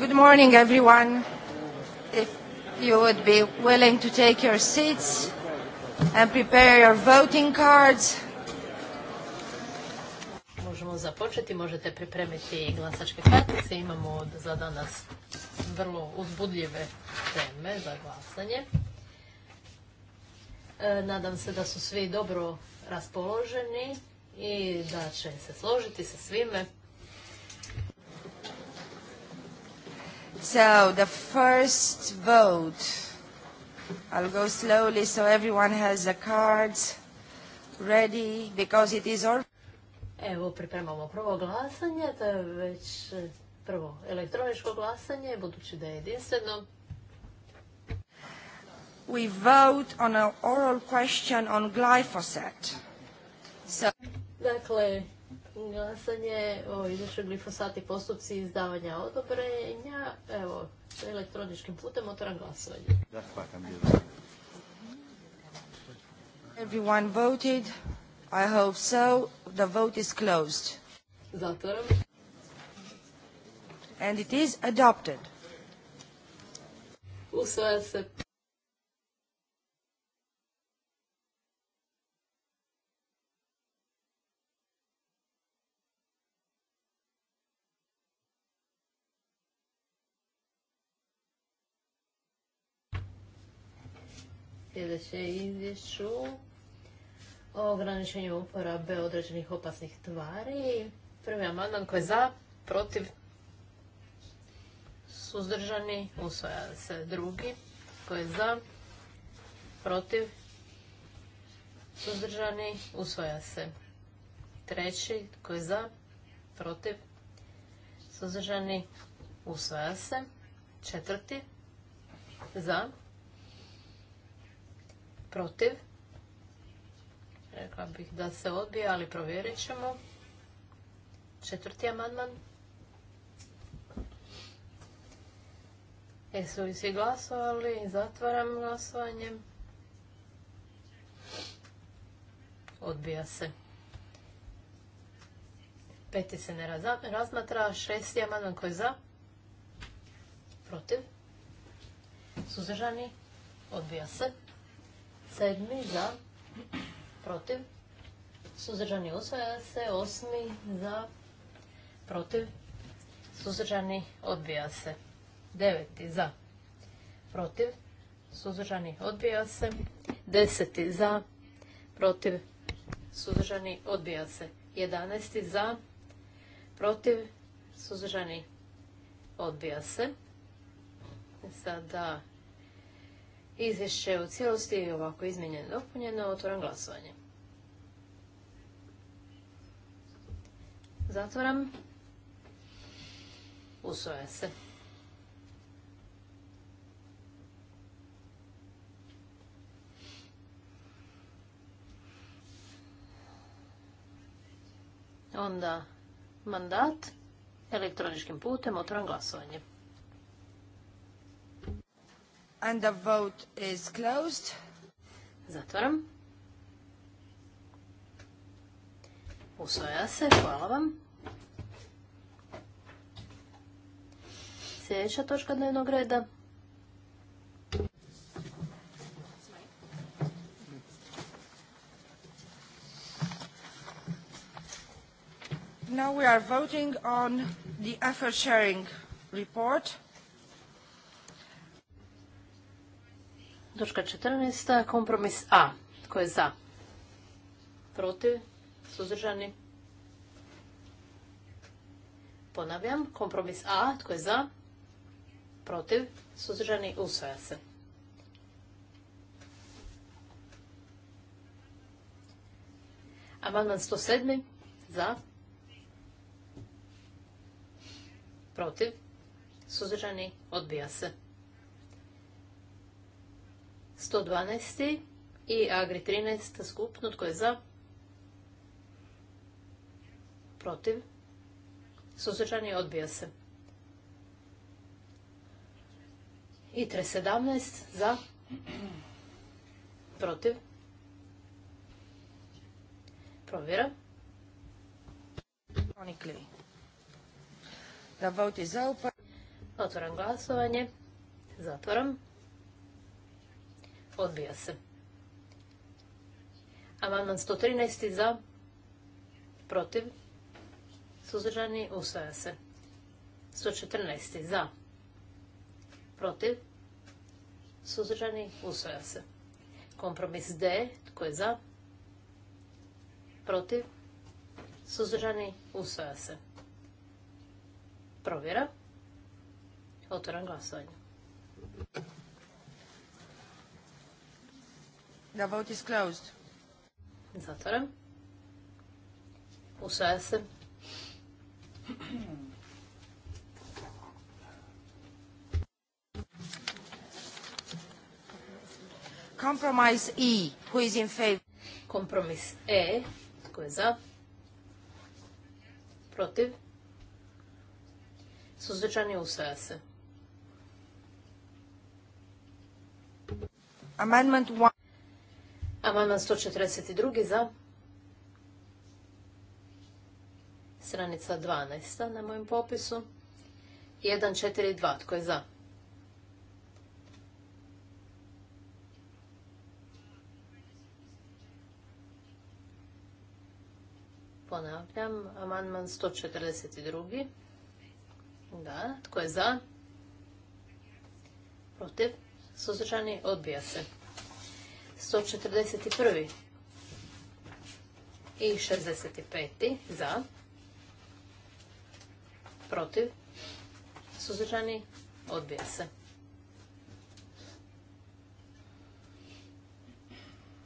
Good morning, everyone. If you would be willing to take your seats and prepare your voting cards. Možemo započeti, možete pripremiti glasačke kartice. Imamo za danas vrlo uzbudljive teme za glasanje. E, nadam se da su svi dobro raspoloženi i da će se složiti sa svime. So the first vote. I'll go slowly so everyone has the cards ready because it is all... Evo, pripremamo prvo glasanje, to je već eh, prvo elektroničko glasanje, budući da je jedinstveno. We vote on an oral question on glyphosate. So... Dakle, glasanje o izvješću glifosati postupci izdavanja odobrenja. Evo, elektroničkim putem otvoram glasovanje. Everyone voted. I hope so. The vote is closed. Zatvoram. And it is adopted. Usvaja se sljedeće izvješću o ograničenju uporabe određenih opasnih tvari. Prvi amandman koji je za, protiv, suzdržani, usvaja se drugi koji je za, protiv, suzdržani, usvaja se treći koji je za, protiv, suzdržani, usvaja se četvrti za, protiv. Rekla bih da se odbija, ali provjerit ćemo. Četvrti amandman. Jesu li svi glasovali? Zatvaram glasovanje. Odbija se. Peti se ne razmatra. Šesti amandman koji je za? Protiv? Suzdržani? Odbija se. Sedmi za, protiv, suzdržani usvaja se. Osmi za, protiv, suzdržani odbija se. Deveti za, protiv, suzdržani odbija se. Deseti za, protiv, suzdržani odbija se. Jedanesti za, protiv, suzdržani odbija se. Sada izvješće u cijelosti i ovako izmijenjeno i dopunjeno. Otvoram glasovanje. Zatvoram. Usvoja se. Onda mandat elektroničkim putem otvoram glasovanje. And the vote is closed. Zatvaram. Usvaja se, hvala vam. Sljedeća točka dnevnog reda. Now we are voting on the effort sharing report. Točka 14. Kompromis A. Tko je za? Protiv? Suzdržani? Ponavljam. Kompromis A. Tko je za? Protiv? Suzdržani? Usvaja se. Amandman 107. Za? Protiv? Suzdržani? Odbija se. 112. i Agri 13. skupno. Tko je za? Protiv? Suzdržani odbija se. I 317. Za? Protiv? Provjera. Oni klivi. Da vauti za Otvoram glasovanje. Zatvoram. Odbija se. Amandman 113. za. Protiv. Suzdržani. Usvaja se. 114. za. Protiv. Suzdržani. Usvaja se. Kompromis D. Tko je za? Protiv. Suzdržani. Usvaja se. Provjera. Otvoram glasovanje. The vote is closed. Zatvaram. Usvaja se. Compromise E, who is in favor? Kompromis E, tko je za? Protiv? je usvaja se. Amendment 1. Amandman 142. za. Stranica 12. na mojem popisu. 142. Tko je za? Ponavljam, amandman 142. Da, tko je za? Protiv? Suzdržani odbija se. 141. i 65. za, protiv, Suzržani. odbija se.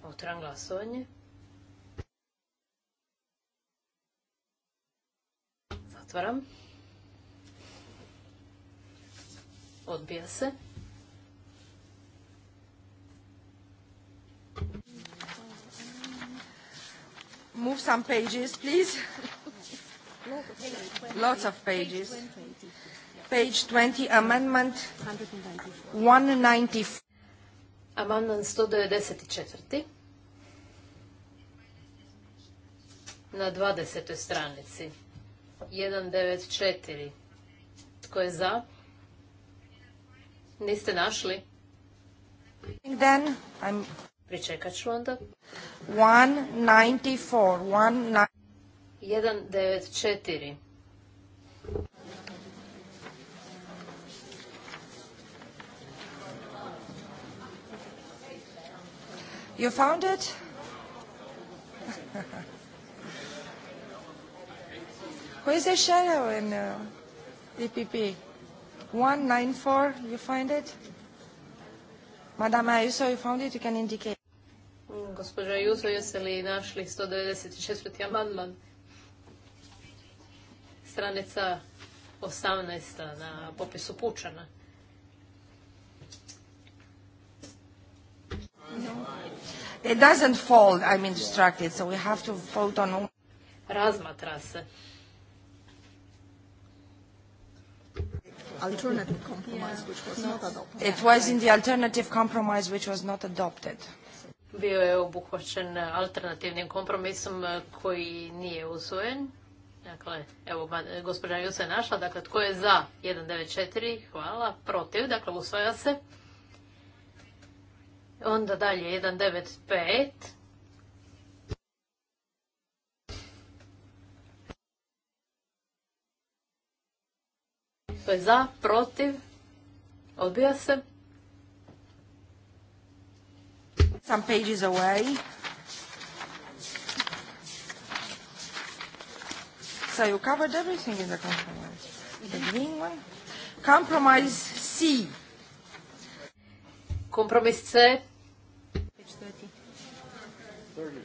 Otvaram glasovanje. Zatvaram. Odbija se. move some pages, please. Lots of pages. Page 20, amendment 194. Amendment 194. Na 20. stranici. 194. Tko je za? Niste našli? Then I'm Pričekat ću onda. 194. 194. You found it? Who is the shadow in uh, EPP? 194, you find it? Madame Ayuso, you found it, you can indicate. Gospođa Juzo, jeste li našli 196. amandman? Stranica 18. na popisu Pučana. It doesn't fall, I'm instructed, so we have to vote on... Razmatra se. Alternative compromise, which was not adopted. It was in the alternative compromise, which was not adopted bio je obuhvaćen alternativnim kompromisom e, koji nije usvojen. Dakle, evo, e, gospođa Jusa je našla, dakle, tko je za 194, hvala, protiv, dakle, usvoja se. Onda dalje 195. To je za, protiv, odbija se. Some pages away. So you covered everything in the compromise. The green one. Compromise C. Compromise C. Page 30.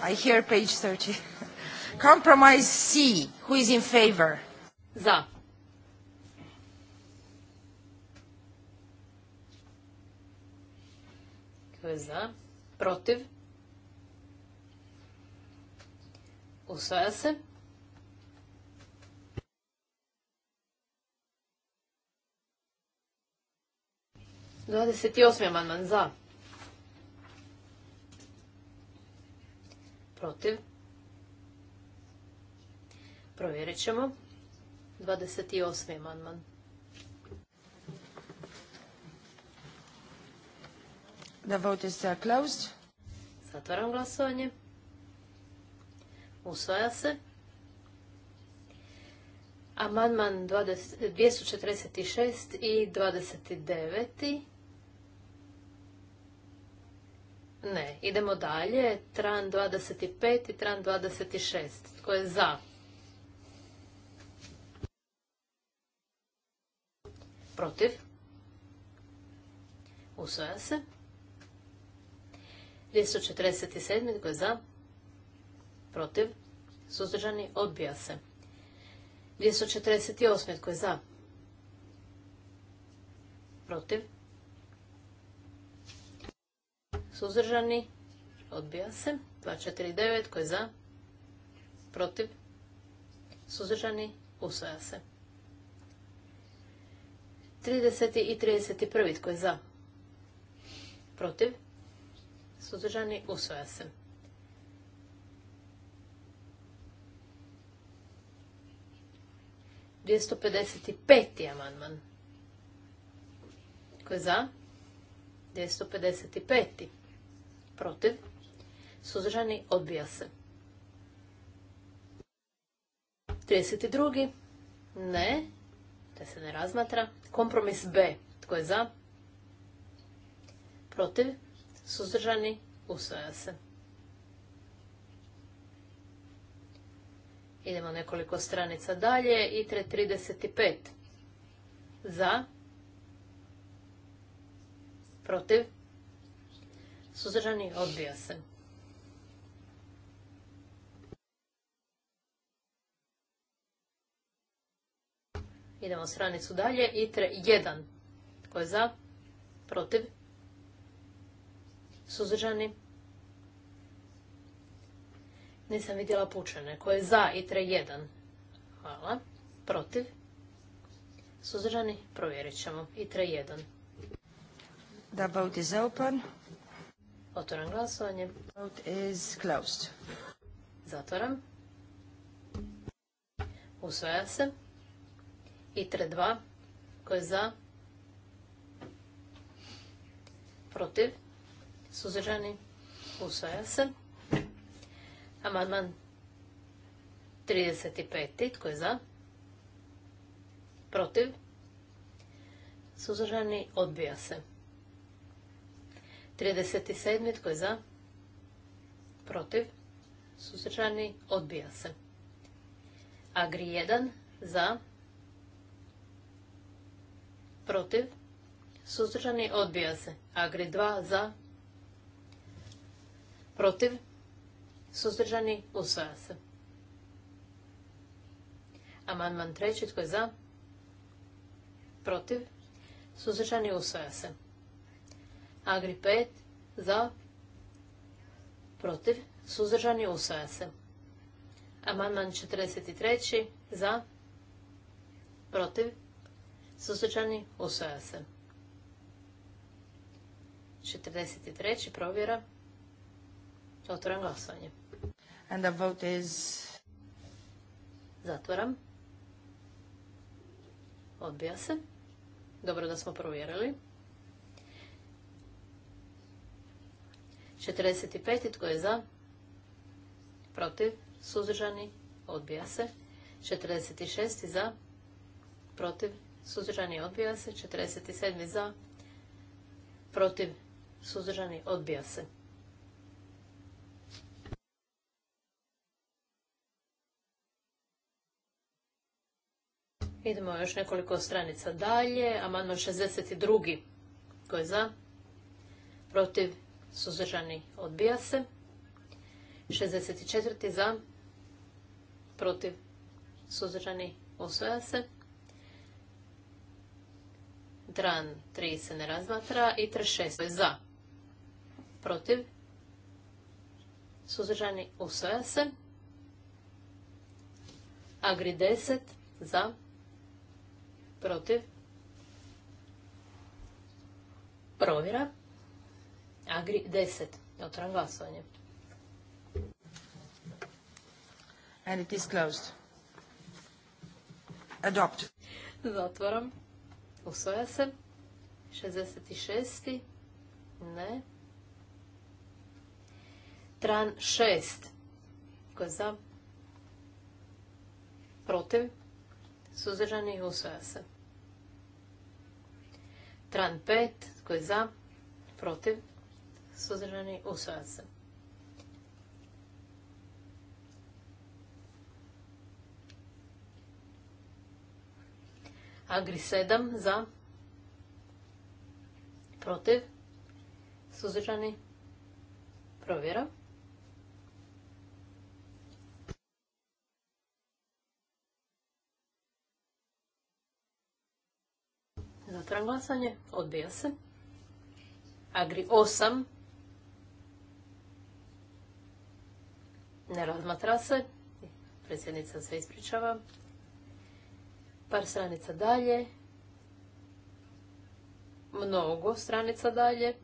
I hear page 30. Compromise C. Who is in favor? Za. To je za? Protiv? Usvaja se. Dvadeset osmi amandman za. Protiv. Provjerit ćemo. Dvadeset osmi amandman. The vote is uh, closed. Zatvaram glasovanje. Usvaja se. Amandman 246 i 29. Ne, idemo dalje. Tran 25 i tran 26. Tko je za? Protiv? Usvaja se. 247. Tko je za? Protiv? Suzdržani? Odbija se. 248. Tko je za? Protiv? Suzdržani? Odbija se. 249. Tko je za? Protiv? Suzdržani? Usvaja se. 30. i 31. Tko je za? Protiv? suzdržani, usvaja se. Dvijesto pedeset pet amandman. Tko je za? 255. Protiv? Suzdržani odbija se. 32. Ne. da se ne razmatra. Kompromis B. Tko je za? Protiv? suzdržani, usvaja se. Idemo nekoliko stranica dalje, i 35 za, protiv, suzdržani, odbija se. Idemo stranicu dalje, i 1 tko je za, protiv, Suzdržani? Nisam vidjela pučene. Ko je za i tre jedan? Hvala. Protiv? Suzdržani? Provjerit ćemo. I tre jedan. The vote is open. Otvoram glasovanje. Vote is closed. Zatvoram. Usvaja se. I tre dva. Ko je za? Protiv? suzdržani, usvaja se. Amandman 35. Tko je za? Protiv? Suzdržani, odbija se. 37. Tko je za? Protiv? Suzdržani, odbija se. Agri 1. Za? Protiv? Suzdržani, odbija se. Agri 2. Za? protiv, suzdržani, usvaja se. Amandman treći, tko je za, protiv, suzdržani, usvaja se. Agri 5, za, protiv, suzdržani, usvaja se. Amandman 43, za, protiv, suzdržani, usvaja se. 43. provjera. Otvoram glasovanje. And the vote is... Zatvoram. Odbija se. Dobro da smo provjerili. 45. Tko je za? Protiv? Suzdržani? Odbija se. 46. Za? Protiv? Suzdržani? Odbija se. 47. Za? Protiv? Suzdržani? Odbija se. Idemo još nekoliko stranica dalje. Amandman 62. Ko je za? Protiv? Suzdržani? Odbija se. 64. Za? Protiv? Suzdržani? Osvaja se. Dran 3 se ne razmatra i 36 za. Protiv. Suzdržani Osvoja se. Agri 10 za protiv, provjera, Agri 10. Otvaram glasovanje. And it is closed. Adopt. Zatvaram. se. 66. Ne. Tran 6. Ko za? Protiv. Suzdržani usvoja se. Tran 5, tko je za, protiv, suzdržani, usvaja se. Agri 7 za, protiv, suzdržani, provjera. na glasanje. Odbija se. Agri 8. Ne razmatra se. Predsjednica se ispričava. Par stranica dalje. Mnogo stranica dalje.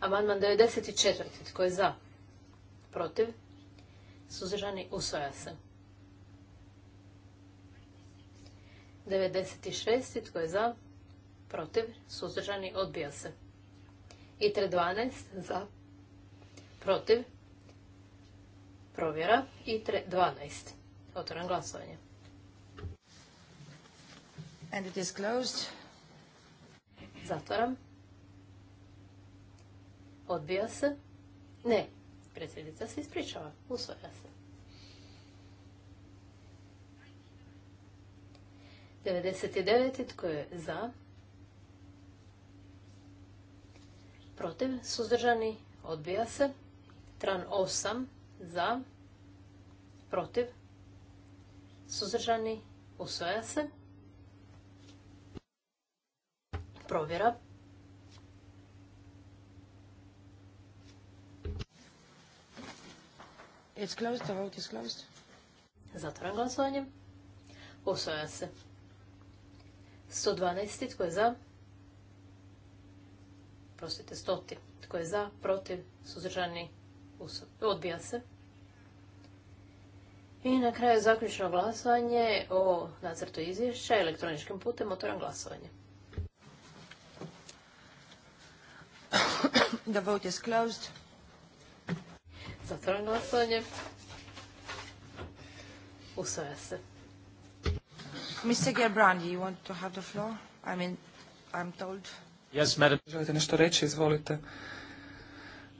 Amandman 94. Tko je za? Protiv? Suzdržani usvoja se. 96. Tko je za? Protiv. Suzdržani. Odbija se. ITRE 12. Za. Protiv. Provjera. ITRE 12. Otvoran glasovanje. And it is closed. Zatvoram. Odbija se. Ne. Predsjednica se ispričava. Usvoja se. 99. Tko je za? Protiv? Suzdržani? Odbija se. Tran 8. Za? Protiv? Suzdržani? Usvaja se. Provjera. It's closed. The vote is closed. Zatvoram glasovanje. Usvaja se. 112. Tko je za? Prostite, 100. Tko je za? Protiv? Suzdržani? Odbija se. I na kraju zaključno glasovanje o nacrtu izvješća elektroničkim putem otvoram glasovanje. The vote is closed. glasovanje. Usvaja se. Mr. Gerbrandi, you want to have the floor? I mean, I'm told. Yes, madam. Želite nešto reći? Izvolite.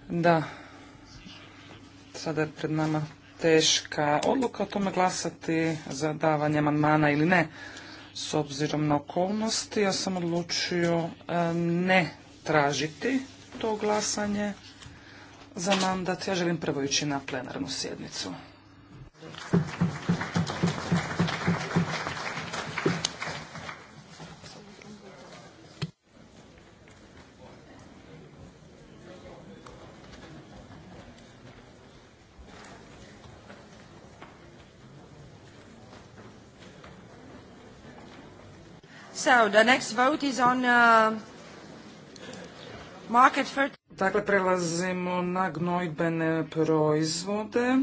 Da. Sada je pred nama teška odluka o tome glasati za davanje amandmana ili ne. S obzirom na okolnosti, ja sam odlučio e, ne tražiti to glasanje za mandat. Ja želim prvo ići na plenarnu sjednicu. the on uh, market Dakle, prelazimo na gnojbene proizvode.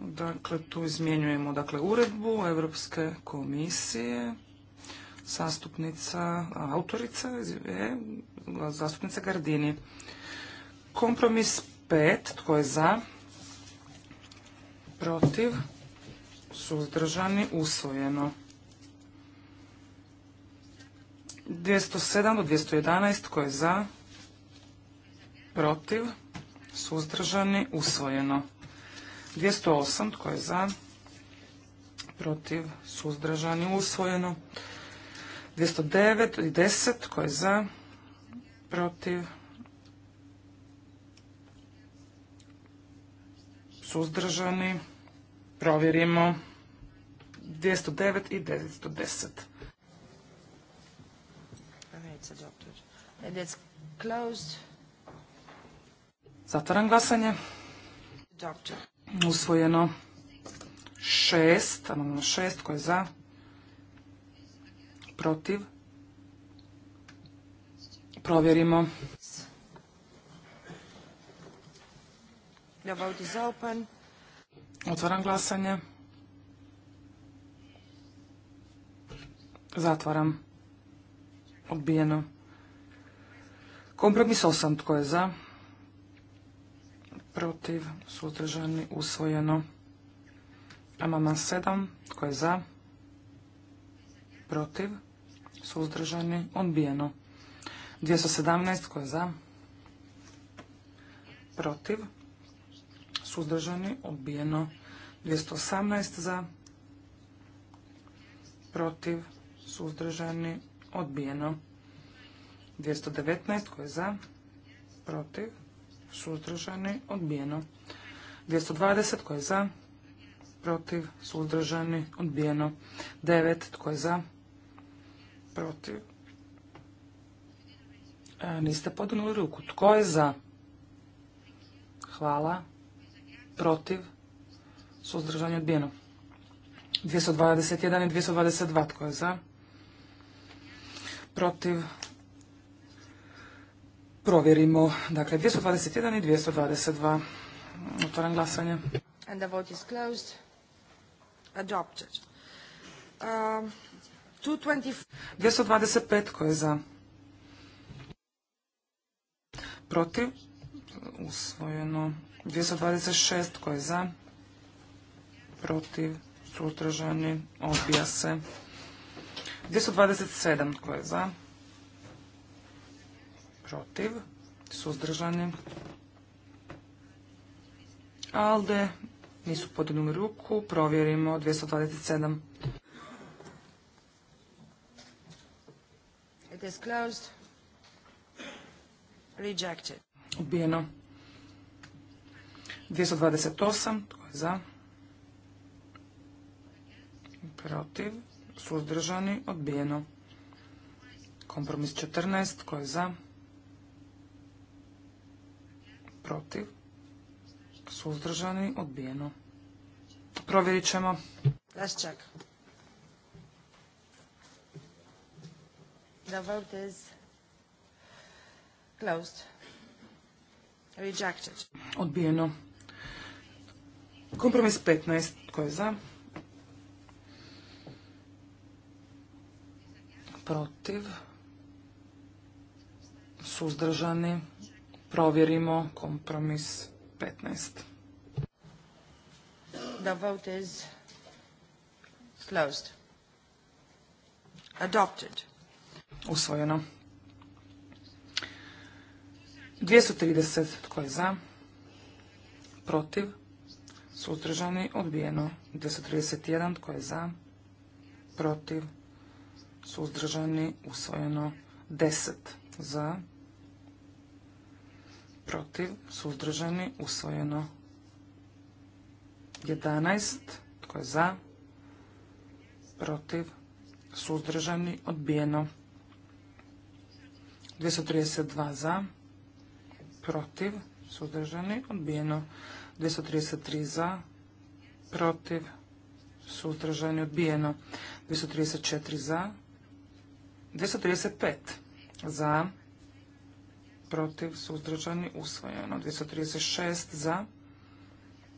Dakle, tu izmjenjujemo dakle, uredbu Europske komisije. Zastupnica, autorica, e, zastupnica Gardini. Kompromis 5, tko je za? Protiv? Suzdržani? Usvojeno. 207 do 211, tko je za? Protiv? Suzdržani? Usvojeno. 208, tko je za? Protiv? Suzdržani? Usvojeno. 209 i 10, tko je za? Protiv? Suzdržani? Provjerimo. 209 i 910. Zatvaram glasanje. Usvojeno šest, amandman šest, tko je za? Protiv? Provjerimo. Otvaram glasanje. Zatvaram. Odbijeno. Kompromis 8. Tko je za? Protiv. Suzdržani. Usvojeno. Amaman 7. Tko je za? Protiv. Suzdržani. Odbijeno. 217. Tko je za? Protiv. Suzdržani. Odbijeno. 218 za. Protiv. Suzdržani. Odbijeno. 219 tko je za, protiv, suzdržani, odbijeno. 220 tko je za, protiv, suzdržani, odbijeno. 9 tko je za, protiv. E, niste podnuli ruku. Tko je za? Hvala. Protiv, suzdržani, odbijeno. 221 i 222 tko je za, protiv, Provjerimo. Dakle, 221 i 222. Otvoran glasanje. And the vote is closed. Adopted. Um, 225 koje je za? Protiv? Usvojeno. 226 koje je za? Protiv? Sutražani? Odbija se. 227 koje je za? protiv, suzdržani. Alde, nisu podignuli ruku, provjerimo 227. It is closed. Ubijeno. 228, tko je za? Protiv, suzdržani, odbijeno. Kompromis 14, tko je za? protiv, suzdržani, odbijeno. Provjerit ćemo. Let's check. The vote is closed. Rejected. Odbijeno. Kompromis 15. Ko je za? Protiv. Suzdržani provjerimo kompromis 15. The is closed. Adopted. Usvojeno. 230. Tko je za? Protiv? Suzdržani? Odbijeno. 231. Tko je za? Protiv? Suzdržani? Usvojeno. 10. Za? protiv, suzdržani, usvojeno. 11, tko je za, protiv, suzdržani, odbijeno. 232 za, protiv, suzdržani, odbijeno. 233 za, protiv, suzdržani, odbijeno. 234 za, 235 za, protiv, suzdržani, usvojeno. 236 za,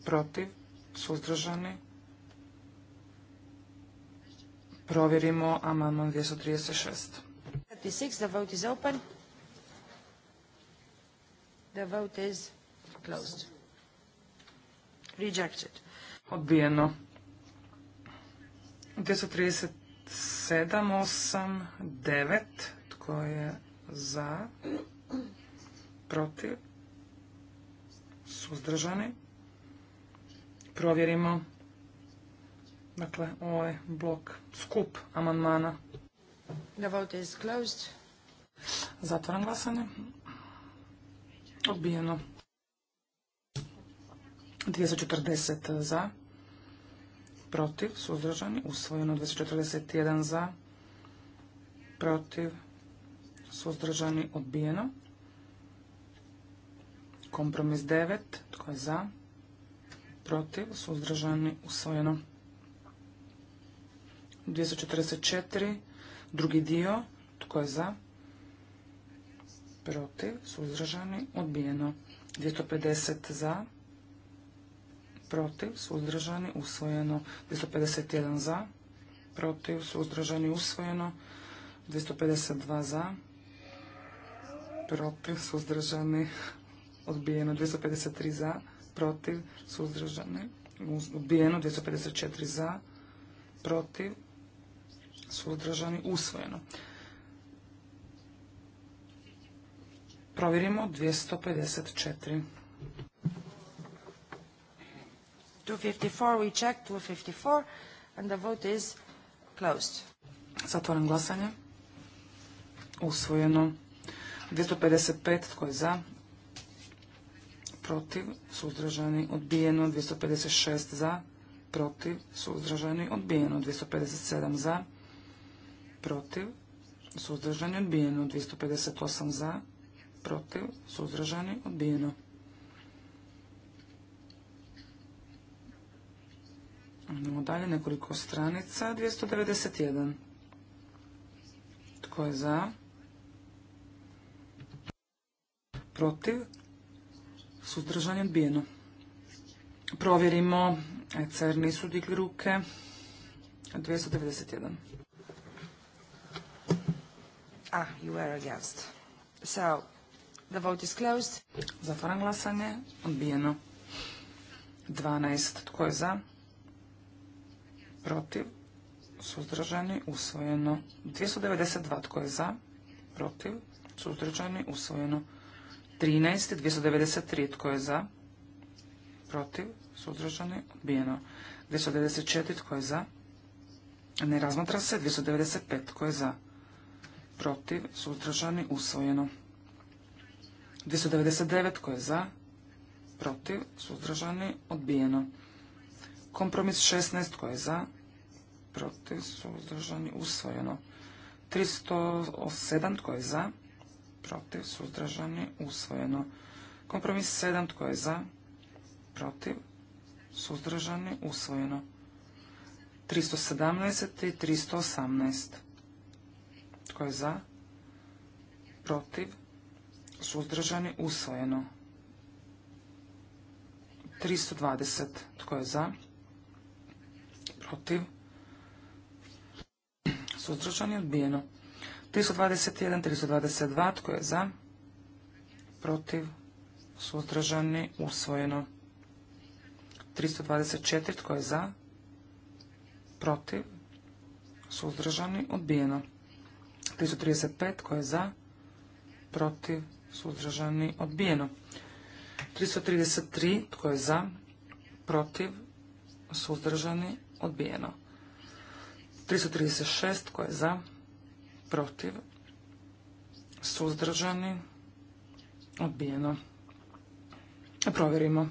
protiv, suzdržani. Provjerimo amandman 236. 36, the vote is open. The vote is closed. Rejected. Odbijeno. 237, 8, 9. Tko je za? protiv, suzdržani. Provjerimo. Dakle, ovaj blok skup amandmana. The vote is closed. Zatvoran glasanje. Odbijeno. 240 za, protiv, suzdržani, usvojeno 241 za, protiv, suzdržani, odbijeno. Kompromis 9. Tko je za? Protiv? Suzdržani? Usvojeno. 244. Drugi dio. Tko je za? Protiv? Suzdržani? Odbijeno. 250 za? Protiv? Suzdržani? Usvojeno. 251 za? Protiv? Suzdržani? Usvojeno. 252 za? Protiv? Suzdržani? odbijeno 253 za, protiv, suzdržani, odbijeno 254 za, protiv, suzdržani, usvojeno. Provjerimo 254. 254, we check 254 and the vote is closed. glasanje. Usvojeno. 255, tko je za, protiv, suzdržani, odbijeno, 256 za, protiv, suzdržani, odbijeno, 257 za, protiv, suzdržani, odbijeno, 258 za, protiv, suzdržani, odbijeno. Idemo dalje, nekoliko stranica, 291. Tko je za? Protiv, Suzdržani odbijeno. Provjerimo. ECR nisu digli ruke. 291. Ah, you were against. So, the vote is closed. glasanje. Odbijeno. 12. Tko je za? Protiv. Suzdržani. Usvojeno. 292. Tko je za? Protiv. Suzdržani. Usvojeno. 13, 293, tko je za? Protiv, suzdržani, odbijeno. 294, tko je za? Ne razmatra se. 295, tko je za? Protiv, suzdržani, usvojeno. 299, tko je za? Protiv, suzdržani, odbijeno. Kompromis 16, tko je za? Protiv, suzdržani, usvojeno. 307, tko je za? protiv, suzdržani, usvojeno. Kompromis 7, tko je za, protiv, suzdržani, usvojeno. 317 i 318. Tko je za, protiv, suzdržani, usvojeno. 320. Tko je za? Protiv? suzdržani, odbijeno. 321, 322, tko je za? Protiv? Suzdržani? Usvojeno. 324, tko je za? Protiv? Suzdržani? Odbijeno. 335, tko je za? Protiv? Suzdržani? Odbijeno. 333, tko je za? Protiv? Suzdržani? Odbijeno. 336, tko je za? protiv, suzdržani, odbijeno. Provjerimo.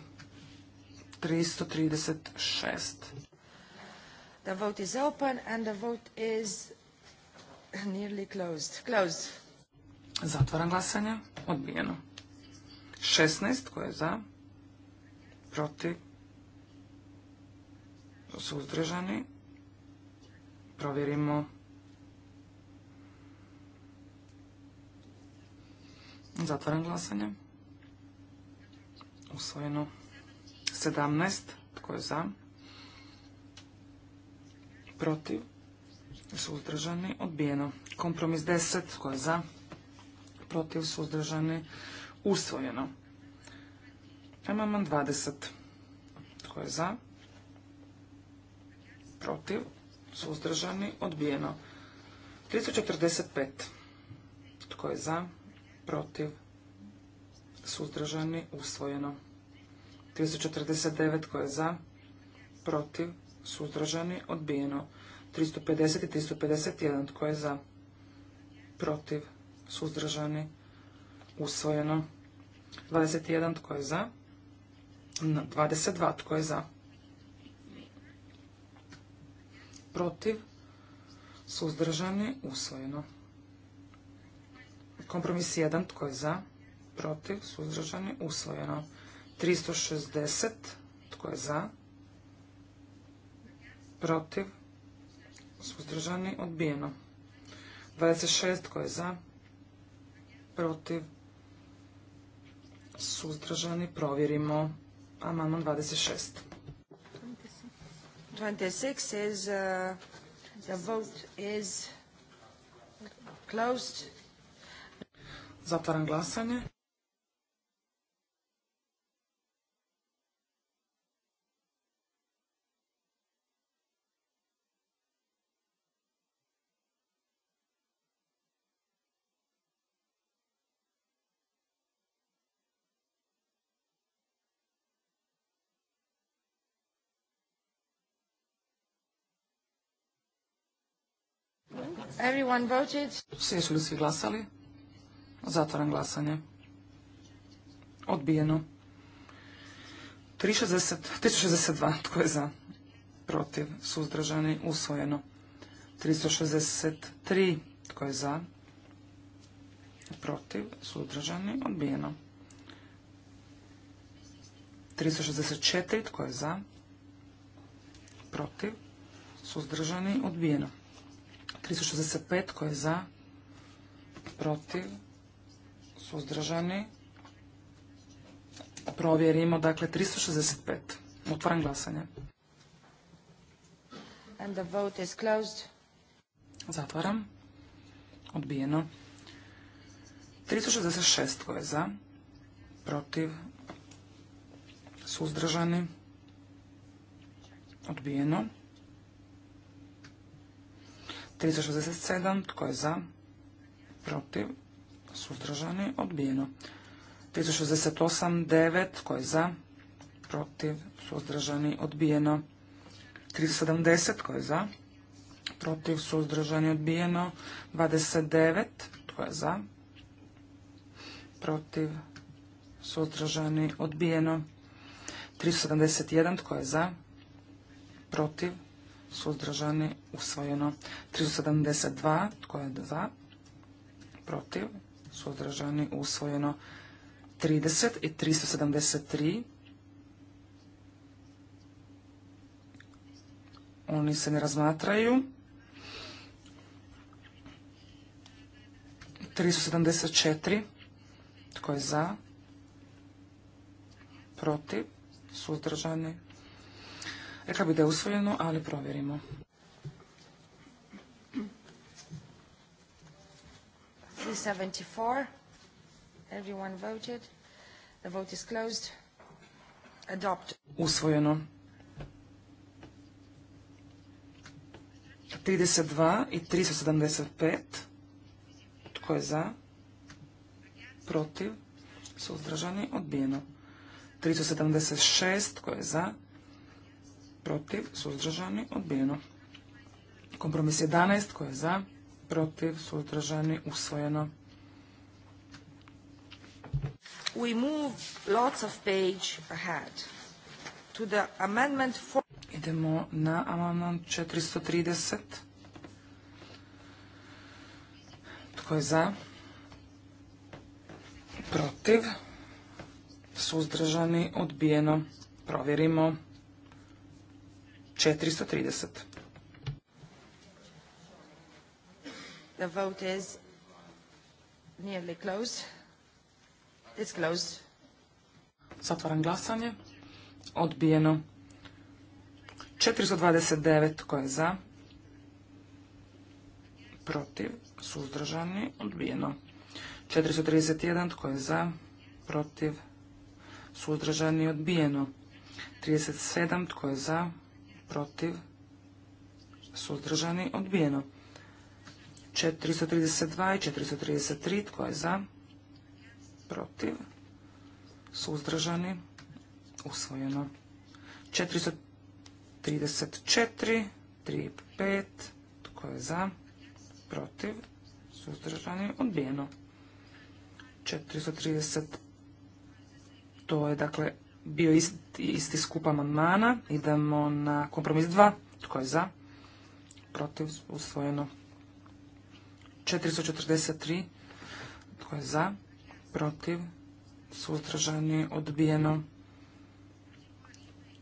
336. The vote is open and the vote is nearly closed. Closed. Zatvaram glasanje. Odbijeno. 16 koje je za, protiv, suzdržani. Provjerimo Zatvaram glasanje. Usvojeno. 17. Tko je za? Protiv. Suzdržani. Odbijeno. Kompromis 10. Tko je za? Protiv. Suzdržani. Usvojeno. Amaman dvadeset, Tko je za? Protiv. Suzdržani. Odbijeno. 345. Tko je za? protiv, suzdržani, usvojeno. 349 koje je za, protiv, suzdržani, odbijeno. 350 i 351 koje je za, protiv, suzdržani, usvojeno. 21 tko je za, 22 tko je za, protiv, suzdržani, usvojeno. Kompromis 1. Tko je za? Protiv? Suzdržani? Usvojeno. 360. Tko je za? Protiv? Suzdržani? Odbijeno. 26. Tko je za? Protiv? Suzdržani? Provjerimo. Amandman 26. 26 says uh, the vote is closed. Zatvaram glasanje. Everyone voted. Svi su li svi glasali? Zatvaram glasanje. Odbijeno. 362. Tko je za? Protiv. Suzdržani. Usvojeno. 363. Tko je za? Protiv. Suzdržani. Odbijeno. 364. Tko je za? Protiv. Suzdržani. Odbijeno. 365. Tko je za? Protiv suzdržani. Provjerimo, dakle, 365. Otvaram glasanje. And the vote is closed. Zatvaram. Odbijeno. 366 koje je za, protiv, suzdržani, odbijeno. 367 tko je za, protiv, suzdržani, odbijeno. 368, 9, tko je za, protiv, suzdržani, odbijeno. 370, tko je za, protiv, suzdržani, odbijeno. 29, tko je za, protiv, suzdržani, odbijeno. 371, tko je za, protiv, suzdržani, usvojeno. 372, tko je za, protiv, suzdržani, usvojeno 30 i 373. Oni se ne razmatraju. 374. Tko je za? Protiv? Suzdržani? Rekla bi da je usvojeno, ali provjerimo. 74. Everyone voted. The vote is closed. Adopted. Usvojeno. 32 i 375. Tko je za? Protiv? Suzdržani? Odbijeno. 376. Tko je za? Protiv? Suzdržani? Odbijeno. Kompromis 11. Tko je za? protiv, suzdržani, usvojeno. move lots of page ahead to the amendment for... Idemo na amandman 430. Tko je za? Protiv? Suzdržani? Odbijeno? Provjerimo. 430. The vote is nearly closed. It's closed. Zatvaram glasanje. Odbijeno. 429 tko je za? Protiv. Suzdržani. Odbijeno. 431 tko je za? Protiv. Suzdržani. Odbijeno. 37 tko je za? Protiv. Suzdržani. Odbijeno. 432 i 433. Tko je za? Protiv? Suzdržani? Usvojeno. 434, 35. Tko je za? Protiv? Suzdržani? Odbijeno. 430. To je dakle bio isti, isti skup amandmana. Idemo na kompromis 2. Tko je za? Protiv? Usvojeno. 443. Tko je za? Protiv? Suzdržani? Odbijeno.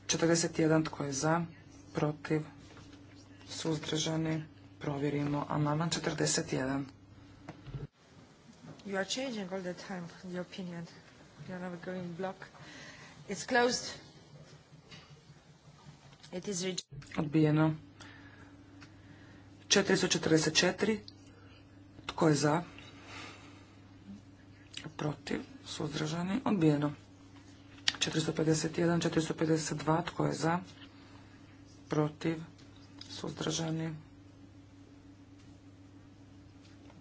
41. Tko je za? Protiv? Suzdržani? Provjerimo. Amandman 41. You are changing all the time the opinion. You are never going block. It's closed. It is rejected. Odbijeno. 444. Tko je za? Protiv? Suzdržani? Odbijeno. 451, 452. Tko je za? Protiv? Suzdržani?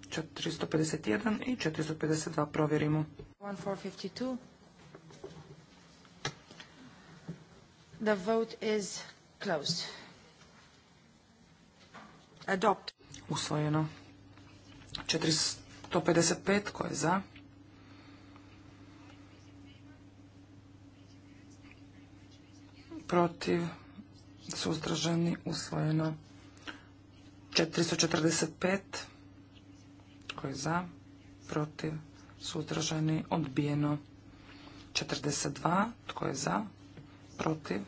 451 i 452 provjerimo. 1452. The vote is closed. Adopt. Usvojeno. 455 koji je za. Protiv suzdržani usvojeno 445 koji je za. Protiv suzdržani odbijeno 42 tko je za. Protiv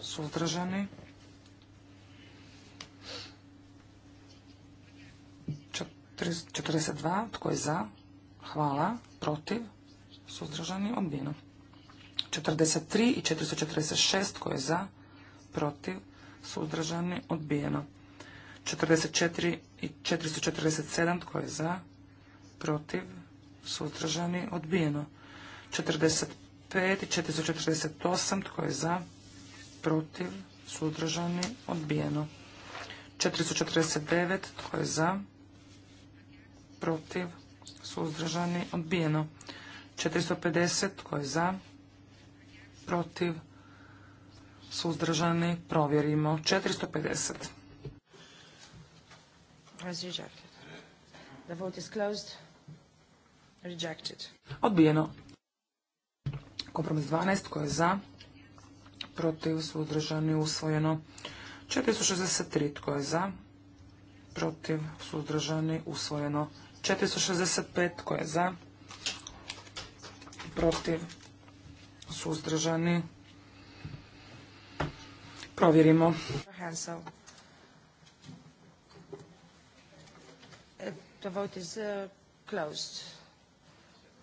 suzdržani 42. Tko je za? Hvala. Protiv? Suzdržani? Odbijeno. 43 i 446. Tko je za? Protiv? Suzdržani? Odbijeno. 44 i 447. Tko je za? Protiv? Suzdržani? Odbijeno. 45 i 448. Tko je za? Protiv? Suzdržani? Odbijeno. 449. Tko je za? protiv, suzdržani, odbijeno. 450 tko je za, protiv, suzdržani, provjerimo. 450. As rejected. The Rejected. Odbijeno. Kompromis 12 tko je za, protiv, suzdržani, usvojeno. 463 tko je za, protiv, suzdržani, usvojeno. 465 koje je za, protiv, suzdržani. Provjerimo. Hansel. Uh, the vote is uh, closed.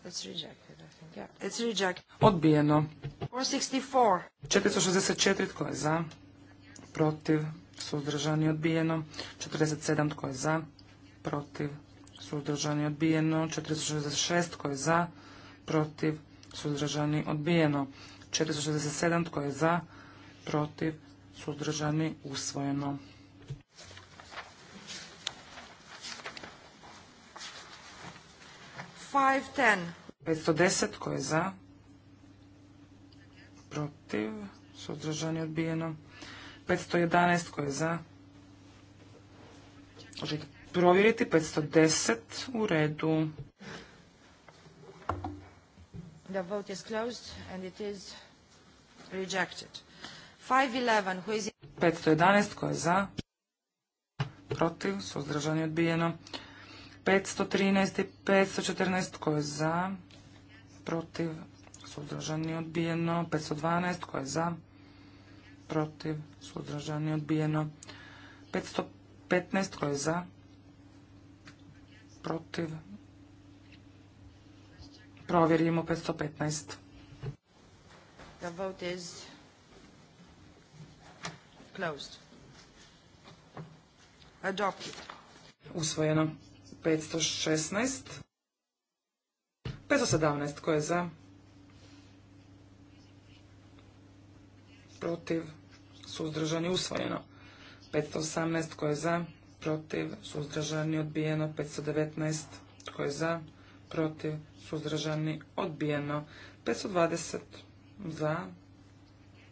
It's rejected, I think. It's rejected. Odbijeno. 464. 464 tko je za, protiv, suzdržani, odbijeno. 47 tko je za, protiv, suzdržani odbijeno, 466 tko je za, protiv, suzdržani odbijeno, 467 tko je za, protiv, suzdržani usvojeno. Five, 510 tko je za, protiv, suzdržani odbijeno, 511 tko je za, provjeriti 510 u redu. The vote is closed and it is rejected. 511 who is 511 ko je za protiv suzdržani odbijeno. 513 i 514 ko je za protiv suzdržani odbijeno. 512 ko je za protiv suzdržani odbijeno. 515 ko je za protiv. Provjerimo 515. The vote closed. Adopted. Usvojeno 516. 517. koje je za? Protiv. Suzdržani. Usvojeno. 518. koje je za? protiv, suzdržani, odbijeno. 519, tko je za, protiv, suzdržani, odbijeno. 520, za,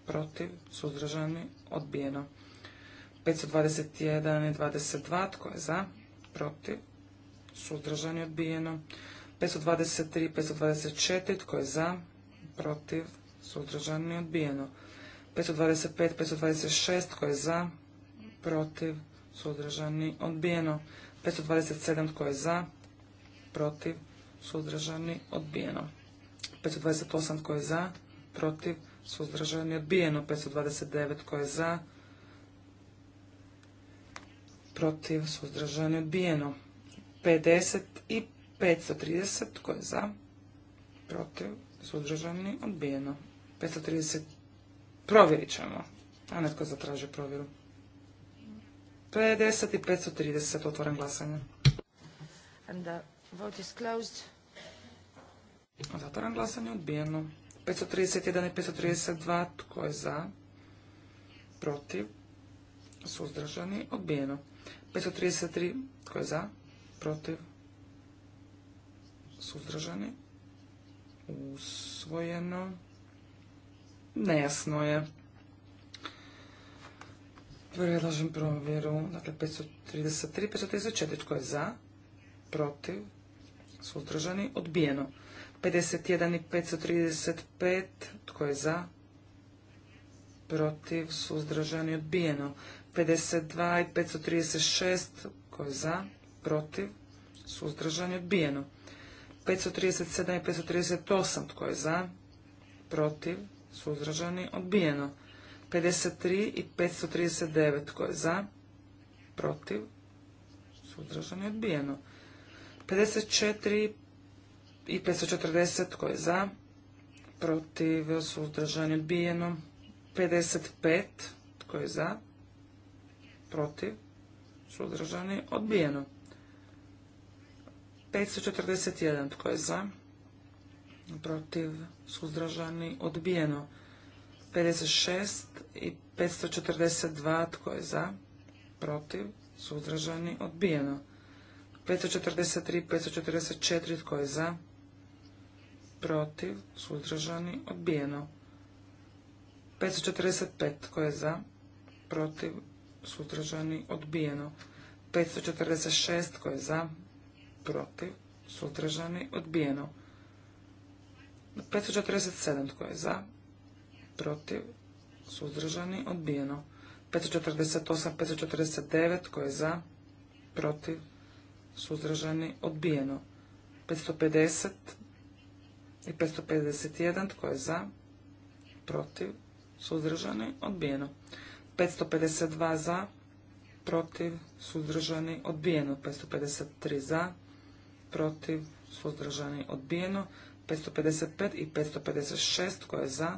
protiv, suzdržani, odbijeno. 521 i 22, tko je za, protiv, suzdržani, odbijeno. 523, 524, tko je za, protiv, suzdržani, odbijeno. 525, 526, tko je za, protiv, suzdržani, odbijeno. 527 tko je za, protiv, suzdržani, odbijeno. 528 tko je za, protiv, suzdržani, odbijeno. 529 tko je za, protiv, suzdržani, odbijeno. 50 i 530 tko je za, protiv, suzdržani, odbijeno. 530 provjerit ćemo, a netko zatraži provjeru. 50 i 530. Otvoram glasanje. And the vote is closed. glasanje. Odbijeno. 531 i 532. Tko je za? Protiv? Suzdržani? Odbijeno. 533. Tko je za? Protiv? Suzdržani? Usvojeno. Nejasno je. Predlažem provjeru, dakle 533, 534, tko je za, protiv, suzdržani, odbijeno. 51 i 535, tko je za, protiv, suzdržani, odbijeno. 52 i 536, tko je za, protiv, suzdržani, odbijeno. 537 i 538, tko je za, protiv, suzdržani, odbijeno. 53 i 539. Tko je za? Protiv? je odbijeno. 54 i 540. Tko je za? Protiv? je odbijeno. 55. Tko je za? Protiv? Suzdržani odbijeno. 541. Tko je za? Protiv? Suzdržani odbijeno. 56 i 542 tko je za, protiv, suzdržani, odbijeno. 543, 544 tko je za, protiv, suzdržani, odbijeno. 545 tko je za, protiv, suzdržani, odbijeno. 546 tko je za, protiv, suzdržani, odbijeno. 547 tko je za, protiv, suzdržani, odbijeno. 548, 549, tko je za, protiv, suzdržani, odbijeno. 550 i 551, tko je za, protiv, suzdržani, odbijeno. 552 za, protiv, suzdržani, odbijeno. 553 za, protiv, suzdržani, odbijeno. 555 i 556 tko je za,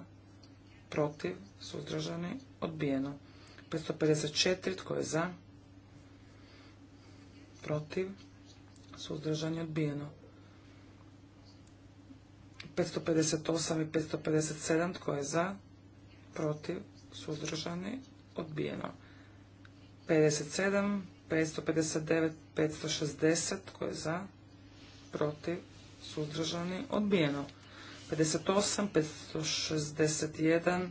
protiv, suzdržani, odbijeno. 554, tko je za, protiv, suzdržani, odbijeno. 558 i 557, tko je za, protiv, suzdržani, odbijeno. 57, 559, 560, tko je za, protiv, suzdržani, odbijeno. 58, 561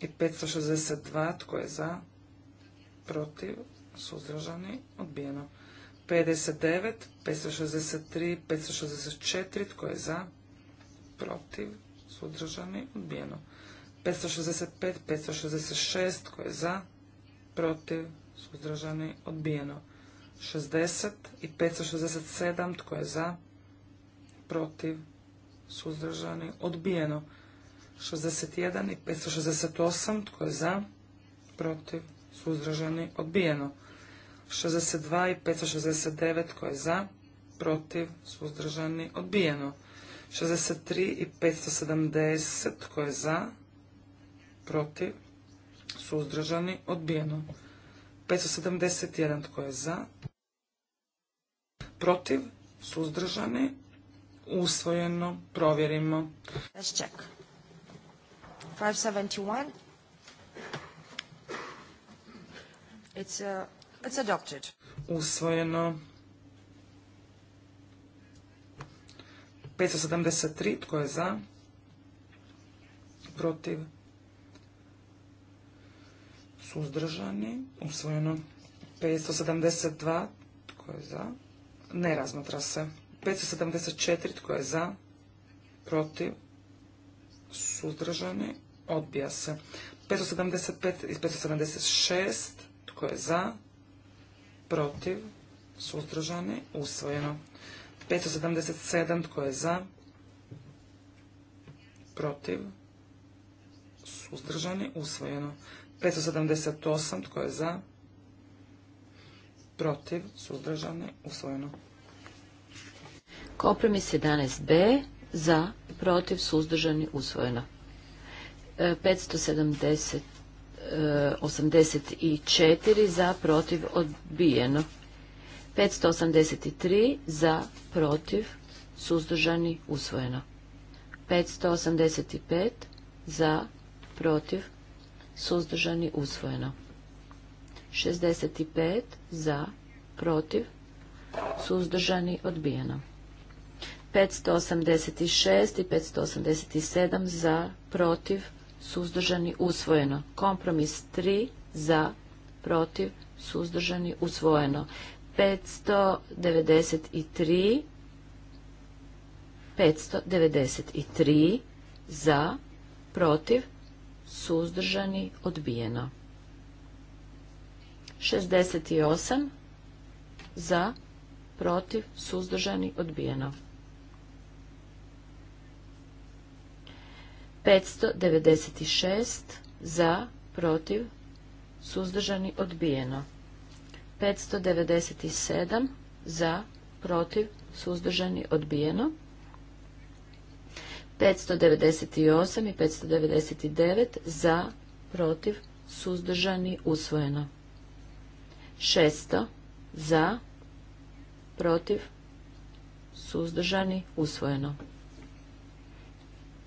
i 562. Tko je za? Protiv? Suzdržani? Odbijeno. 59, 563, 564. Tko je za? Protiv? Suzdržani? Odbijeno. 565, 566. Tko je za? Protiv? Suzdržani? Odbijeno. 60 i 567. Tko je za? Protiv? suzdržani, odbijeno. 61 i 568, tko je za, protiv, suzdržani, odbijeno. 62 i 569, tko je za, protiv, suzdržani, odbijeno. 63 i 570, tko je za, protiv, suzdržani, odbijeno. 571, tko je za, protiv, suzdržani, usvojeno, provjerimo. Let's check. 571. It's, uh, it's adopted. Usvojeno. 573, tko je za? Protiv? Suzdržani? Usvojeno. 572, tko je za? Ne razmatra se. 574. Tko je za? Protiv? Suzdržani? Odbija se. 575 i 576. Tko je za? Protiv? Suzdržani? Usvojeno. 577. Tko je za? Protiv? Suzdržani? Usvojeno. 578. Tko je za? Protiv? Suzdržani? Usvojeno. Kompromis 11b za, protiv, suzdržani, usvojeno. 584 e, e, za protiv odbijeno. 583 za protiv suzdržani usvojeno. 585 za protiv suzdržani usvojeno. 65 za protiv suzdržani odbijeno. 586 i 587 za, protiv, suzdržani, usvojeno. Kompromis 3 za, protiv, suzdržani, usvojeno. 593 593 za, protiv, suzdržani, odbijeno. 68 za, protiv, suzdržani, odbijeno. 596 za, protiv, suzdržani, odbijeno. 597 za, protiv, suzdržani, odbijeno. 598 i 599 za, protiv, suzdržani, usvojeno. 600 za, protiv, suzdržani, usvojeno.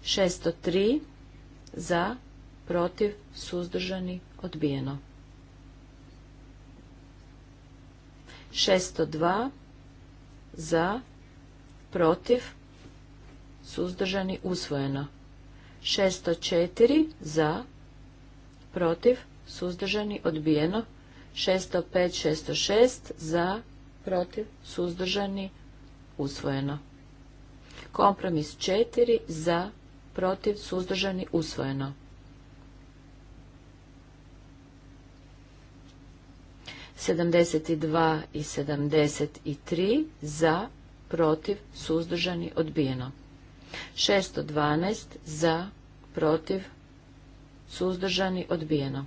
603 za, protiv, suzdržani, odbijeno. 602 za, protiv, suzdržani, usvojeno. 604 za, protiv, suzdržani, odbijeno. 605, 606 za, protiv, suzdržani, usvojeno. Kompromis 4 za, protiv, suzdržani, usvojeno. 72 i 73 za, protiv, suzdržani, odbijeno. 612 za, protiv, suzdržani, odbijeno.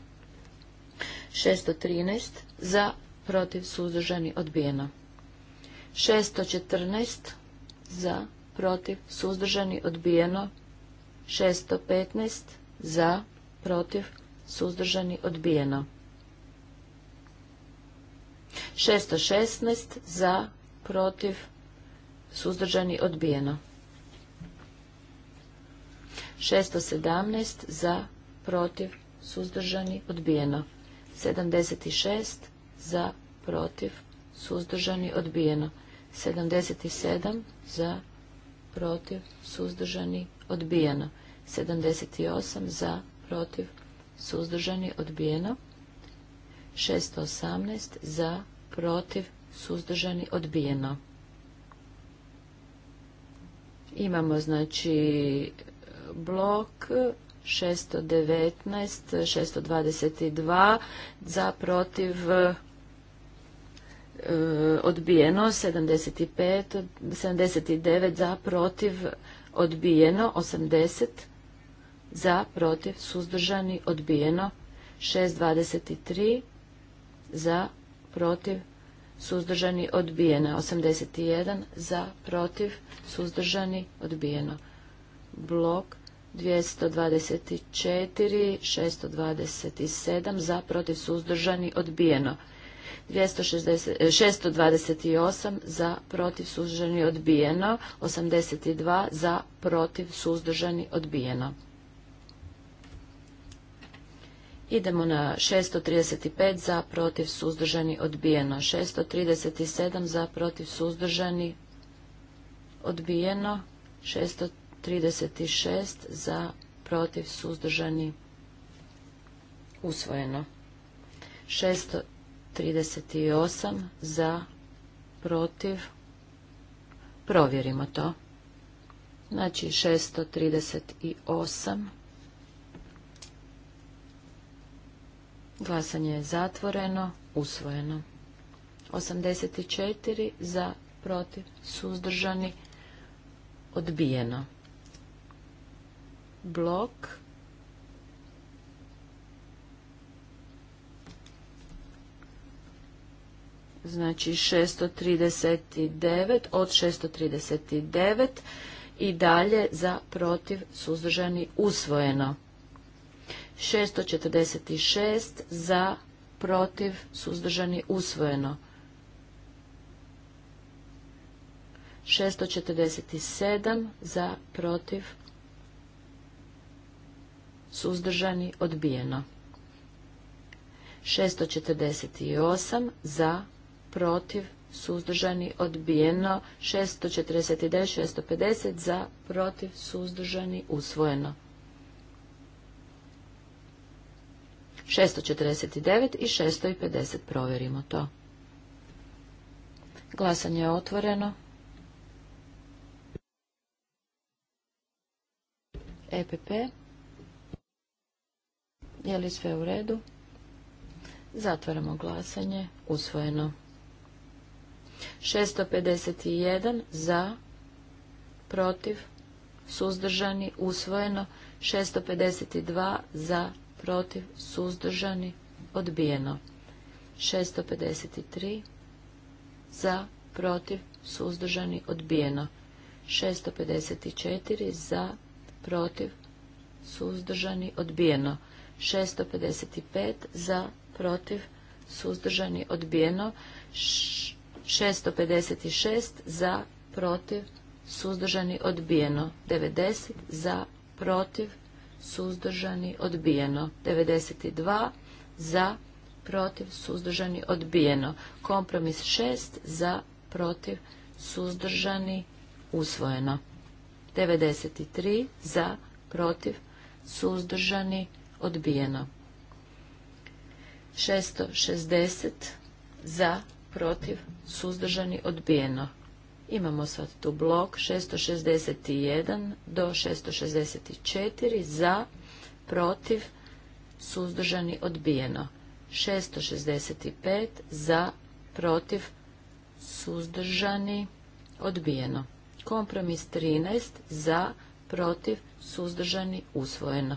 613 za, protiv, suzdržani, odbijeno. 614 za, protiv, suzdržani, odbijeno. 615 za, protiv, suzdržani, odbijeno. 616 za, protiv, suzdržani, odbijeno. 617 za, protiv, suzdržani, odbijeno. 76 za, protiv, suzdržani, odbijeno. 77 za, protiv, suzdržani, odbijeno. 78 za, protiv, suzdržani, odbijeno. 618 za, protiv, suzdržani, odbijeno. Imamo znači blok 619, 622 za, protiv, e, odbijeno, 75, 79 za, protiv, odbijeno 80 za protiv suzdržani odbijeno 623 za protiv suzdržani odbijeno 81 za protiv suzdržani odbijeno blok 224 627 za protiv suzdržani odbijeno 628 za protiv suzdržani odbijeno, 82 za protiv suzdržani odbijeno. Idemo na 635 za protiv suzdržani odbijeno, 637 za protiv suzdržani odbijeno, 636 za protiv suzdržani usvojeno. 38 za, protiv, provjerimo to. Znači 638. Glasanje je zatvoreno, usvojeno. 84 za, protiv, suzdržani, odbijeno. Blok znači 639 od 639 i dalje za protiv suzdržani usvojeno. 646 za protiv suzdržani usvojeno. 647 za protiv suzdržani odbijeno. 648 za protiv, suzdržani, odbijeno, 649, 650 za, protiv, suzdržani, usvojeno. 649 i 650 provjerimo to. Glasanje je otvoreno. EPP. Je li sve u redu? Zatvaramo glasanje. Usvojeno. 651 za, protiv, suzdržani, usvojeno. 652 za, protiv, suzdržani, odbijeno. 653 za, protiv, suzdržani, odbijeno. 654 za, protiv, suzdržani, odbijeno. 655 za, protiv, suzdržani, odbijeno. 656 za, protiv, suzdržani, odbijeno. 90 za, protiv, suzdržani, odbijeno. 92 za, protiv, suzdržani, odbijeno. Kompromis 6 za, protiv, suzdržani, usvojeno. 93 za, protiv, suzdržani, odbijeno. 660 za, protiv, suzdržani, odbijeno. Imamo sad tu blok 661 do 664 za, protiv, suzdržani, odbijeno. 665 za, protiv, suzdržani, odbijeno. Kompromis 13 za, protiv, suzdržani, usvojeno.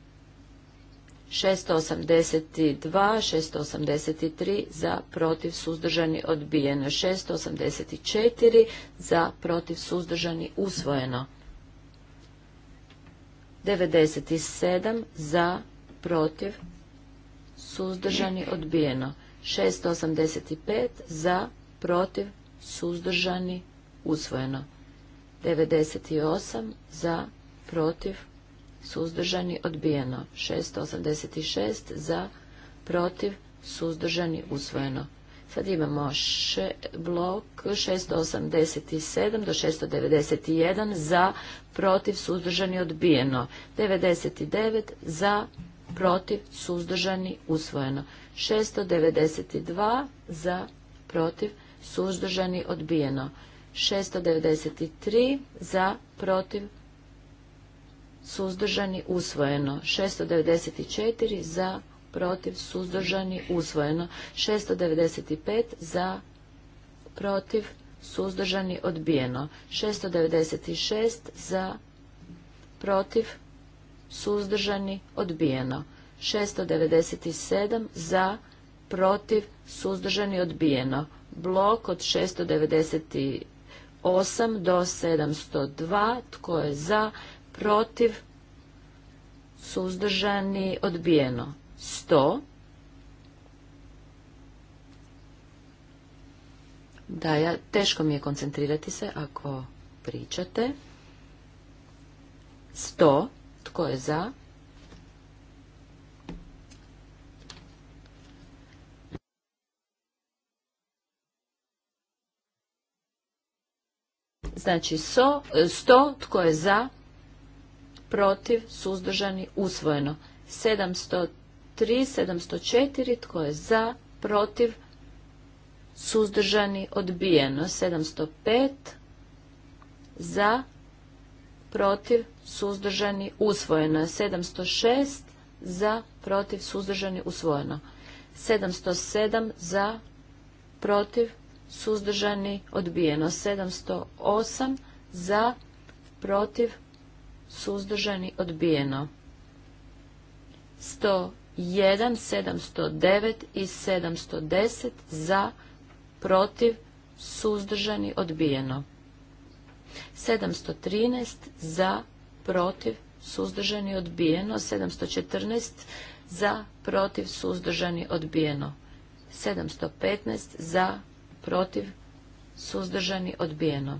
682, 683 za protiv suzdržani odbijeno, 684 za protiv suzdržani usvojeno, 97 za protiv suzdržani odbijeno, 685 za protiv suzdržani usvojeno, 98 za protiv suzdržani, odbijeno. 686 za, protiv, suzdržani, usvojeno. Sad imamo še, blok 687 do 691 za, protiv, suzdržani, odbijeno. 99 za, protiv, suzdržani, usvojeno. 692 za, protiv, suzdržani, odbijeno. 693 za, protiv, suzdržani, usvojeno. 694 za, protiv, suzdržani, usvojeno. 695 za, protiv, suzdržani, odbijeno. 696 za, protiv, suzdržani, odbijeno. 697 za, protiv, suzdržani, odbijeno. Blok od 698 do 702, tko je za, protiv, suzdržani, odbijeno. 100. Da, ja, teško mi je koncentrirati se ako pričate. 100. Tko je za? Znači, so, 100. Tko je za? protiv, suzdržani, usvojeno. 703, 704, tko je za, protiv, suzdržani, odbijeno. 705, za, protiv, suzdržani, usvojeno. 706, za, protiv, suzdržani, usvojeno. 707, za, protiv, suzdržani, odbijeno. 708, za, protiv, suzdržani, odbijeno. 101, 709 i 710 za, protiv, suzdržani, odbijeno. 713 za, protiv, suzdržani, odbijeno. 714 za, protiv, suzdržani, odbijeno. 715 za, protiv, suzdržani, odbijeno.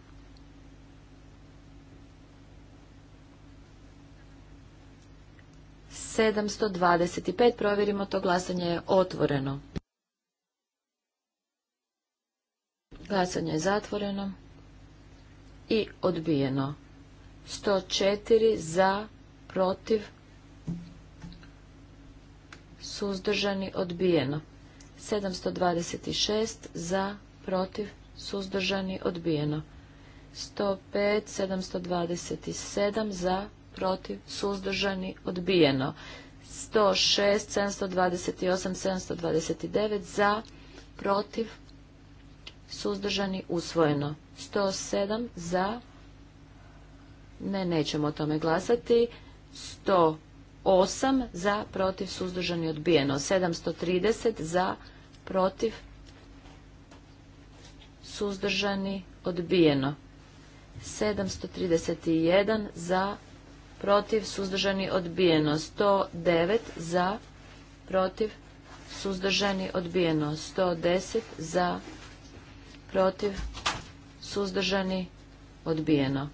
725. Provjerimo to. Glasanje je otvoreno. Glasanje je zatvoreno. I odbijeno. 104 za, protiv, suzdržani, odbijeno. 726 za, protiv, suzdržani, odbijeno. 105, 727 za, protiv, suzdržani, odbijeno. 106, 728, 729 za, protiv, suzdržani, usvojeno. 107 za, ne, nećemo o tome glasati. 108 za, protiv, suzdržani, odbijeno. 730 za, protiv, suzdržani, odbijeno. 731 za, protiv, suzdržani, odbijeno. 109 za, protiv, suzdržani, odbijeno. 110 za, protiv, suzdržani, odbijeno.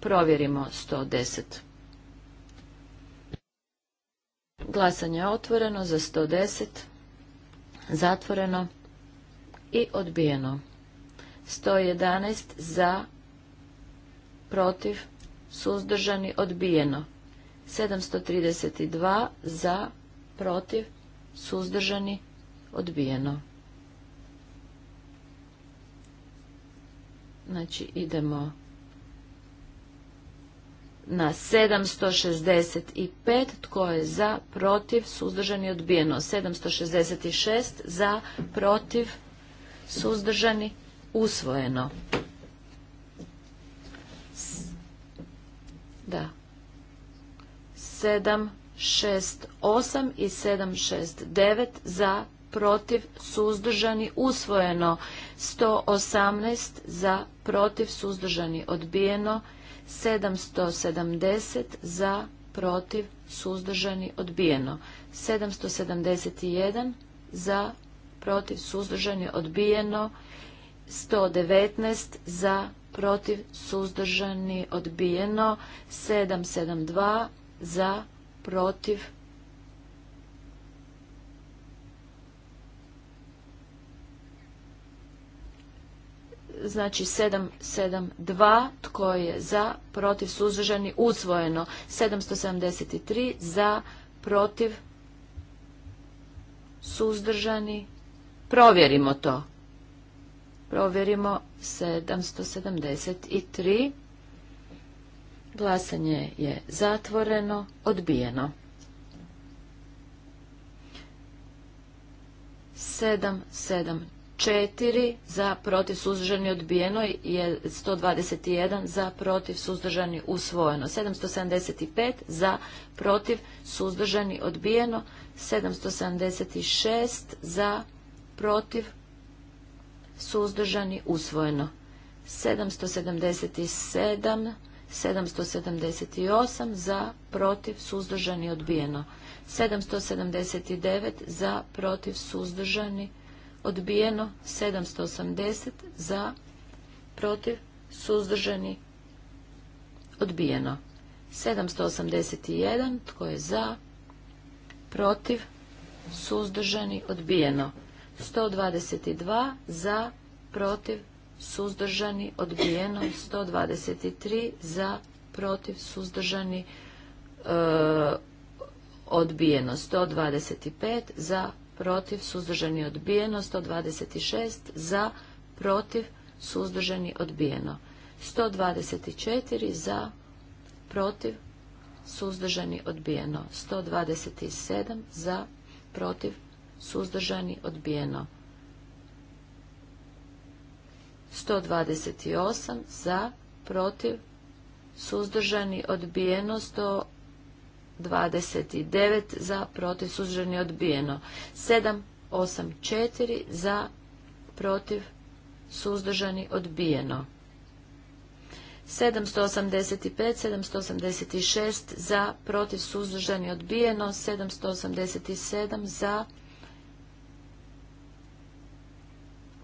Provjerimo 110. Glasanje je otvoreno za 110, zatvoreno i odbijeno. 111 za, protiv, suzdržani, odbijeno. 732 za, protiv, suzdržani, odbijeno. Znači idemo na 765, tko je za, protiv, suzdržani, odbijeno. 766 za, protiv, suzdržani, usvojeno. Da. 768 i 769 za, protiv, suzdržani, usvojeno. 118 za, protiv, suzdržani, odbijeno. 770 za, protiv, suzdržani, odbijeno. 771 za, protiv, suzdržani, odbijeno. 119 za, protiv, suzdržani, odbijeno, 772 za, protiv, znači 772, tko je za, protiv, suzdržani, usvojeno, 773 za, protiv, suzdržani, provjerimo to. Provjerimo 773. Glasanje je zatvoreno, odbijeno. 774 za protiv suzdržani odbijeno je 121 za protiv suzdržani usvojeno. 775 za protiv suzdržani odbijeno. 776 za protiv suzdržani, usvojeno. 777, 778 za, protiv, suzdržani, odbijeno. 779 za, protiv, suzdržani, odbijeno. 780 za, protiv, suzdržani, odbijeno. 781 tko je za, protiv, suzdržani, odbijeno. 122 za, protiv, suzdržani, odbijeno. 123 e, za, protiv, suzdržani, odbijeno. 125 za, protiv, suzdržani, odbijeno. 126 za, protiv, suzdržani, odbijeno. 124 za, protiv, suzdržani, odbijeno. 127 za, protiv, suzdržani, odbijeno. 128 za, protiv, suzdržani, odbijeno. 129 za, protiv, suzdržani, odbijeno. 784 za, protiv, suzdržani, odbijeno. 785, 786 za, protiv, suzdržani, odbijeno, 787 za,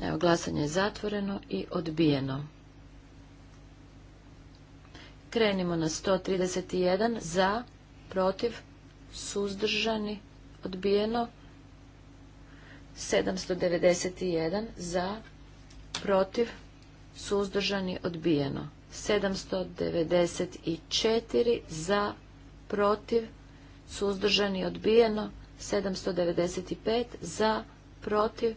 Evo, glasanje je zatvoreno i odbijeno. Krenimo na 131 za, protiv, suzdržani, odbijeno. 791 za, protiv, suzdržani, odbijeno. 794 za, protiv, suzdržani, odbijeno. 795 za, protiv,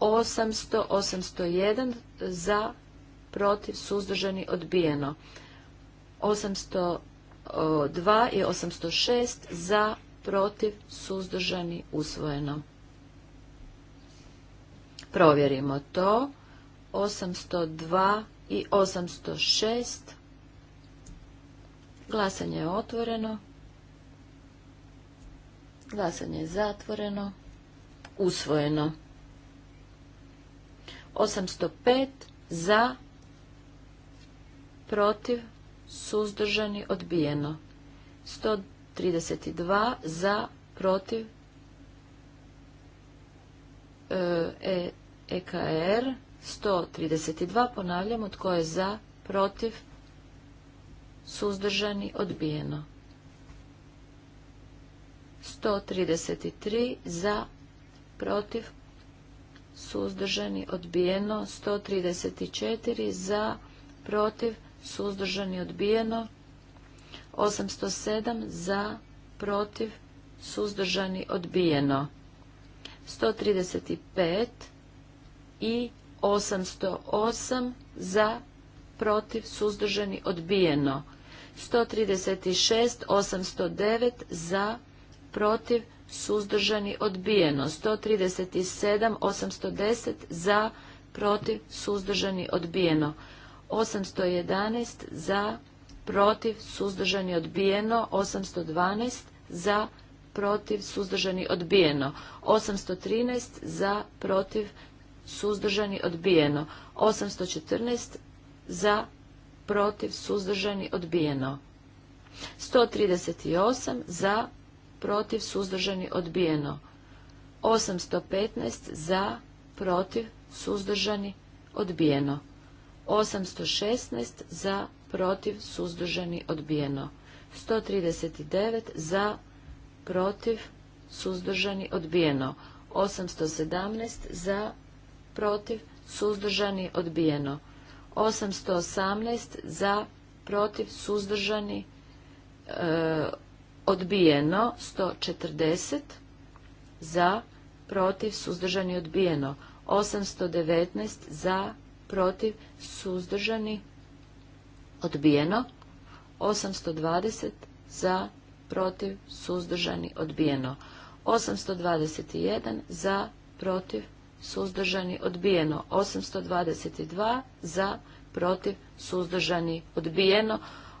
800, 801 za, protiv, suzdržani, odbijeno. 802 i 806 za, protiv, suzdržani, usvojeno. Provjerimo to. 802 i 806. Glasanje je otvoreno. Glasanje je zatvoreno. Usvojeno. 805 za, protiv, suzdržani, odbijeno. 132 za, protiv, e, EKR. E 132 ponavljamo od koje za, protiv, suzdržani, odbijeno. 133 za, protiv, suzdržani, odbijeno. 134 za, protiv, suzdržani, odbijeno. 807 za, protiv, suzdržani, odbijeno. 135 i 808 za, protiv, suzdržani, odbijeno. 136, 809 za, protiv, suzdržani, odbijeno. 137, 810 za, protiv, suzdržani, odbijeno. 811 za, protiv, suzdržani, odbijeno. 812 za, protiv, suzdržani, odbijeno. 813 za, protiv, suzdržani, odbijeno. 814 za, protiv, suzdržani, odbijeno. 138 za, protiv, suzdržani, odbijeno. 815 za, protiv, suzdržani, odbijeno. 816 za, protiv, suzdržani, odbijeno. 139 za, protiv, suzdržani, odbijeno. 817 za, protiv, suzdržani, odbijeno. 818 za, protiv, suzdržani, e, odbijeno 140 za protiv suzdržani odbijeno 819 za protiv suzdržani odbijeno 820 za protiv suzdržani odbijeno 821 za protiv suzdržani odbijeno 822 za protiv suzdržani odbijeno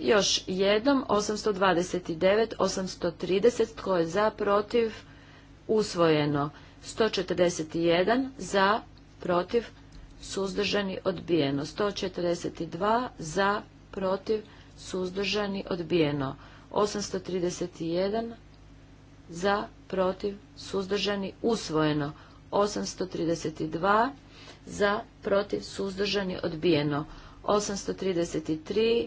Još jednom, 829, 830, tko je za, protiv, usvojeno. 141 za, protiv, suzdržani, odbijeno. 142 za, protiv, suzdržani, odbijeno. 831 za, protiv, suzdržani, usvojeno. 832 za, protiv, suzdržani, odbijeno. 833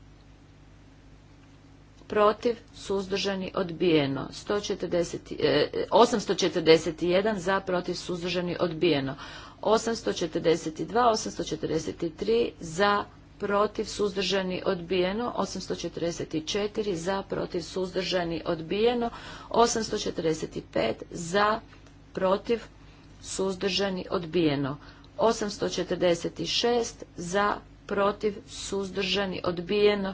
protiv, suzdržani, odbijeno. 841 e, za, protiv, suzdržani, odbijeno. 842, 843 za, protiv, suzdržani, odbijeno. 844 za, protiv, suzdržani, odbijeno. 845 za, protiv, suzdržani, odbijeno. 846 za, protiv, suzdržani, odbijeno.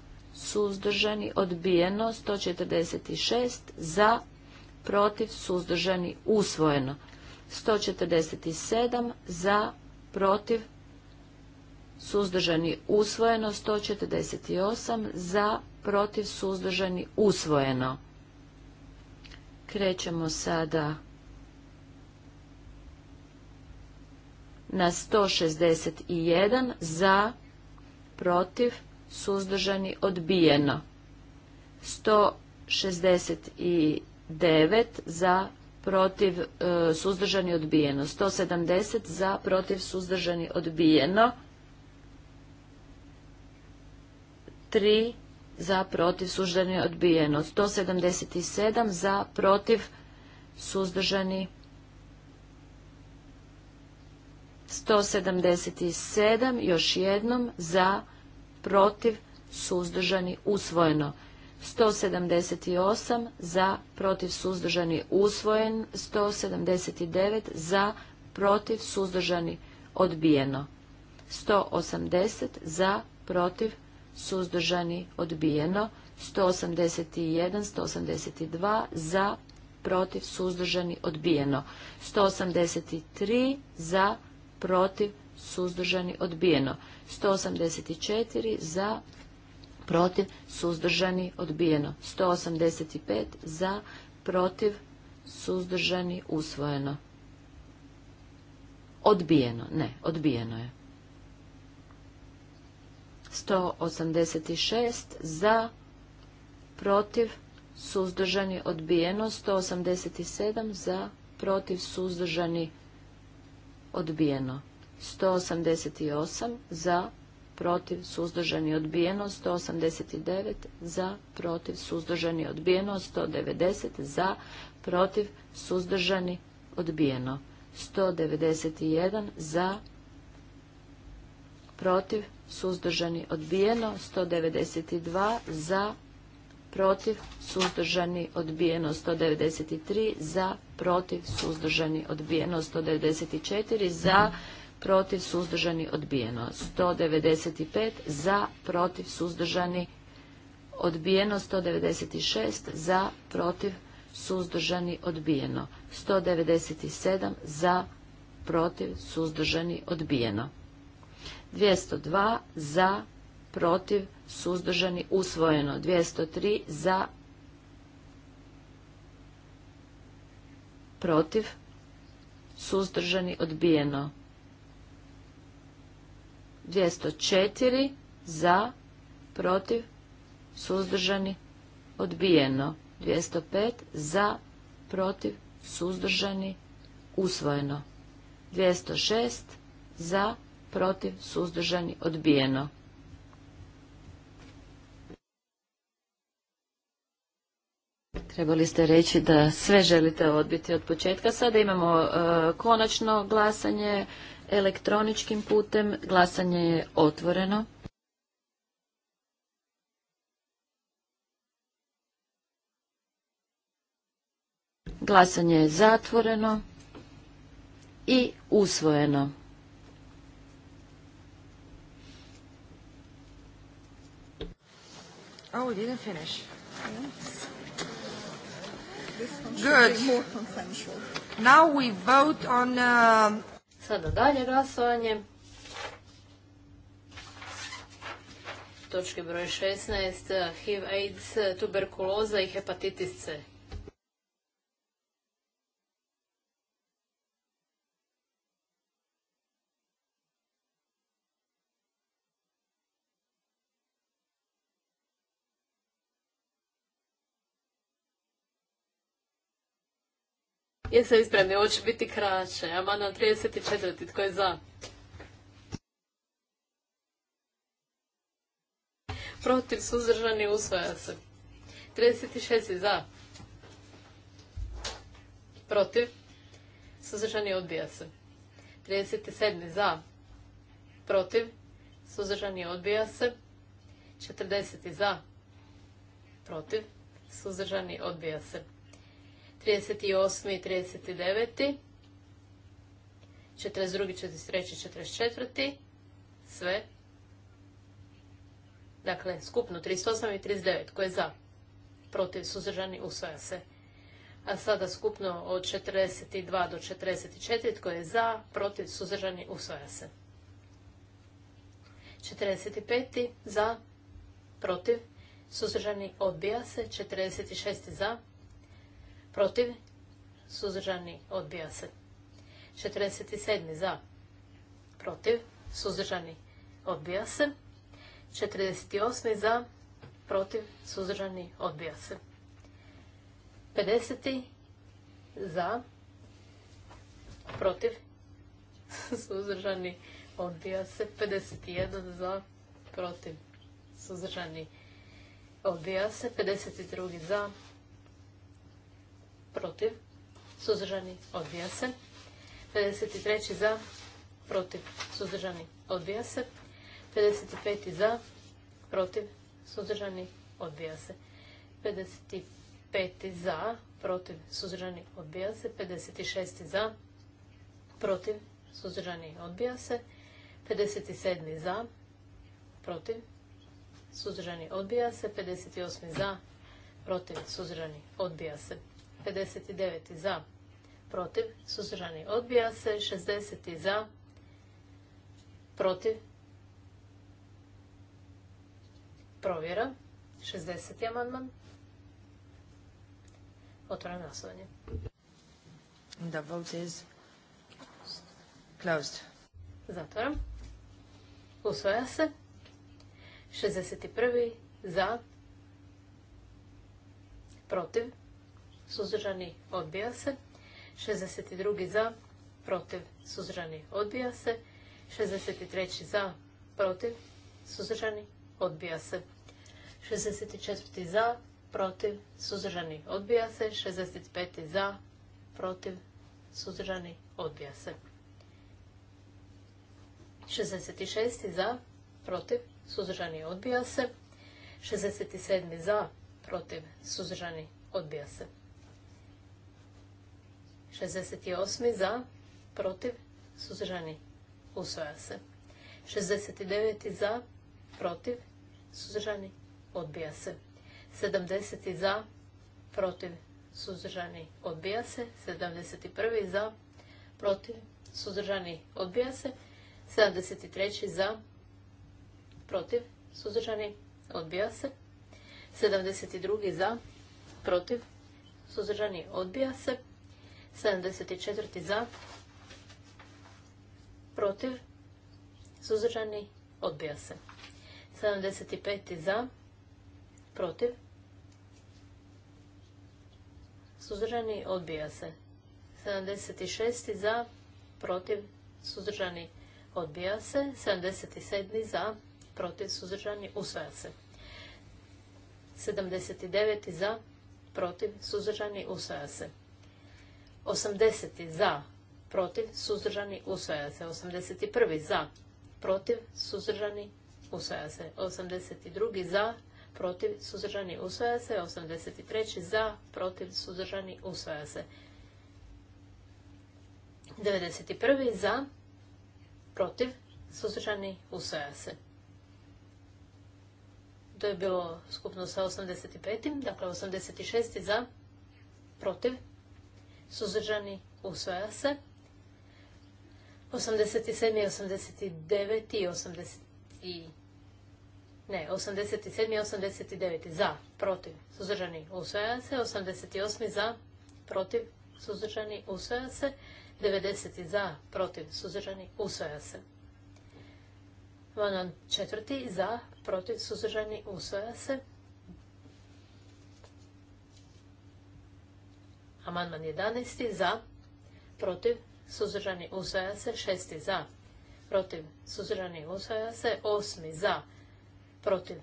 suzdržani, odbijeno, 146 za, protiv, suzdržani, usvojeno, 147 za, protiv, suzdržani, usvojeno, 148 za, protiv, suzdržani, usvojeno. Krećemo sada na 161 za, protiv, suzdržani, odbijeno. 169 e, za, protiv, suzdržani, odbijeno. 170 za, protiv, suzdržani, odbijeno. 3 za, protiv, suzdržani, odbijeno. 177 za, protiv, suzdržani, 177 još jednom za, protiv, suzdržani, usvojeno. 178 za, protiv, suzdržani, usvojen. 179 za, protiv, suzdržani, odbijeno. 180 za, protiv, suzdržani, odbijeno. 181, 182 za, protiv, suzdržani, odbijeno. 183 za, protiv, suzdržani, odbijeno. 184 za, protiv, suzdržani, odbijeno. 185 za, protiv, suzdržani, usvojeno. Odbijeno, ne, odbijeno je. 186 za, protiv, suzdržani, odbijeno. 187 za, protiv, suzdržani, odbijeno. 188 za, protiv, suzdržani, odbijeno, 189 za, protiv, suzdržani, odbijeno, 190 za, protiv, suzdržani, odbijeno, 191 za, protiv, suzdržani, odbijeno, 192 za, protiv, suzdržani, odbijeno 193, za, protiv, suzdržani, odbijeno 194, za, protiv, suzdržani, odbijeno. 195 za, protiv, suzdržani, odbijeno. 196 za, protiv, suzdržani, odbijeno. 197 za, protiv, suzdržani, odbijeno. 202 za, protiv, suzdržani, usvojeno. 203 za, protiv, suzdržani, odbijeno. 204 za, protiv, suzdržani, odbijeno. 205 za, protiv, suzdržani, usvojeno. 206 za, protiv, suzdržani, odbijeno. Trebali ste reći da sve želite odbiti od početka. Sada imamo e, konačno glasanje elektroničkim putem. Glasanje je otvoreno. Glasanje je zatvoreno i usvojeno. Oh, we didn't finish. Good. Now we vote on... Uh, Sada dalje glasovanje. Točke broj 16, HIV, AIDS, tuberkuloza i hepatitis C. Jeste ispravni, Ovo će biti kraće. Amandman 34. Tko je za? Protiv suzdržani usvaja se. 36. Za. Protiv. Suzdržani odbija se. 37. Za. Protiv. Suzdržani odbija se. 40. Za. Protiv. Suzdržani odbija se. 38. i 39. 42. 43. 44. Sve. Dakle, skupno 38 i 39. Koje je za? Protiv suzdržani usvaja se. A sada skupno od 42 do 44. koje je za? Protiv suzdržani usvaja se. 45. Za? Protiv suzdržani odbija se. 46. Za? protiv, suzdržani, odbija se. 47. za, protiv, suzdržani, odbija se. 48. za, protiv, suzdržani, odbija se. 50. za, protiv, suzdržani, odbija se. 51. za, protiv, suzdržani, odbija se. 52. za, protiv, suzdržani, odbija se. 53. za, protiv, suzdržani, odbija se. 55. za, protiv, suzdržani, odbija se. 55. za, protiv, suzdržani, odbija se. 56. za, protiv, suzdržani, odbija se. 57. za, protiv, suzdržani, odbija se. 58. za, protiv, suzdržani, odbija se. 59. za, protiv, suzdržani odbija se, 60. za, protiv, provjera, 60. amandman, Otvore glasovanje. The vote is closed. Zatvoram. Usvaja se. 61. za, protiv, suzdržani, odbija se. 62. za, protiv, suzdržani, odbija se. 63. za, protiv, suzdržani, odbija se. 64. za, protiv, suzdržani, odbija se. 65. za, protiv, suzdržani, odbija se. 66. za, protiv, suzdržani, odbija se. 67. za, protiv, suzdržani, odbija se. 68. za, protiv, suzdržani, usvoja se. 69. za, protiv, suzdržani, odbija se. 70. za, protiv, suzdržani, odbija se. 71. za, protiv, suzdržani, odbija se. 73. za, protiv, suzdržani, odbija se. 72. za, protiv, suzdržani, odbija se. 74. za, protiv, suzdržani, odbija se. 75. za, protiv, suzdržani, odbija se. 76. za, protiv, suzdržani, odbija se. 77. za, protiv, suzdržani, usvaja se. 79. za, protiv, suzdržani, usvaja se. 80. za, protiv, suzdržani, usvaja se. 81. za, protiv, suzdržani, usvaja se. 82. za, protiv, suzdržani, usvaja se. 83. za, protiv, suzdržani, usvaja se. 91. za, protiv, suzdržani, usvaja se. To je bilo skupno sa 85. Dakle, 86. za, protiv, suzdržani, usvaja se. 87. 89. i 80. ne, 87. i 89. za, protiv, suzdržani, usvaja se. 88. za, protiv, suzdržani, usvaja se. 90. za, protiv, suzdržani, usvaja se. Vanan za, protiv, suzdržani, usvaja se. Amandman 11. za, protiv, suzdržani, usvaja se. 6. za, protiv, suzdržani, usvaja se. 8. za, protiv,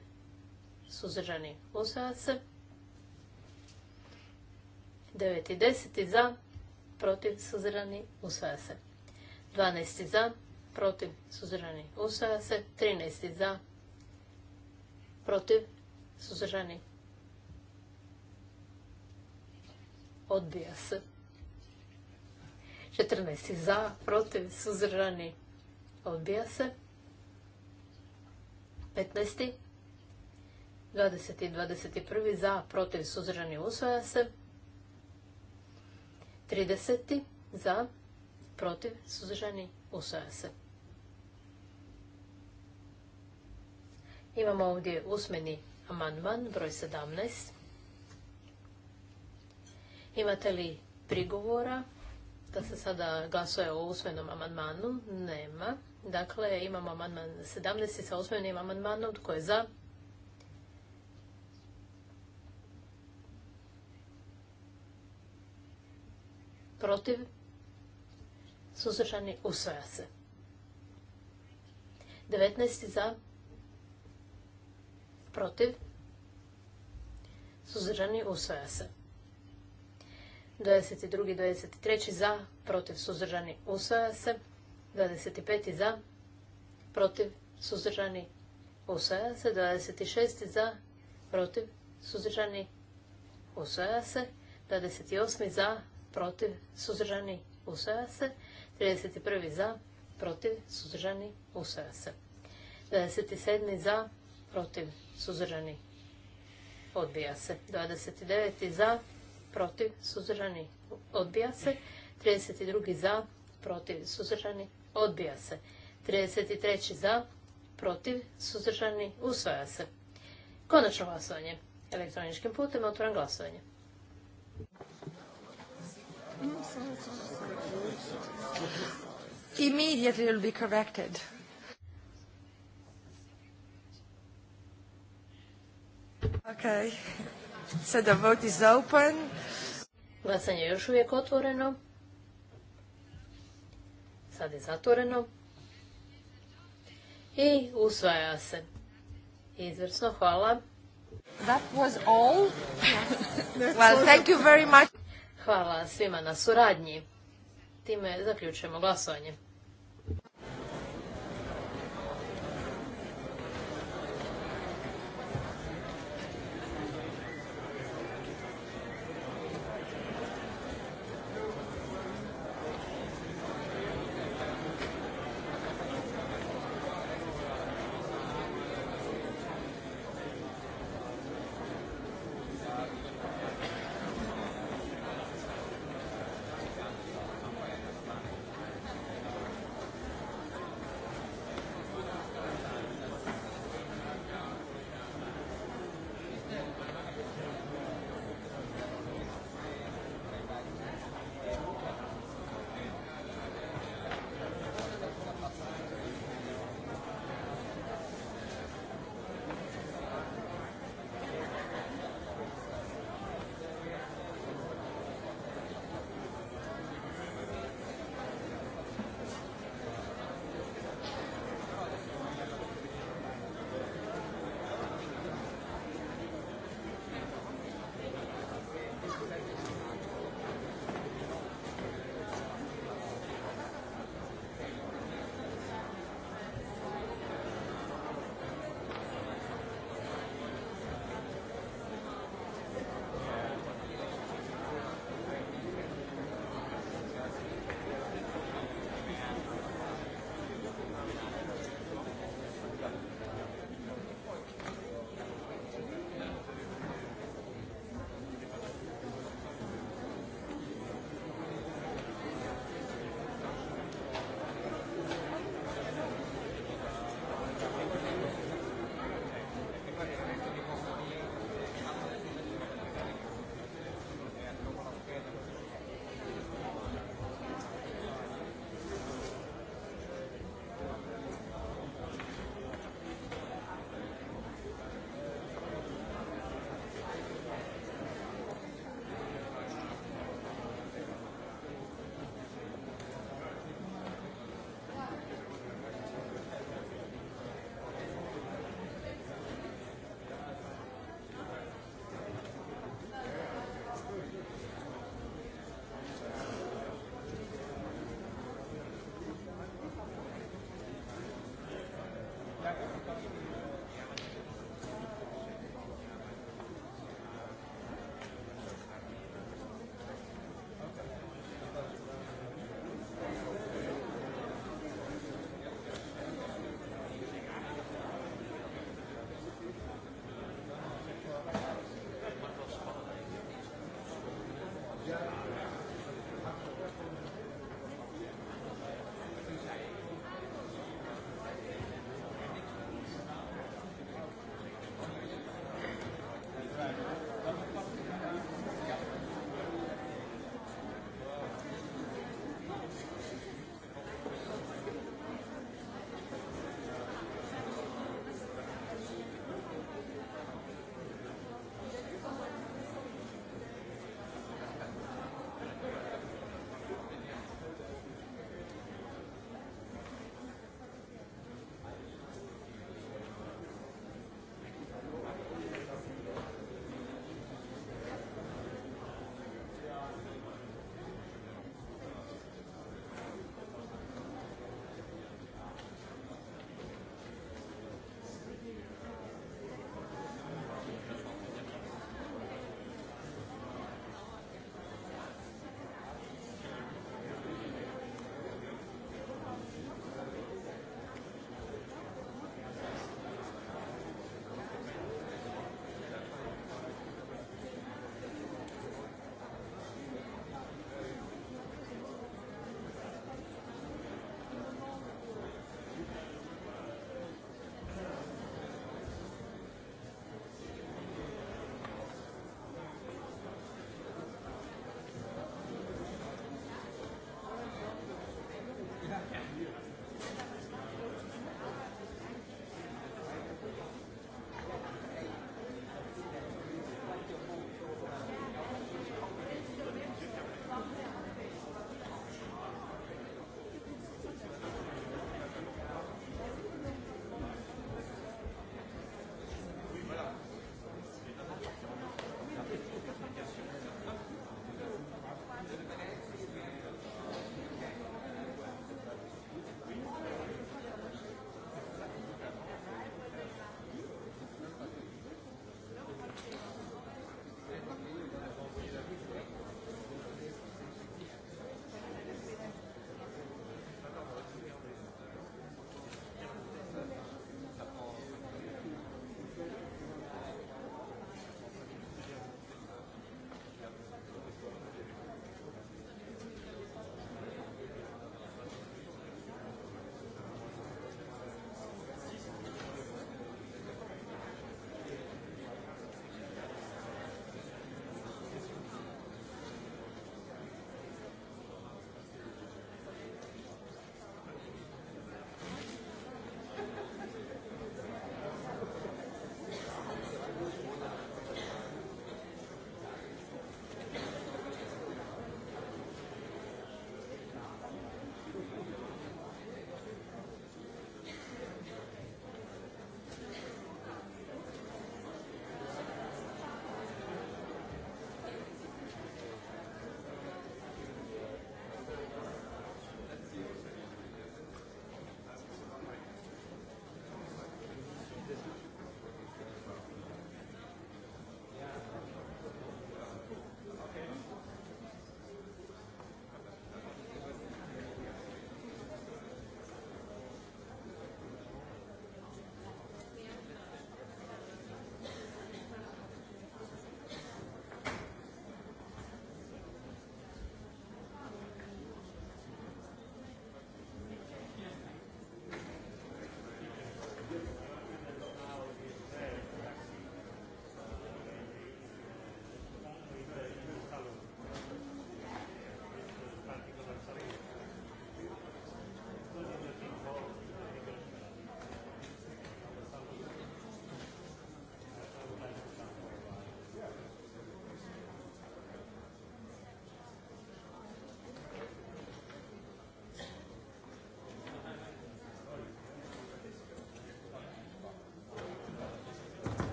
suzdržani, usvaja se. 9. deseti za, protiv, suzdržani, usvaja se. 12. za, protiv, suzdržani, usvaja se. 13. za, protiv, suzdržani, odbija se. 14. za, protiv, suzržani, odbija se. 15. 20. i 21. za, protiv, suzržani, usvaja se. 30. za, protiv, suzržani, usvaja se. Imamo ovdje usmeni amandman broj 17. Imate li prigovora da se sada glasuje o usmenom amandmanu? Nema. Dakle, imamo amandman 17 sa usmenim amandmanom. Tko je za? Protiv? Suzdržani usvoja se. 19 za? Protiv? Suzdržani usvaja se. 22. 23. za, protiv suzdržani usvaja se. 25. za, protiv suzdržani usvaja se. 26. za, protiv suzdržani usvaja se. 28. za, protiv suzdržani usvaja se. 31. za, protiv suzdržani usvaja se. 27. za, protiv suzdržani odbija se. 29. za, protiv, suzdržani, odbija se. 32. za, protiv, suzdržani, odbija se. 33. za, protiv, suzdržani, usvaja se. Konačno glasovanje. Elektroničkim putem otvoram glasovanje. Immediately will be corrected. Okay the vote is open. Glasanje je još uvijek otvoreno. Sad je zatvoreno. I usvaja se. Izvrsno, hvala. That was all. well, thank you very much. Hvala svima na suradnji. Time zaključujemo glasovanje.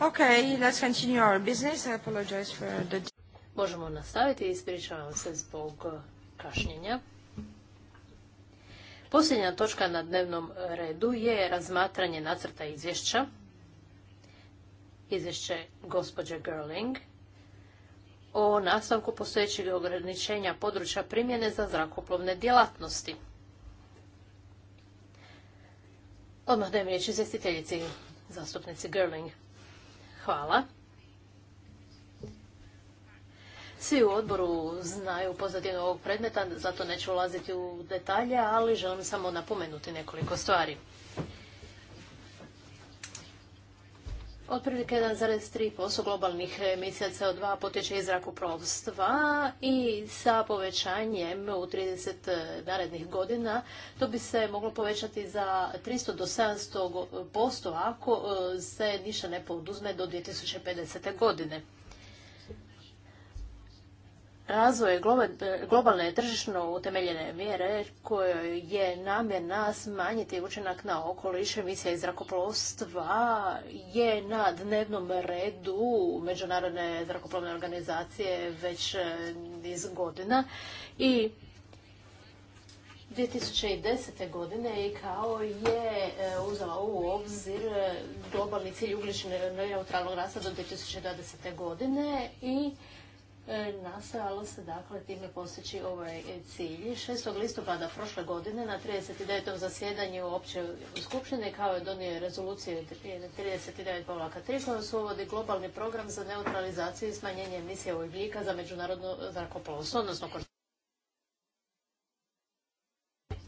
Okay, Možemo nastaviti i ispričavam se zbog uh, kašnjenja. Posljednja točka na dnevnom redu je razmatranje nacrta izvješća. Izvješće gospođe Gerling o nastavku postojećeg ograničenja područja primjene za zrakoplovne djelatnosti. Odmah dajem riječ izvjestiteljici, zastupnici Gerling. Hvala. Svi u odboru znaju pozadinu ovog predmeta, zato neću ulaziti u detalje, ali želim samo napomenuti nekoliko stvari. Otprilike 1,3% globalnih emisija CO2 potječe iz zrakoplovstva i sa povećanjem u 30 narednih godina to bi se moglo povećati za 300 do 700% ako e, se ništa ne poduzme do 2050. godine razvoj globalne tržišno utemeljene mjere kojoj je namjena smanjiti učinak na okoliš emisija i zrakoplovstva je na dnevnom redu Međunarodne zrakoplovne organizacije već e, iz godina i 2010. godine i kao je e, uzela u obzir e, globalni cilj ugljične neutralnog rasta do 2020. godine i E, nastojalo se dakle time postići ovaj e, cilj. 6. listopada prošle godine na 39. zasjedanju opće skupštine kao je donio rezoluciju 39 polaka 3 koja se uvodi globalni program za neutralizaciju i smanjenje emisije ugljika za međunarodno zrakoplovstvo, odnosno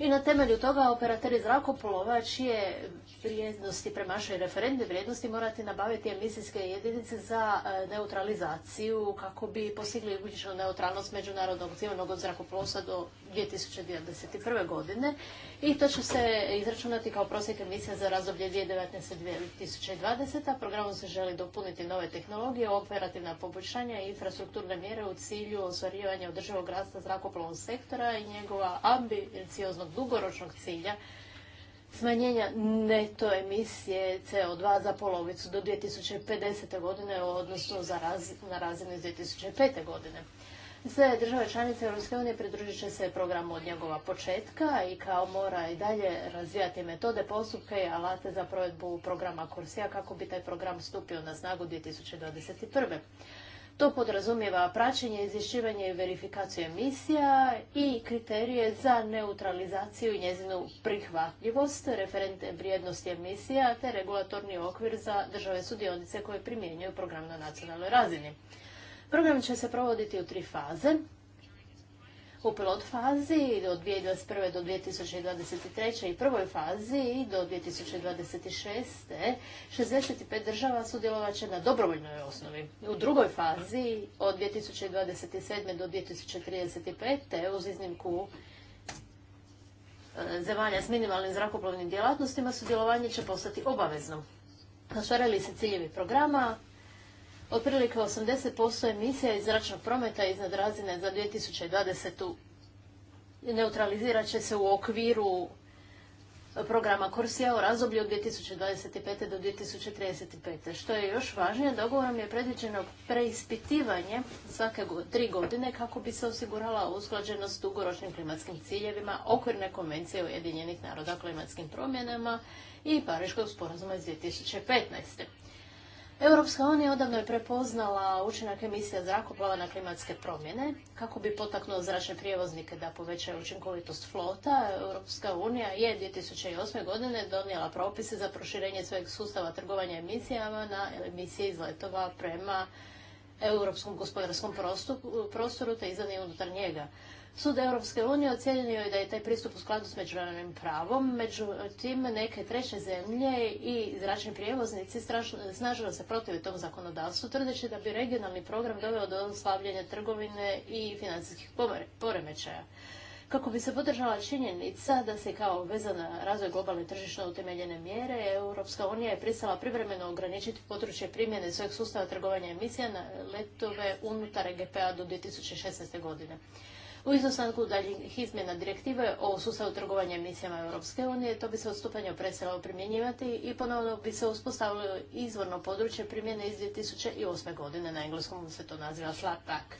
i na temelju toga operateri zrakoplova čije vrijednosti premašaju referentne vrijednosti morati nabaviti emisijske jedinice za e, neutralizaciju kako bi postigli ugljičnu neutralnost međunarodnog civilnog zrakoplovstva do 2021. godine i to će se izračunati kao prosjek emisija za razdoblje 2019-2020. Programom se želi dopuniti nove tehnologije, operativna poboljšanja i infrastrukturne mjere u cilju osvarivanja održivog rasta zrakoplovnog sektora i njegova ambicioznog dugoročnog cilja smanjenja neto emisije CO2 za polovicu do 2050. godine, odnosno za na razinu iz 2005. godine. Sve države članice Europske unije pridružit će se programu od njegova početka i kao mora i dalje razvijati metode, postupke i alate za provedbu programa Kursija kako bi taj program stupio na snagu 2021. To podrazumijeva praćenje, izvješćivanje i verifikaciju emisija i kriterije za neutralizaciju i njezinu prihvatljivost, referentne vrijednosti emisija te regulatorni okvir za države sudionice koje primjenjuju program na nacionalnoj razini. Program će se provoditi u tri faze u pilot fazi od 2021. do 2023. i prvoj fazi do 2026. 65 država sudjelovat će na dobrovoljnoj osnovi. U drugoj fazi od 2027. do 2035. uz iznimku e, zemalja s minimalnim zrakoplovnim djelatnostima sudjelovanje će postati obavezno. Ostvarili se ciljevi programa, otprilike 80% emisija iz zračnog prometa iznad razine za 2020. neutralizirat će se u okviru programa Korsija u razdoblju od 2025. do 2035. Što je još važnije, dogovorom je predviđeno preispitivanje svake tri godine kako bi se osigurala usklađenost dugoročnim klimatskim ciljevima okvirne konvencije Ujedinjenih naroda o klimatskim promjenama i Pariškog sporazuma iz 2015. Europska unija odavno je prepoznala učinak emisija zrakoplova na klimatske promjene. Kako bi potaknuo zračne prijevoznike da povećaju učinkovitost flota, Europska unija je 2008. godine donijela propise za proširenje svojeg sustava trgovanja emisijama na emisije izletova prema europskom gospodarskom prostoru te izdan unutar njega. Sud Europske unije ocjenio je da je taj pristup u skladu s međunarodnim pravom, međutim neke treće zemlje i zračni prijevoznici snažno se protive tom zakonodavstvu, tvrdeći da bi regionalni program doveo do slavljenja trgovine i financijskih poremećaja. Kako bi se podržala činjenica da se kao vezana razvoj globalne tržišno utemeljene mjere, Europska unija je pristala privremeno ograničiti područje primjene svojeg sustava trgovanja emisija na letove unutar EGPA a do 2016. godine. U izostanku daljih izmjena direktive o sustavu trgovanja emisijama Europske unije, to bi se odstupanje prestalo primjenjivati i ponovno bi se uspostavilo izvorno područje primjene iz 2008. godine, na engleskom se to naziva slatak.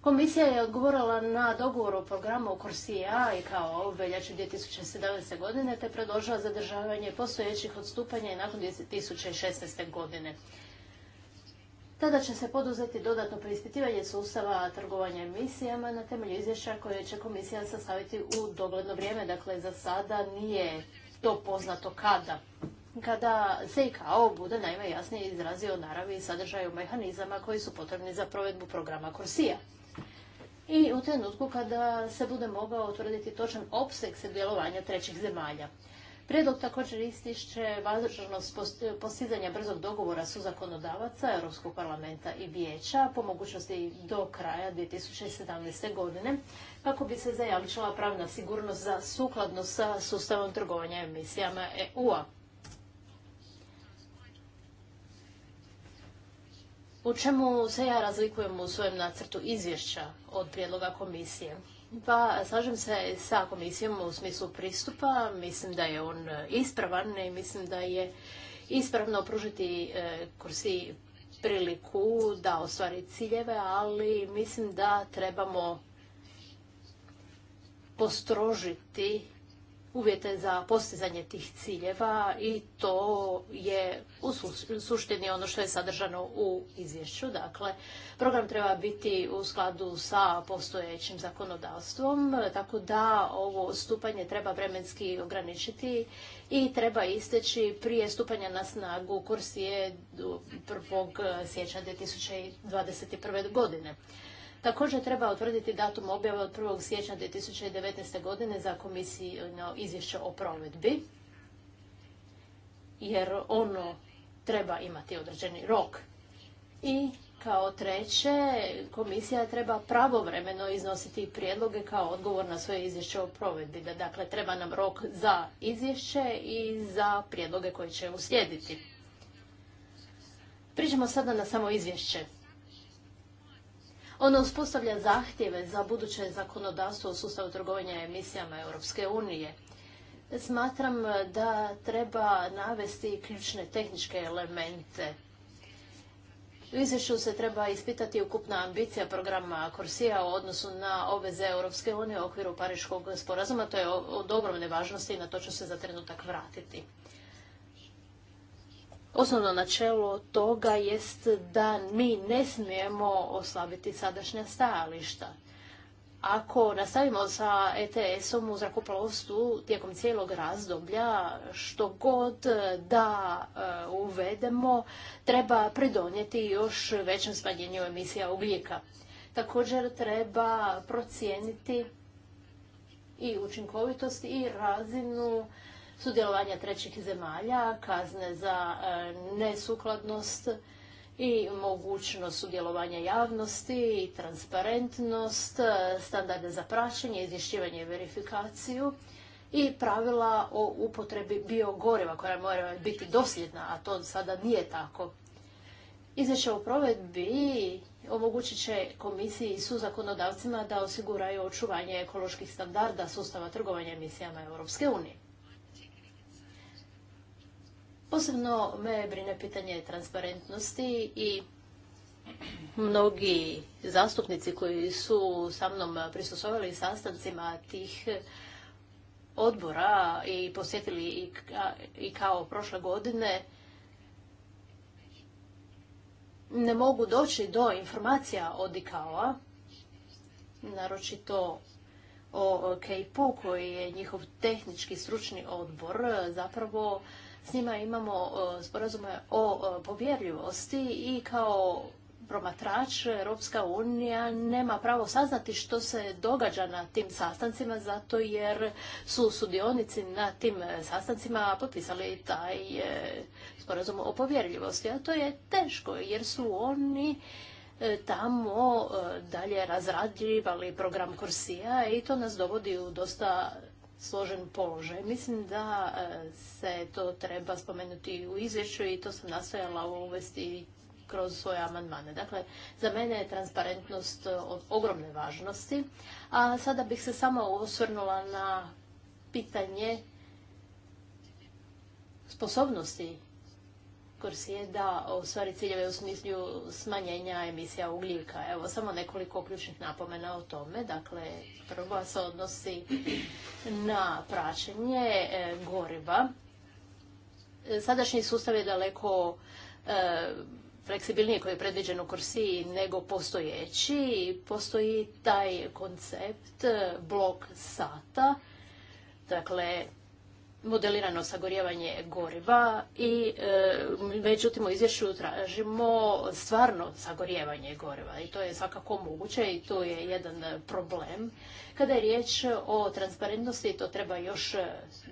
Komisija je odgovorila na dogovor o programu corsia i kao veljači 2017. godine te predložila zadržavanje postojećih odstupanja i nakon 2016. godine. Tada će se poduzeti dodatno preispitivanje sustava trgovanja emisijama na temelju izvješća koje će komisija sastaviti u dogledno vrijeme. Dakle, za sada nije to poznato kada. Kada se i kao bude naime jasnije izrazio naravi i sadržaju mehanizama koji su potrebni za provedbu programa Korsija. I u trenutku kada se bude mogao utvrditi točan opseg djelovanja trećih zemalja. Prijedlog također ističe važnost postizanja brzog dogovora su zakonodavaca Europskog parlamenta i vijeća po mogućnosti do kraja 2017. godine kako bi se zajamčila pravna sigurnost za sukladno sa sustavom trgovanja emisijama EU-a. U čemu se ja razlikujem u svojem nacrtu izvješća od prijedloga komisije? Pa slažem se sa komisijom u smislu pristupa. Mislim da je on e, ispravan i mislim da je ispravno pružiti e, kursi priliku da ostvari ciljeve, ali mislim da trebamo postrožiti uvjete za postizanje tih ciljeva i to je u suštini ono što je sadržano u izvješću. Dakle, program treba biti u skladu sa postojećim zakonodavstvom, tako da ovo stupanje treba vremenski ograničiti i treba isteći prije stupanja na snagu kursije 1. siječnja 2021. godine. Također treba utvrditi datum objave od 1. siječnja 2019. godine za na izvješće o provedbi, jer ono treba imati određeni rok. I kao treće, komisija treba pravovremeno iznositi prijedloge kao odgovor na svoje izvješće o provedbi. Dakle, treba nam rok za izvješće i za prijedloge koje će uslijediti. Priđemo sada na samo izvješće. Ono uspostavlja zahtjeve za buduće zakonodavstvo u sustavu trgovanja emisijama Europske unije. Smatram da treba navesti ključne tehničke elemente. U izvješću se treba ispitati ukupna ambicija programa Korsija u odnosu na obveze Europske unije u okviru Pariškog sporazuma. To je od ogromne važnosti i na to ću se za trenutak vratiti. Osnovno načelo toga jest da mi ne smijemo oslabiti sadašnja stajališta. Ako nastavimo sa ETS-om u zrakoplovstvu tijekom cijelog razdoblja, što god da e, uvedemo, treba pridonijeti još većem smanjenju emisija ugljika. Također treba procijeniti i učinkovitost i razinu sudjelovanja trećih zemalja, kazne za e, nesukladnost i mogućnost sudjelovanja javnosti i transparentnost, e, standarde za praćenje, izvješćivanje i verifikaciju i pravila o upotrebi biogoriva koja mora biti dosljedna, a to sada nije tako. Izvješće o provedbi omogućit će komisiji i suzakonodavcima da osiguraju očuvanje ekoloških standarda sustava trgovanja emisijama Europske unije. Posebno me brine pitanje transparentnosti i mnogi zastupnici koji su sa mnom prisustvovali sastancima tih odbora i posjetili i kao prošle godine ne mogu doći do informacija od ICAO-a, naročito o KPU koji je njihov tehnički stručni odbor, zapravo s njima imamo e, sporazume o e, povjerljivosti i kao promatrač Europska unija nema pravo saznati što se događa na tim sastancima zato jer su sudionici na tim sastancima potpisali taj e, sporazum o povjerljivosti. A to je teško jer su oni tamo dalje razrađivali program Korsija i to nas dovodi u dosta složen položaj. Mislim da e, se to treba spomenuti u izvješću i to sam nastojala uvesti kroz svoje amandmane. Dakle, za mene je transparentnost od ogromne važnosti, a sada bih se samo osvrnula na pitanje sposobnosti da stvari ciljeve u smislu smanjenja emisija ugljika. Evo, samo nekoliko ključnih napomena o tome. Dakle, prva se odnosi na praćenje e, goriva. E, sadašnji sustav je daleko e, fleksibilniji koji je predviđen u Korsiji nego postojeći. postoji taj koncept e, blok sata. Dakle, modelirano sagorjevanje goriva i e, međutim u izvješću tražimo stvarno sagorjevanje goriva i to je svakako moguće i to je jedan problem. Kada je riječ o transparentnosti to treba još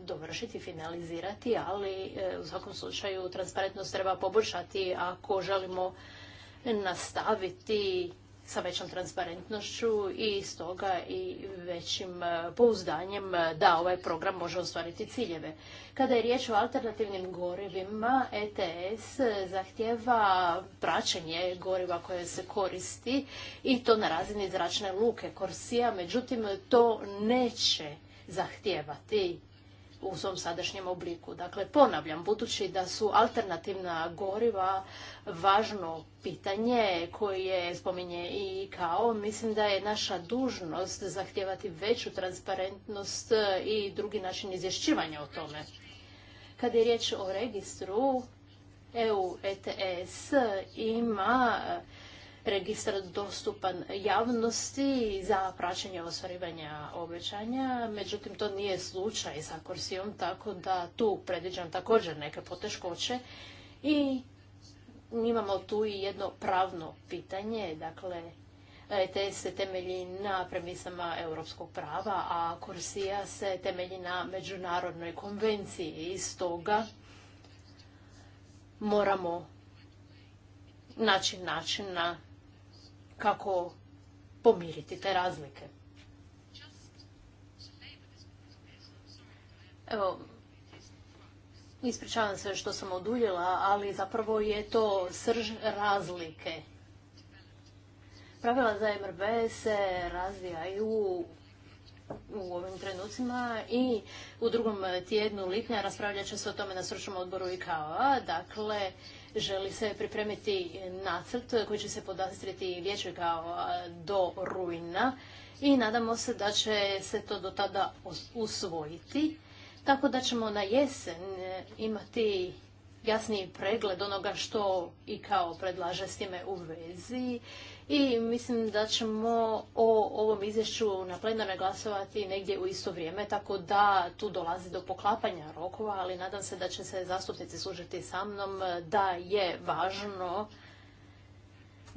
dovršiti, finalizirati, ali e, u svakom slučaju transparentnost treba poboljšati ako želimo nastaviti sa većom transparentnošću i stoga i većim e, pouzdanjem e, da ovaj program može ostvariti ciljeve. Kada je riječ o alternativnim gorivima, ETS zahtjeva praćenje goriva koje se koristi i to na razini zračne luke Korsija, međutim to neće zahtijevati u svom sadašnjem obliku. Dakle, ponavljam, budući da su alternativna goriva važno pitanje koje spominje i kao, mislim da je naša dužnost zahtijevati veću transparentnost i drugi način izvješćivanja o tome. Kad je riječ o registru, EU ETS ima registar dostupan javnosti za praćenje ostvarivanja obećanja. Međutim, to nije slučaj sa Korsijom, tako da tu predviđam također neke poteškoće. I imamo tu i jedno pravno pitanje, dakle, te se temelji na premisama europskog prava, a Korsija se temelji na međunarodnoj konvenciji i stoga moramo naći na kako pomiriti te razlike. Evo, ispričavam se što sam oduljila, ali zapravo je to srž razlike. Pravila za MRB se razvijaju u ovim trenucima i u drugom tjednu lipnja raspravljat će se o tome na stručnom odboru i kao. Dakle, želi se pripremiti nacrt koji će se podastriti vijeće kao do rujna i nadamo se da će se to do tada usvojiti. Tako da ćemo na jesen e, imati jasniji pregled onoga što i kao predlaže s time u vezi i mislim da ćemo o ovom izvješću na plenarne glasovati negdje u isto vrijeme, tako da tu dolazi do poklapanja rokova, ali nadam se da će se zastupnici služiti sa mnom da je važno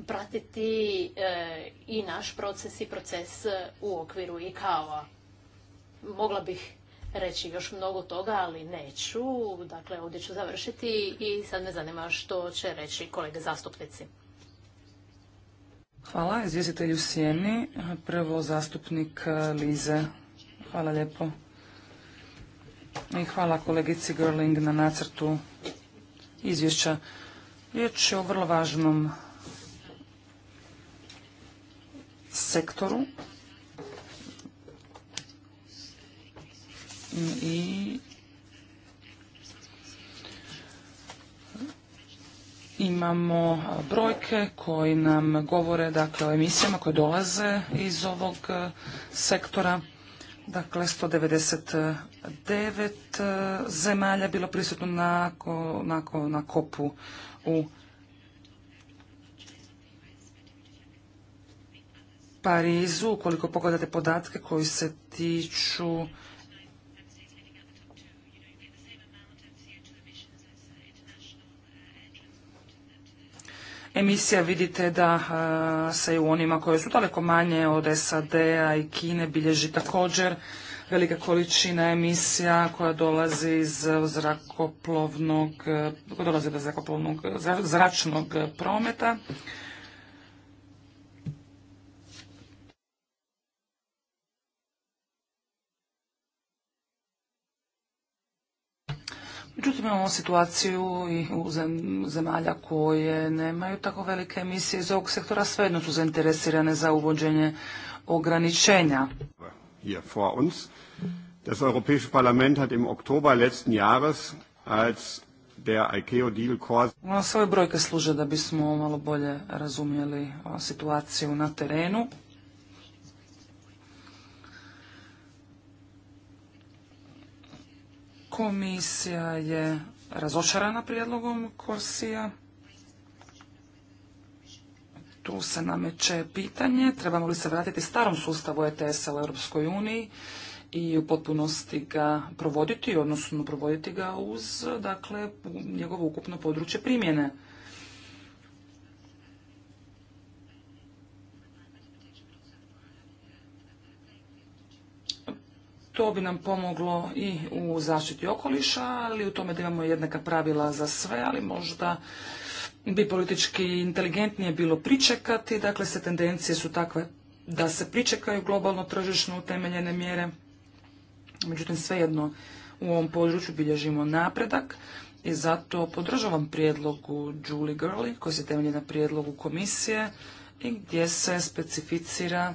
pratiti e, i naš proces i proces e, u okviru i a Mogla bih reći još mnogo toga, ali neću. Dakle, ovdje ću završiti i sad me zanima što će reći kolege zastupnici. Hvala izvjestitelju Sjeni. Prvo zastupnik e, Lize. Hvala lijepo. I hvala kolegici Gerling na nacrtu izvješća. Riječ je o vrlo važnom sektoru i imamo brojke koji nam govore dakle, o emisijama koje dolaze iz ovog sektora. Dakle, 199 zemalja bilo prisutno na, na, na kopu u Parizu. Ukoliko pogledate podatke koji se tiču emisija vidite da eh, se i u onima koje su daleko manje od SAD-a i Kine bilježi također velika količina emisija koja dolazi iz zrakoplovnog, eh, dolazi do zrakoplovnog, zračnog eh, prometa. Međutim, imamo situaciju i u zemalja koje nemaju tako velike emisije iz ovog sektora, svejedno su zainteresirane za uvođenje ograničenja. Hier vor uns. Das Parlament im Sve brojke služe da bismo malo bolje razumjeli situaciju na terenu. Komisija je razočarana prijedlogom Korsija. Tu se nameće pitanje, trebamo li se vratiti starom sustavu ETS-a u Europskoj uniji i u potpunosti ga provoditi, odnosno provoditi ga uz dakle, njegovo ukupno područje primjene. To bi nam pomoglo i u zaštiti okoliša, ali u tome da imamo jednaka pravila za sve, ali možda bi politički inteligentnije bilo pričekati. Dakle, se tendencije su takve da se pričekaju globalno tržišno utemeljene mjere. Međutim, svejedno u ovom području bilježimo napredak i zato podržavam prijedlogu Julie Gurley koji se temelji na prijedlogu komisije i gdje se specificira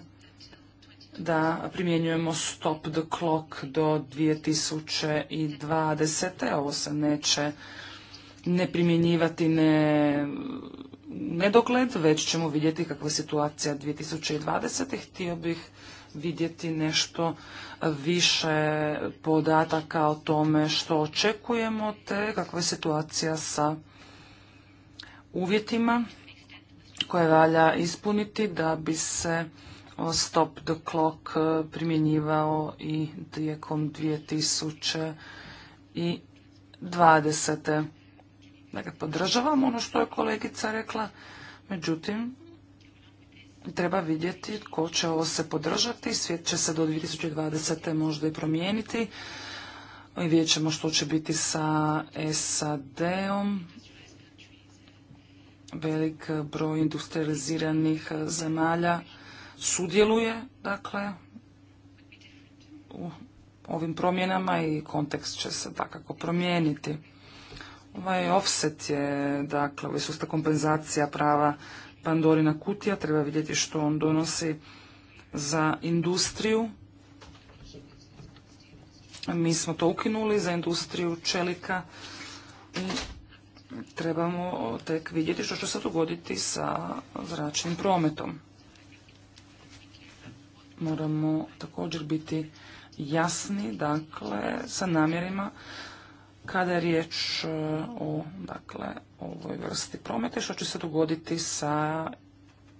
da primjenjujemo stop the clock do 2020. Ovo se neće ne primjenjivati ne nedogled, već ćemo vidjeti kakva je situacija 2020. Htio bih vidjeti nešto više podataka o tome što očekujemo te kakva je situacija sa uvjetima koje valja ispuniti da bi se stop the clock e, primjenjivao i tijekom 2020. Dakle, podržavam ono što je kolegica rekla, međutim, treba vidjeti tko će ovo se podržati, svijet će se do 2020. možda i promijeniti. I vidjet ćemo što će biti sa SAD-om. Velik broj industrializiranih zemalja sudjeluje dakle u ovim promjenama i kontekst će se takako promijeniti. Ovaj offset je, dakle, ovaj sustav kompenzacija prava Pandorina kutija, treba vidjeti što on donosi za industriju. Mi smo to ukinuli za industriju čelika i trebamo tek vidjeti što će se dogoditi sa zračnim prometom moramo također biti jasni, dakle, sa namjerima kada je riječ e, o, dakle, ovoj vrsti prometa što će se dogoditi sa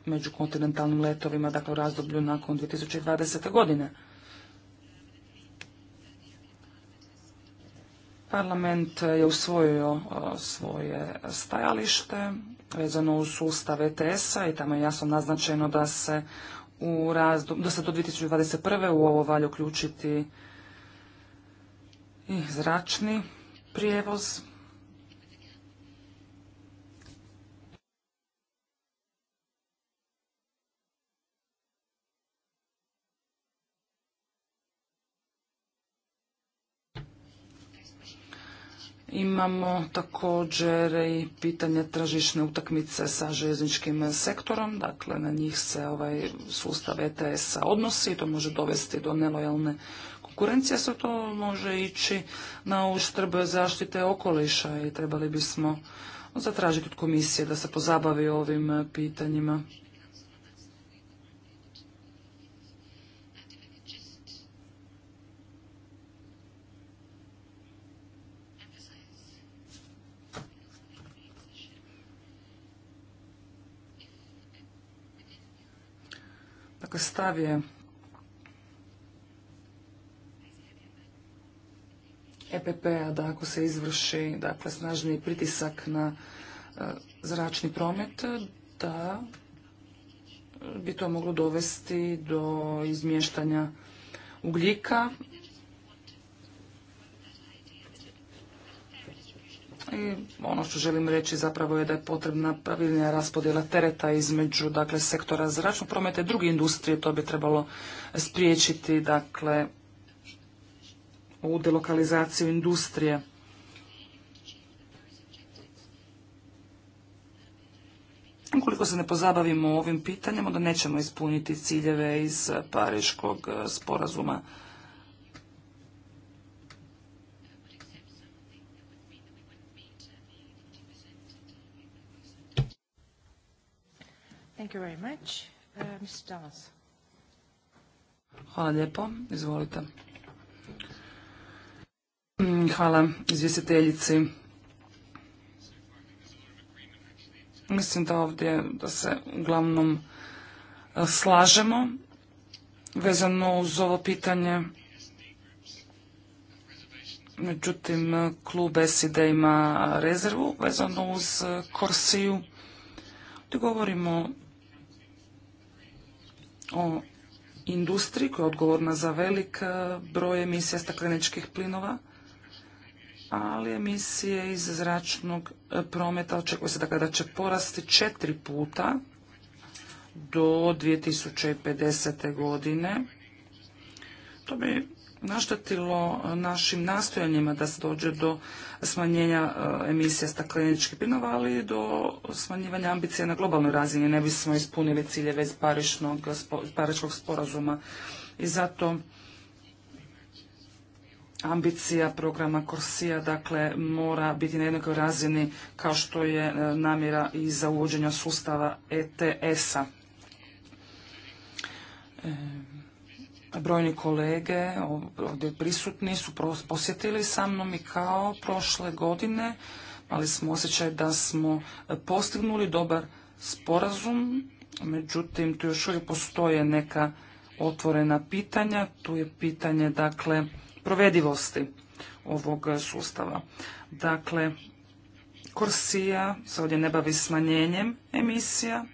međukontinentalnim letovima, dakle, u razdoblju nakon 2020. godine. Parlament je usvojio e, svoje stajalište vezano uz sustav ETS-a i tamo je jasno naznačeno da se u razdob, da se do 2021. u ovo valje uključiti i zračni prijevoz. Imamo također i pitanje tržišne utakmice sa željezničkim sektorom, dakle na njih se ovaj sustav ETS-a odnosi i to može dovesti do nelojalne konkurencije, sve to može ići na uštrb zaštite okoliša i trebali bismo zatražiti od komisije da se pozabavi ovim pitanjima. stav je EPP-a da ako se izvrši dakle, snažni pritisak na e, zračni promet, da bi to moglo dovesti do izmještanja ugljika I ono što želim reći zapravo je da je potrebna pravilnija raspodjela tereta između dakle, sektora zračnog prometa i druge industrije. To bi trebalo spriječiti dakle, ovu delokalizaciju industrije. Ukoliko se ne pozabavimo ovim pitanjem, onda nećemo ispuniti ciljeve iz Pariškog sporazuma. Thank you very much. Uh, Hvala lijepo. Izvolite. Mm, hvala izvjestiteljici. Mislim da ovdje da se uglavnom e, slažemo vezano uz ovo pitanje. Međutim, klub SID ima rezervu vezano uz Korsiju. E, tu govorimo o industriji koja je odgovorna za velik eh, broj emisija stakleničkih plinova, ali emisije iz zračnog eh, prometa očekuje se da će porasti četiri puta do 2050. godine. To bi naštetilo e, našim nastojanjima da se dođe do smanjenja e, emisija stakleničkih plinova, ali i do smanjivanja ambicija na globalnoj razini. Ne bismo ispunili ciljeve iz Pariškog sporazuma i zato ambicija programa Korsija dakle mora biti na jednakoj razini kao što je e, namjera i za uvođenja sustava ETS-a brojni kolege ovdje prisutni su posjetili sa mnom i kao prošle godine ali smo osjećaj da smo postignuli dobar sporazum, međutim tu još uvijek postoje neka otvorena pitanja, tu je pitanje dakle provedivosti ovog sustava. Dakle, Korsija se ovdje ne bavi smanjenjem emisija,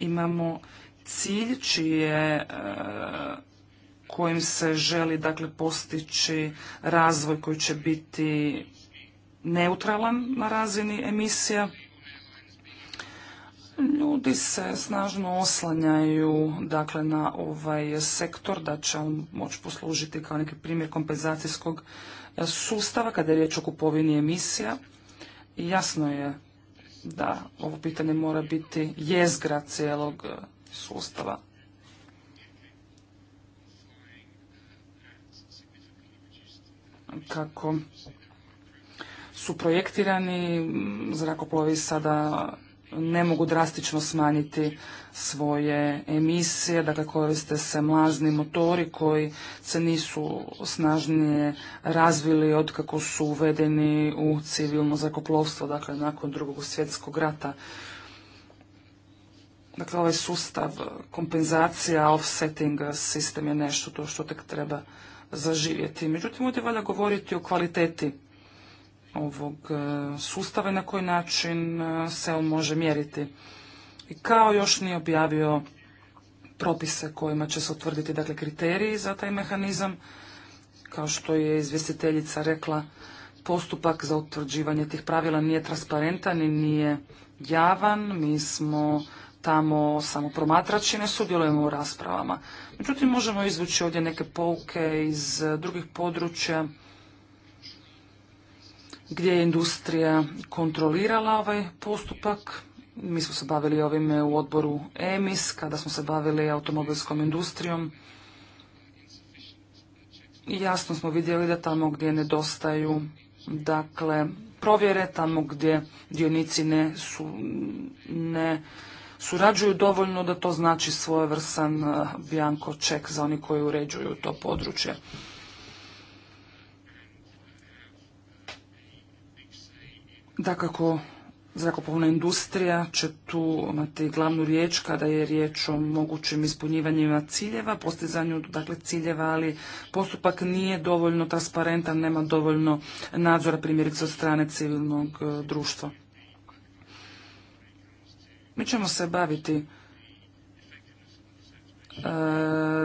imamo cilj čije e, kojim se želi dakle postići razvoj koji će biti neutralan na razini emisija. Ljudi se snažno oslanjaju dakle na ovaj sektor da će on moći poslužiti kao neki primjer kompenzacijskog e, sustava kada je riječ o kupovini emisija. Jasno je da ovo pitanje mora biti jezgra cijelog sustava. Kako su projektirani zrakoplovi sada ne mogu drastično smanjiti svoje emisije, dakle koriste se mlazni motori koji se nisu snažnije razvili od kako su uvedeni u civilno zakoplovstvo, dakle nakon drugog svjetskog rata. Dakle, ovaj sustav kompenzacija, offsetting sistem je nešto to što tek treba zaživjeti. Međutim, ovdje valja govoriti o kvaliteti ovog e, sustava i na koji način e, se on može mjeriti. I kao još nije objavio propise kojima će se utvrditi dakle, kriteriji za taj mehanizam, kao što je izvjestiteljica rekla, postupak za utvrđivanje tih pravila nije transparentan i nije javan. Mi smo tamo samo promatrači, ne sudjelujemo u raspravama. Međutim, možemo izvući ovdje neke pouke iz e, drugih područja gdje je industrija kontrolirala ovaj postupak. Mi smo se bavili ovime u odboru EMIS, kada smo se bavili automobilskom industrijom. I jasno smo vidjeli da tamo gdje nedostaju dakle, provjere, tamo gdje dionici ne, su, ne surađuju dovoljno da to znači svojevrsan eh, bjanko ček za oni koji uređuju to područje. Dakako, zrakoplovna industrija će tu imati glavnu riječ kada je riječ o mogućim ispunjivanjima ciljeva, postizanju dakle, ciljeva, ali postupak nije dovoljno transparentan, nema dovoljno nadzora primjerice od strane civilnog eh, društva. Mi ćemo se baviti e,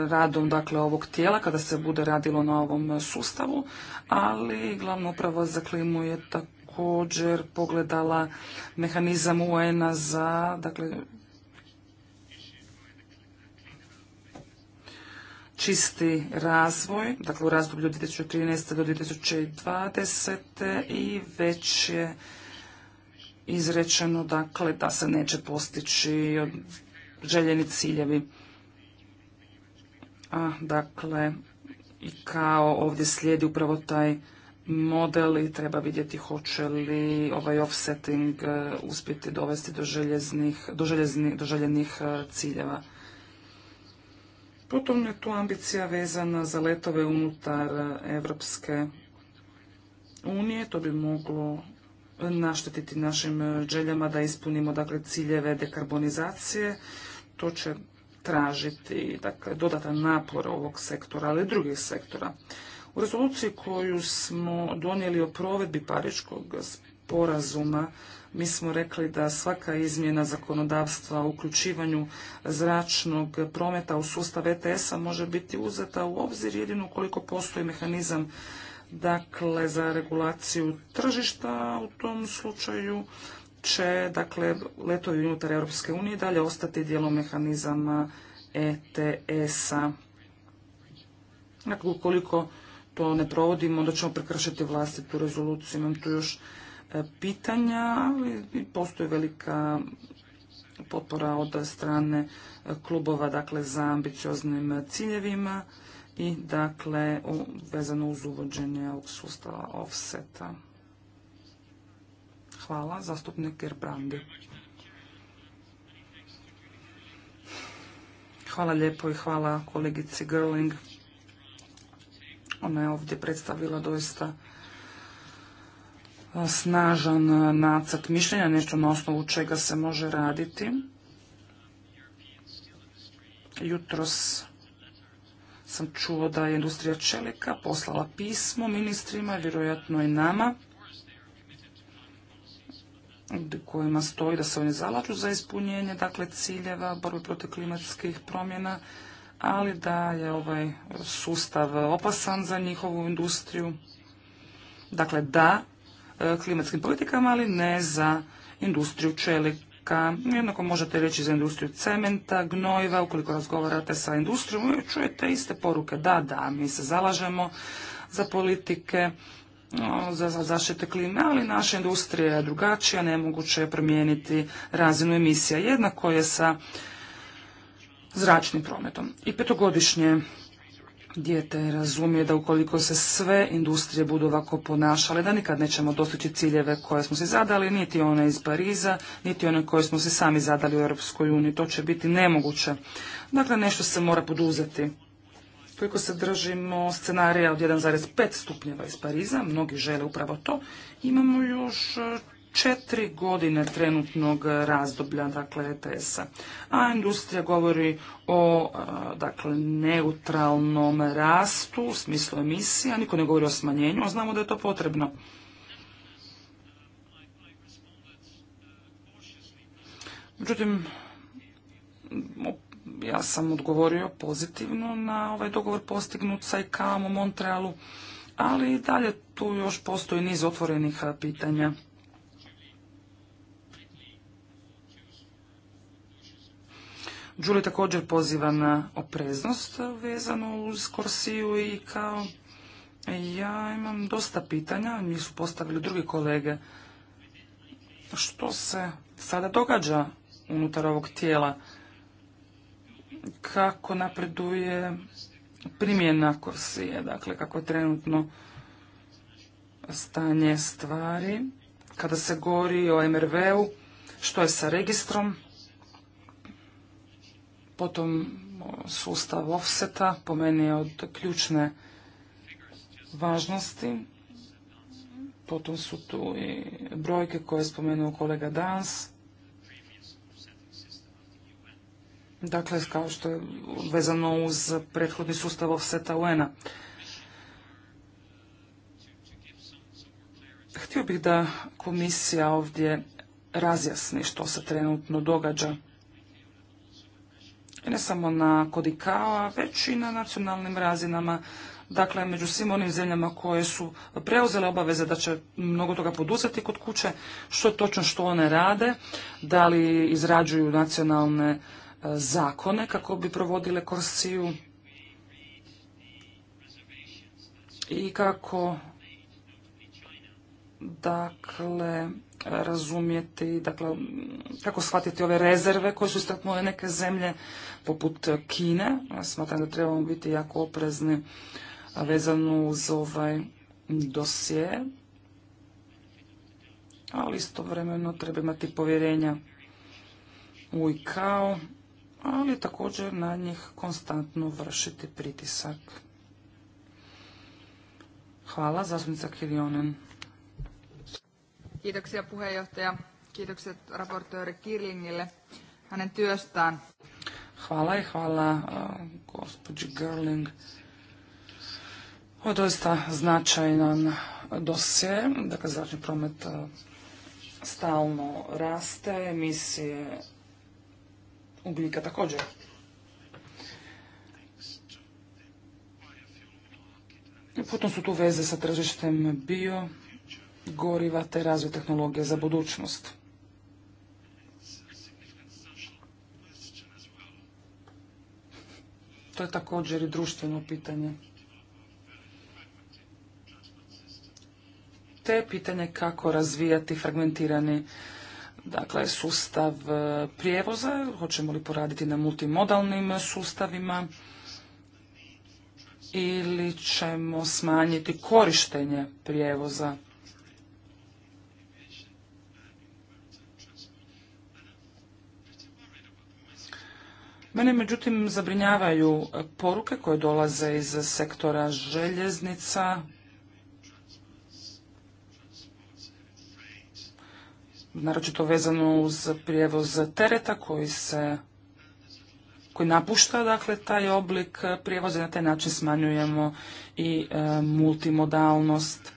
radom dakle ovog tijela kada se bude radilo na ovom sustavu, ali glavno uprava za klimu je također pogledala mehanizam UN-a za dakle čisti razvoj, dakle u razdoblju od 2013. do 2020. i već je izrečeno dakle da se neće postići željeni ciljevi. A, dakle, i kao ovdje slijedi upravo taj model i treba vidjeti hoće li ovaj offsetting e, uspjeti dovesti do, željeznih, do, željeznih, do željenih e, ciljeva. Potom je tu ambicija vezana za letove unutar e, Evropske unije. To bi moglo naštetiti našim e, željama da ispunimo dakle, ciljeve dekarbonizacije. To će tražiti dakle, dodatan napor ovog sektora, ali i drugih sektora. U rezoluciji koju smo donijeli o provedbi Pariškog sporazuma, mi smo rekli da svaka izmjena zakonodavstva o uključivanju zračnog prometa u sustav ETS-a može biti uzeta u obzir jedino ukoliko postoji mehanizam dakle za regulaciju tržišta u tom slučaju će dakle letovi unutar Europske unije dalje ostati dijelom mehanizama ETS-a. E dakle, ukoliko to ne provodimo, onda ćemo prekršiti vlastitu rezoluciju. Imam tu još e, pitanja. ali Postoji velika potpora od strane e, klubova dakle, za ambicioznim ciljevima i dakle vezano uz uvođenje ovog sustava offseta. Hvala, zastupnik Gerbrandi. Hvala lijepo i hvala kolegici Gerling. Ona je ovdje predstavila doista snažan nacrt mišljenja, nešto na osnovu čega se može raditi. Jutros sam čuo da je industrija čelika poslala pismo ministrima, vjerojatno i nama, kojima stoji da se oni zalažu za ispunjenje dakle, ciljeva borbe protiv klimatskih promjena, ali da je ovaj sustav opasan za njihovu industriju. Dakle, da e, klimatskim politikama, ali ne za industriju čelika Jednako možete reći za industriju cementa, gnojiva, ukoliko razgovarate sa industrijom, čujete iste poruke. Da, da, mi se zalažemo za politike, za zaštite klime, ali naša industrija je drugačija, nemoguće je promijeniti razinu emisija. Jednako je sa zračnim prometom. I petogodišnje dijete razumije da ukoliko se sve industrije budu ovako ponašale, da nikad nećemo dostići ciljeve koje smo se zadali, niti one iz Pariza, niti one koje smo se sami zadali u Europskoj uniji. To će biti nemoguće. Dakle, nešto se mora poduzeti. Koliko se držimo scenarija od 1,5 stupnjeva iz Pariza, mnogi žele upravo to, imamo još četiri godine trenutnog razdoblja, dakle ETS-a. A industrija govori o dakle, neutralnom rastu u smislu emisija, niko ne govori o smanjenju, a znamo da je to potrebno. Međutim, ja sam odgovorio pozitivno na ovaj dogovor postignut sa ICAM u Montrealu, ali i dalje tu još postoji niz otvorenih pitanja. Julie također poziva na opreznost vezano uz Korsiju i kao ja imam dosta pitanja, nisu su postavili drugi kolege. Što se sada događa unutar ovog tijela? Kako napreduje primjena Korsije, dakle kako je trenutno stanje stvari? Kada se govori o MRV-u, što je sa registrom? Potom sustav offseta po meni je od ključne važnosti. Potom su tu i brojke koje je spomenuo kolega Dans. Dakle, kao što je vezano uz prethodni sustav offseta UN-a. Htio bih da komisija ovdje razjasni što se trenutno događa ne samo na a već i na nacionalnim razinama. Dakle, među svim onim zemljama koje su preuzele obaveze da će mnogo toga poduzeti kod kuće, što je točno što one rade, da li izrađuju nacionalne e, zakone kako bi provodile korsiju i kako dakle razumjeti, dakle, kako shvatiti ove rezerve koje su istaknule neke zemlje, poput Kine. Ja smatram da trebamo biti jako oprezni vezano uz ovaj dosje, ali istovremeno treba imati povjerenja u kao, ali također na njih konstantno vršiti pritisak. Hvala, zastupnica Kirionen. Kiitoksia puheenjohtaja. Kiitokset raportööri Kirlingille hänen työstään. Hvala i hvala gospođi Girling. Ovo je doista značajan dosje, dakle zračni promet stalno raste, emisije ugljika također. Potom su tu veze sa tržištem bio goriva te razvoj tehnologije za budućnost. To je također i društveno pitanje. Te pitanje kako razvijati fragmentirani dakle, sustav e, prijevoza, hoćemo li poraditi na multimodalnim sustavima ili ćemo smanjiti korištenje prijevoza Mene međutim zabrinjavaju e, poruke koje dolaze iz sektora željeznica, naročito vezano uz prijevoz tereta koji se koji napušta dakle taj oblik prijevoza na taj način smanjujemo i e, multimodalnost.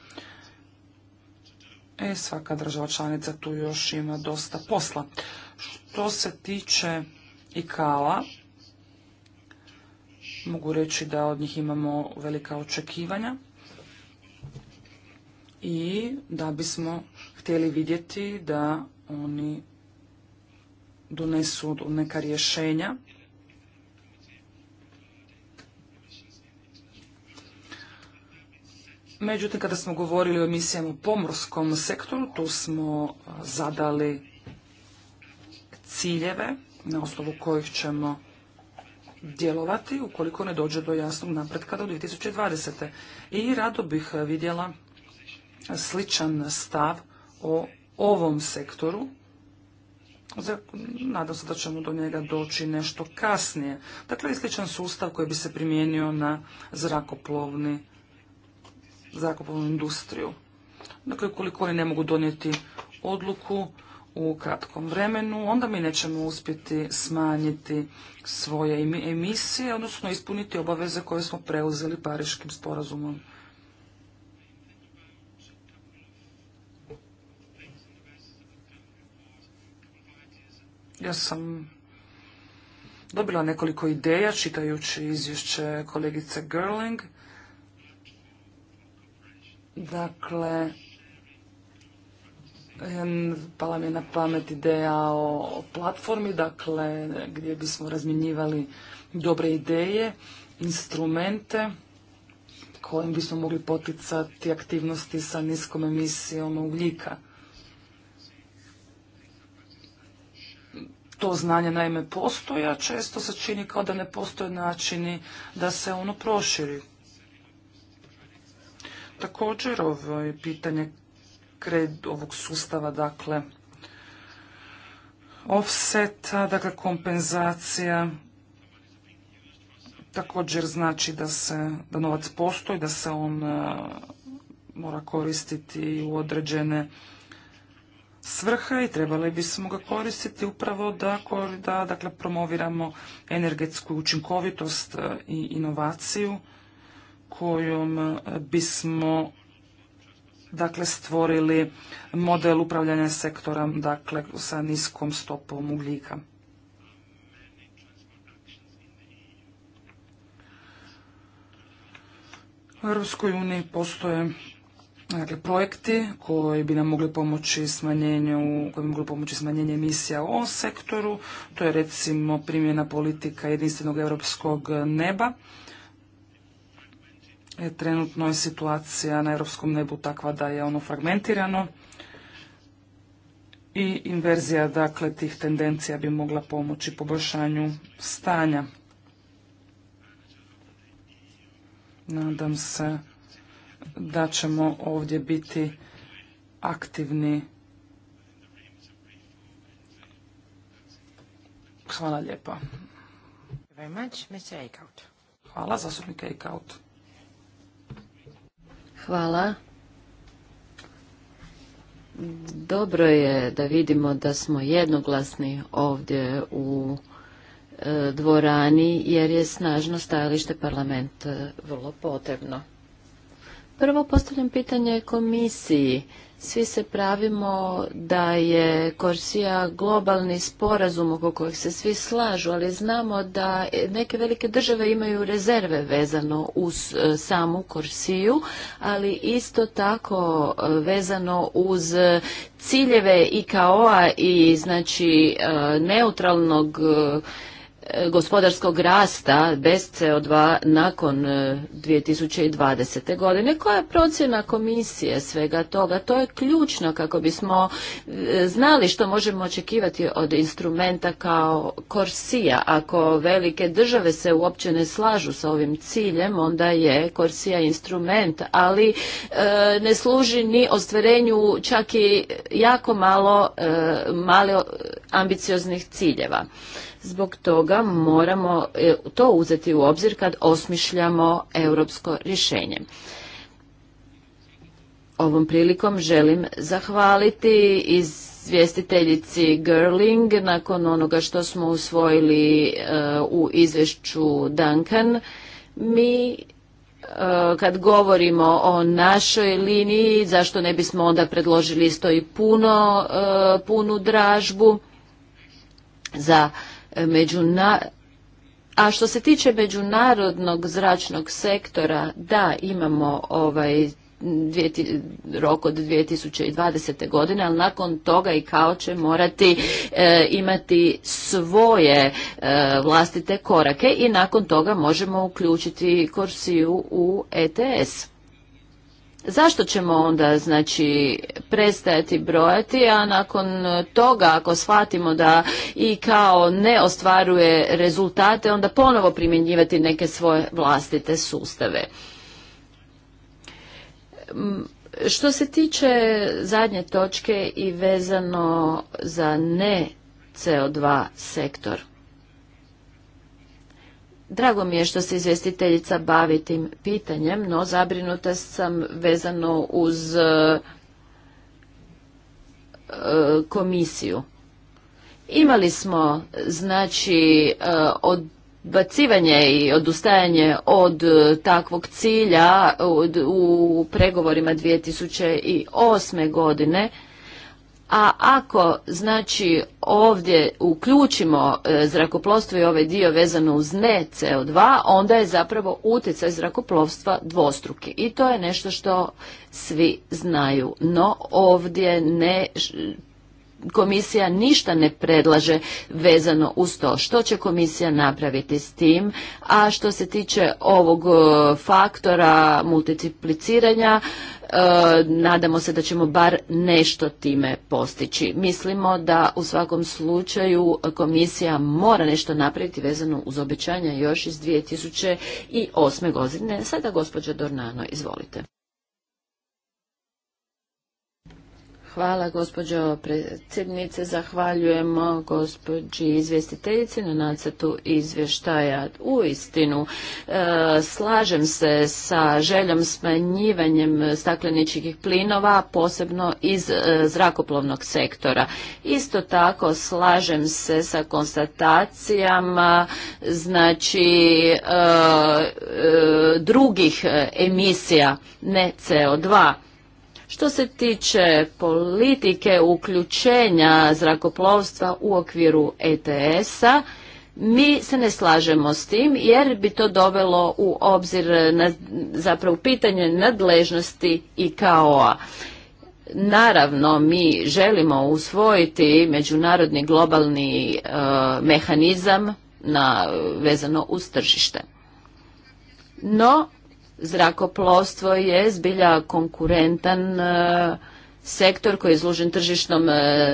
E, svaka država članica tu još ima dosta posla. Što se tiče i Kala. Mogu reći da od njih imamo velika očekivanja i da bismo htjeli vidjeti da oni donesu neka rješenja Međutim, kada smo govorili o emisijama u pomorskom sektoru, tu smo zadali ciljeve na osnovu kojih ćemo djelovati ukoliko ne dođe do jasnog napretka do 2020. I rado bih vidjela sličan stav o ovom sektoru. Nadam se da ćemo do njega doći nešto kasnije. Dakle, i sličan sustav koji bi se primijenio na zrakoplovni, zrakoplovnu industriju. Dakle, ukoliko oni ne mogu donijeti odluku, u kratkom vremenu, onda mi nećemo uspjeti smanjiti svoje emisije, odnosno ispuniti obaveze koje smo preuzeli Pariškim sporazumom. Ja sam dobila nekoliko ideja čitajući izvješće kolegice Gerling. Dakle, Pala mi je na pamet ideja o platformi, dakle gdje bismo razmjenjivali dobre ideje, instrumente kojim bismo mogli poticati aktivnosti sa niskom emisijom ugljika. To znanje naime postoji, a često se čini kao da ne postoje načini da se ono proširi. Također, ovo je pitanje kred, ovog sustava, dakle, offseta, dakle, kompenzacija, također znači da se, da novac postoji, da se on e, mora koristiti u određene svrhe i trebali bismo ga koristiti upravo da, da dakle, promoviramo energetsku učinkovitost e, i inovaciju kojom e, bismo dakle stvorili model upravljanja sektora dakle sa niskom stopom ugljika. U Europskoj uniji postoje dakle, projekti koji bi nam mogli pomoći smanjenju, koji bi mogli pomoći smanjenje emisija u ovom sektoru. To je recimo primjena politika jedinstvenog europskog neba E, trenutno je situacija na europskom nebu takva da je ono fragmentirano i inverzija dakle tih tendencija bi mogla pomoći poboljšanju stanja. Nadam se da ćemo ovdje biti aktivni. Hvala lijepa. Hvala zastupnik Eikaut. Hvala. Dobro je da vidimo da smo jednoglasni ovdje u e, dvorani jer je snažno stajalište parlamenta vrlo potrebno. Prvo postavljam pitanje komisiji. Svi se pravimo da je Korsija globalni sporazum oko kojeg se svi slažu, ali znamo da neke velike države imaju rezerve vezano uz e, samu Korsiju, ali isto tako e, vezano uz ciljeve IKO-a i znači e, neutralnog gospodarskog rasta bez CO2 nakon 2020. E, godine. Koja je procjena komisije svega toga? To je ključno kako bismo e, znali što možemo očekivati od instrumenta kao Korsija. Ako velike države se uopće ne slažu sa ovim ciljem, onda je Korsija instrument, ali e, ne služi ni ostvarenju čak i jako malo male ambicioznih ciljeva. Zbog toga moramo e, to uzeti u obzir kad osmišljamo europsko rješenje. Ovom prilikom želim zahvaliti izvjestiteljici Girling nakon onoga što smo usvojili e, u izvješću Duncan. Mi e, kad govorimo o našoj liniji, zašto ne bismo onda predložili isto i puno, punu dražbu za međuna, a što se tiče međunarodnog zračnog sektora, da, imamo ovaj rok od 2020. godine, ali nakon toga i kao će morati e, imati svoje e, vlastite korake i nakon toga možemo uključiti Korsiju u ETS. Zašto ćemo onda znači prestajati brojati, a nakon toga ako shvatimo da i kao ne ostvaruje rezultate, onda ponovo primjenjivati neke svoje vlastite sustave. Mm, što se tiče zadnje točke i vezano za ne CO2 sektor, Drago mi je što se izvjestiteljica bavi tim pitanjem, no zabrinuta sam vezano uz e, komisiju. Imali smo znači e, odbacivanje i odustajanje od takvog cilja u pregovorima 2008. godine a ako znači ovdje uključimo e, zrakoplovstvo i ovaj dio vezano uz ne CO2, onda je zapravo utjecaj zrakoplovstva dvostruki i to je nešto što svi znaju. No ovdje ne komisija ništa ne predlaže vezano uz to što će komisija napraviti s tim, a što se tiče ovog e, faktora multipliciranja, Eh, nadamo se da ćemo bar nešto time postići. Mislimo da u svakom slučaju komisija mora nešto napraviti vezano uz obećanja još iz 2008. godine. Sada gospođa Dornano, izvolite. Hvala gospođo predsjednice, zahvaljujemo gospođi izvjestiteljici na nacrtu izvještaja. U istinu, e, slažem se sa željom smanjivanjem stakleničkih plinova, posebno iz e, zrakoplovnog sektora. Isto tako slažem se sa konstatacijama znači e, drugih emisija, ne CO2 što se tiče politike uključenja zrakoplovstva u okviru ETS-a, mi se ne slažemo s tim jer bi to dovelo u obzir na, zapravo pitanje nadležnosti i kao-a. Naravno, mi želimo usvojiti međunarodni globalni e, mehanizam na, vezano uz tržište. No, zrakoplovstvo je zbilja konkurentan e, sektor koji je izložen tržišnom e,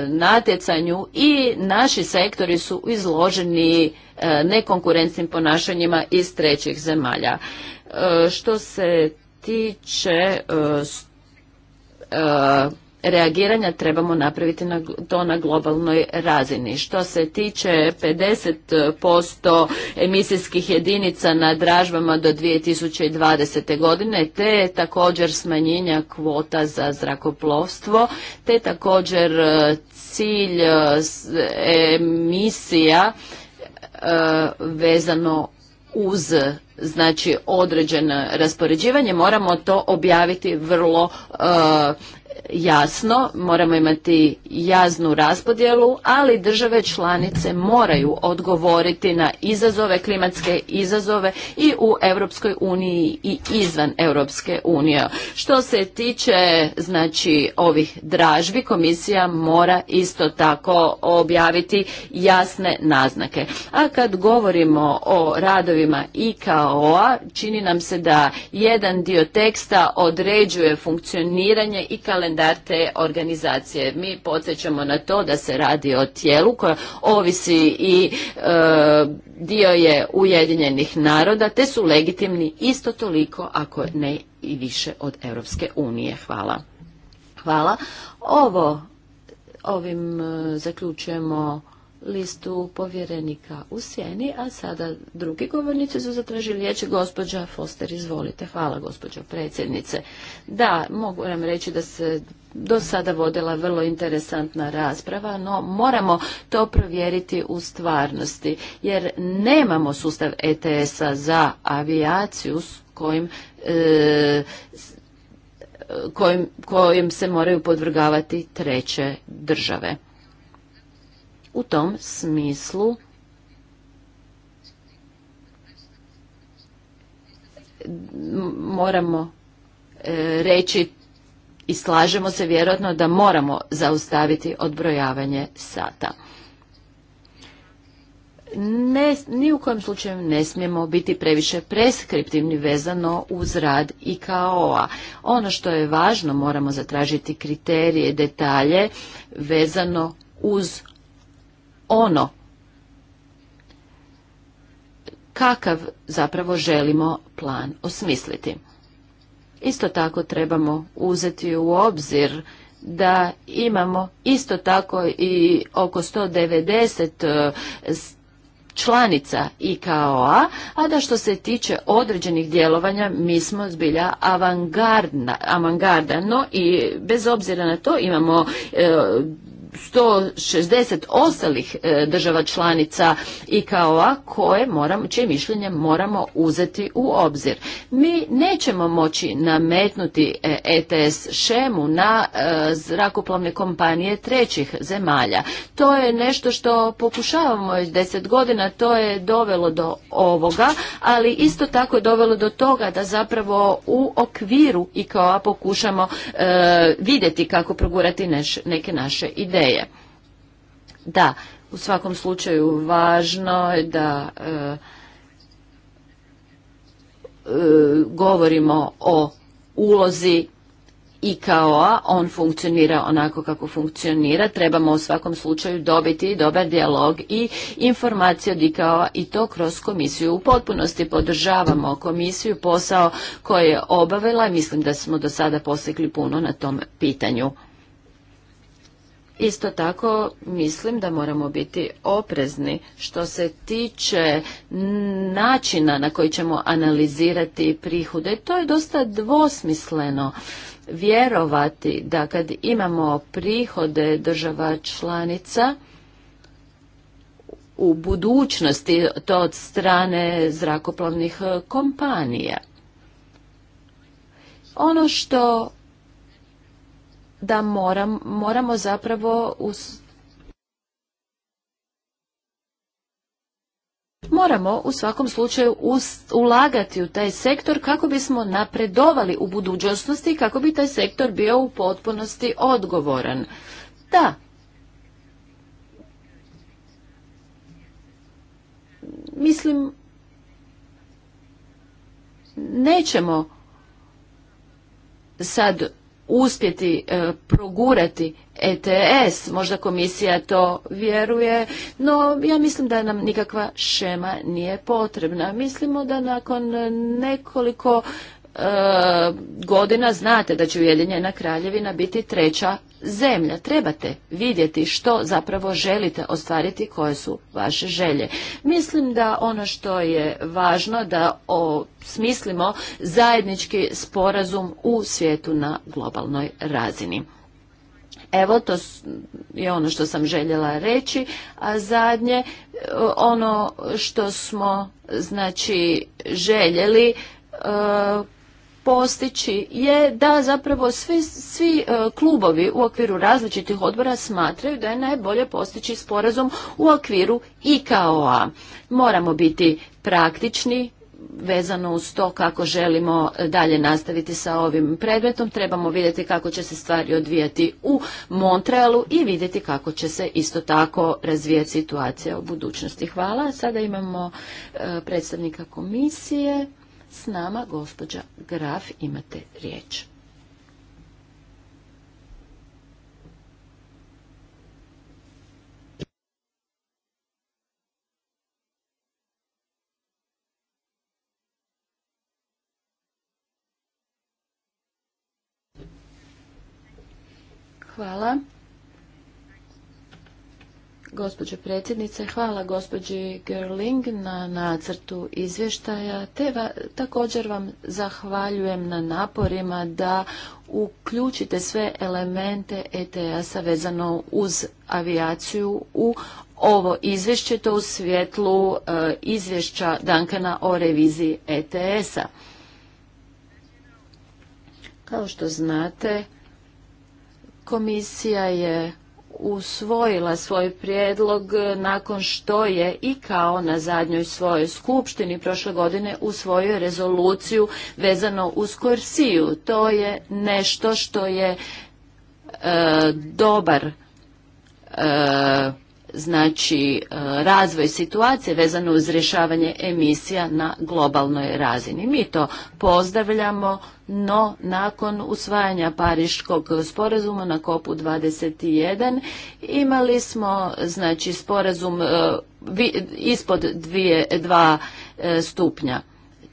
natjecanju i naši sektori su izloženi e, nekonkurentnim ponašanjima iz trećih zemalja. Što se tiče reagiranja trebamo napraviti na to na globalnoj razini. Što se tiče 50% emisijskih jedinica na dražbama do 2020. godine, te također smanjenja kvota za zrakoplovstvo, te također e, cilj e, emisija e, vezano uz znači određeno raspoređivanje moramo to objaviti vrlo jasno, moramo imati jaznu raspodjelu, ali države članice moraju odgovoriti na izazove, klimatske izazove i u Europskoj uniji i izvan Europske unije. Što se tiče znači ovih dražbi, komisija mora isto tako objaviti jasne naznake. A kad govorimo o radovima IKO-a, čini nam se da jedan dio teksta određuje funkcioniranje i kalendarizaciju kalendar te organizacije. Mi podsjećamo na to da se radi o tijelu koja ovisi i e, dio je Ujedinjenih naroda te su legitimni isto toliko ako ne i više od Europske unije. Hvala. Hvala. Ovo ovim e, zaključujemo listu povjerenika u sjeni, a sada drugi govornici su zatražili riječ. Gospođa Foster, izvolite. Hvala, gospođo predsjednice. Da, mogu vam reći da se do sada vodila vrlo interesantna rasprava, no moramo to provjeriti u stvarnosti, jer nemamo sustav ETS-a za avijaciju s kojim e, kojim, kojim se moraju podvrgavati treće države. U tom smislu moramo e, reći i slažemo se vjerojatno da moramo zaustaviti odbrojavanje sata. Ne, ni u kojem slučaju ne smijemo biti previše preskriptivni vezano uz rad i kao Ono što je važno, moramo zatražiti kriterije, detalje vezano uz ono kakav zapravo želimo plan osmisliti. Isto tako trebamo uzeti u obzir da imamo isto tako i oko 190 e, članica IKOA, a da što se tiče određenih djelovanja mi smo zbilja avangardna, avangardano i bez obzira na to imamo e, 160 ostalih e, država članica i kao koje moramo, čije mišljenje moramo uzeti u obzir. Mi nećemo moći nametnuti ETS e šemu na e, zrakoplovne kompanije trećih zemalja. To je nešto što pokušavamo već deset godina, to je dovelo do ovoga, ali isto tako je dovelo do toga da zapravo u okviru i kao a pokušamo vidjeti kako progurati neke naše ideje ideje. Da, u svakom slučaju važno je da e, e, govorimo o ulozi IKO-a, on funkcionira onako kako funkcionira, trebamo u svakom slučaju dobiti dobar dijalog i informacije od IKO-a i to kroz komisiju. U potpunosti podržavamo komisiju, posao koji je obavila i mislim da smo do sada postigli puno na tom pitanju. Isto tako mislim da moramo biti oprezni što se tiče načina na koji ćemo analizirati prihode. To je dosta dvosmisleno vjerovati da kad imamo prihode država članica u budućnosti to od strane zrakoplovnih kompanija. Ono što da moramo zapravo Moramo u svakom slučaju ulagati u taj sektor kako bismo napredovali u budućnosti i kako bi taj sektor bio u potpunosti odgovoran. Da. Mislim nećemo sad uspjeti e, progurati ETS. Možda komisija to vjeruje, no ja mislim da nam nikakva šema nije potrebna. Mislimo da nakon nekoliko E, godina znate da će Ujedinjena kraljevina biti treća zemlja. Trebate vidjeti što zapravo želite ostvariti, koje su vaše želje. Mislim da ono što je važno da o, smislimo zajednički sporazum u svijetu na globalnoj razini. Evo, to je ono što sam željela reći, a zadnje, e, ono što smo, znači, željeli, e, postići je da zapravo svi, e, klubovi u okviru različitih odbora smatraju da je najbolje postići sporazum u okviru iko Moramo biti praktični, vezano uz to kako želimo e, dalje nastaviti sa ovim predmetom. Trebamo vidjeti kako će se stvari odvijati u Montrealu i vidjeti kako će se isto tako razvijati situacija u budućnosti. Hvala. Sada imamo e, predstavnika komisije s nama gospođa Graf imate riječ. Hvala. Gospođo predsjednice, hvala gospođi Gerling na nacrtu izvještaja, te također vam zahvaljujem na naporima da uključite sve elemente ETS-a vezano uz avijaciju u ovo izvješće, to u svjetlu e, izvješća Dankana o reviziji ETS-a. Kao što znate, komisija je usvojila svoj prijedlog nakon što je i kao na zadnjoj svojoj skupštini prošle godine usvojio rezoluciju vezano uz Korsiju. To je nešto što je e, dobar e, znači e, razvoj situacije vezano uz rješavanje emisija na globalnoj razini. Mi to pozdravljamo, no nakon usvajanja Pariškog sporazuma na kopu 21 imali smo znači sporazum e, ispod dva e, stupnja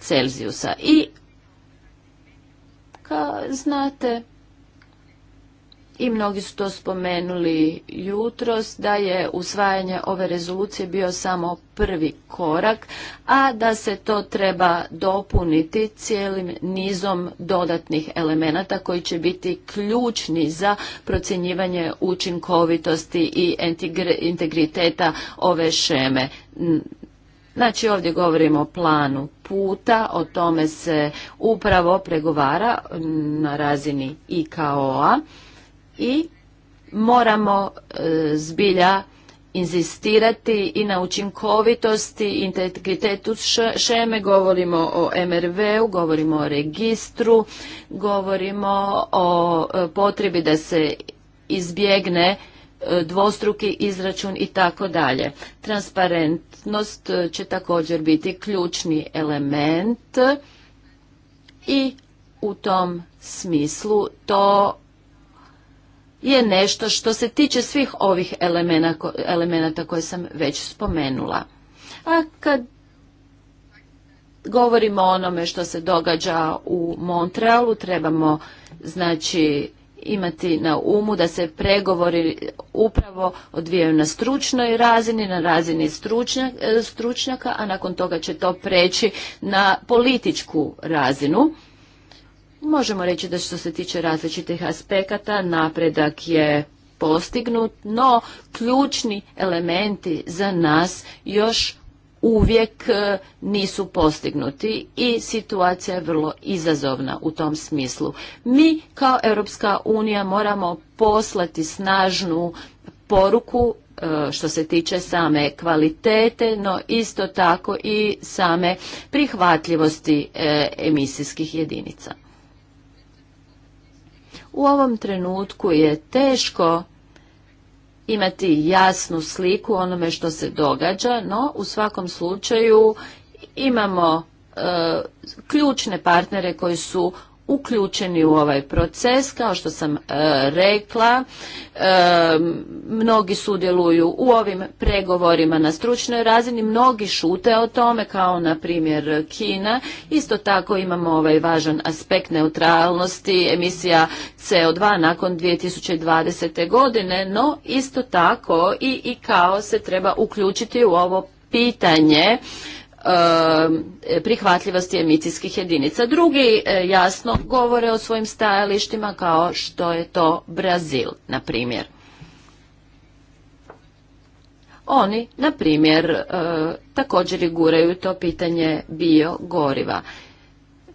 Celzijusa i kao znate i mnogi su to spomenuli jutros, da je usvajanje ove rezolucije bio samo prvi korak, a da se to treba dopuniti cijelim nizom dodatnih elemenata koji će biti ključni za procjenjivanje učinkovitosti i integriteta ove šeme. Znači ovdje govorimo o planu puta, o tome se upravo pregovara na razini IKO-a i moramo e, zbilja inzistirati i na učinkovitosti, integritetu šeme, govorimo o MRV-u, govorimo o registru, govorimo o e, potrebi da se izbjegne e, dvostruki izračun i tako dalje. Transparentnost će također biti ključni element i u tom smislu to je nešto što se tiče svih ovih elemenata koje sam već spomenula. A kad govorimo o onome što se događa u Montrealu, trebamo znači imati na umu da se pregovori upravo odvijaju na stručnoj razini, na razini stručnjaka, a nakon toga će to preći na političku razinu. Možemo reći da što se tiče različitih aspekata napredak je postignut, no ključni elementi za nas još uvijek e, nisu postignuti i situacija je vrlo izazovna u tom smislu. Mi kao Europska unija moramo poslati snažnu poruku e, što se tiče same kvalitete, no isto tako i same prihvatljivosti e, emisijskih jedinica. U ovom trenutku je teško imati jasnu sliku onome što se događa, no u svakom slučaju imamo e, ključne partnere koji su uključeni u ovaj proces kao što sam e, rekla e, mnogi sudjeluju u ovim pregovorima na stručnoj razini mnogi šute o tome kao na primjer Kina isto tako imamo ovaj važan aspekt neutralnosti emisija CO2 nakon 2020. godine no isto tako i i kao se treba uključiti u ovo pitanje E, prihvatljivosti emicijskih jedinica. Drugi e, jasno govore o svojim stajalištima kao što je to Brazil, na primjer. Oni, na primjer, e, također i guraju to pitanje biogoriva.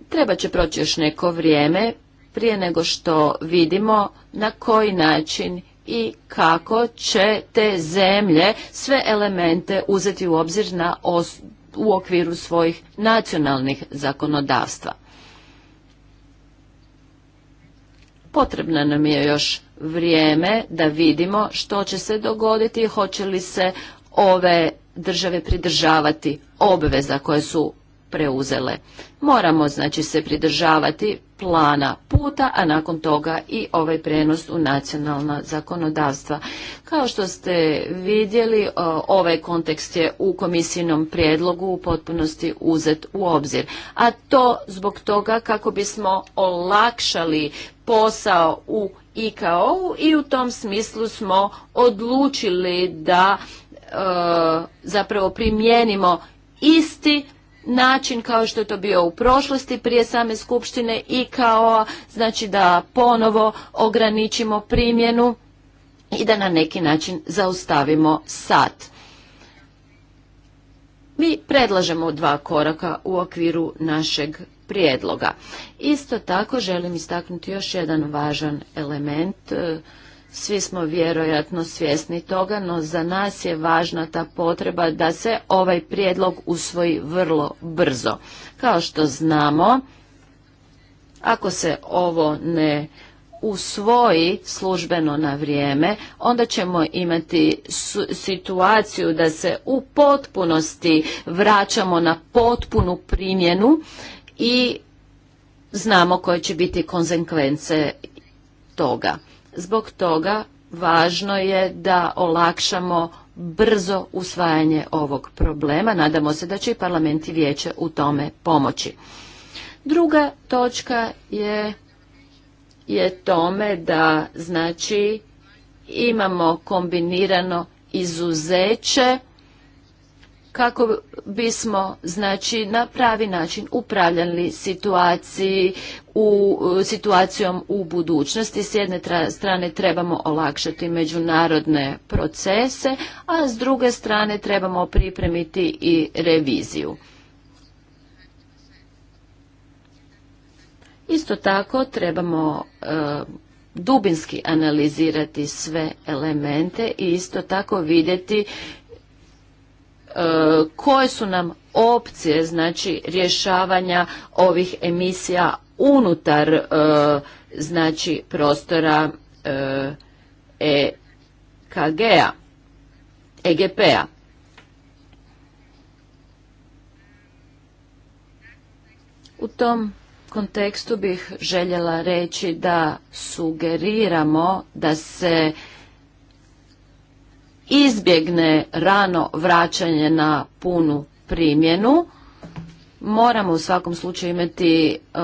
Treba će proći još neko vrijeme prije nego što vidimo na koji način i kako će te zemlje sve elemente uzeti u obzir na u okviru svojih nacionalnih zakonodavstva. Potrebno nam je još vrijeme da vidimo što će se dogoditi, hoće li se ove države pridržavati obveza koje su preuzele. Moramo znači se pridržavati plana puta, a nakon toga i ovaj prenos u nacionalna zakonodavstva. Kao što ste vidjeli, ovaj kontekst je u komisijnom prijedlogu u potpunosti uzet u obzir. A to zbog toga kako bismo olakšali posao u IKO-u i u tom smislu smo odlučili da e, zapravo primijenimo isti način kao što je to bio u prošlosti prije same skupštine i kao znači da ponovo ograničimo primjenu i da na neki način zaustavimo sat. Mi predlažemo dva koraka u okviru našeg prijedloga. Isto tako želim istaknuti još jedan važan element svi smo vjerojatno svjesni toga, no za nas je važna ta potreba da se ovaj prijedlog usvoji vrlo brzo. Kao što znamo, ako se ovo ne usvoji službeno na vrijeme, onda ćemo imati situaciju da se u potpunosti vraćamo na potpunu primjenu i znamo koje će biti konzekvence toga. Zbog toga važno je da olakšamo brzo usvajanje ovog problema. Nadamo se da će i parlament i vijeće u tome pomoći. Druga točka je, je tome da znači imamo kombinirano izuzeće kako bismo znači na pravi način upravljali situaciji u situacijom u budućnosti s jedne strane trebamo olakšati međunarodne procese a s druge strane trebamo pripremiti i reviziju Isto tako trebamo e, dubinski analizirati sve elemente i isto tako vidjeti E, koje su nam opcije znači rješavanja ovih emisija unutar e, znači prostora EKG-a, e EGP-a. U tom kontekstu bih željela reći da sugeriramo da se izbjegne rano vraćanje na punu primjenu. Moramo u svakom slučaju imati e,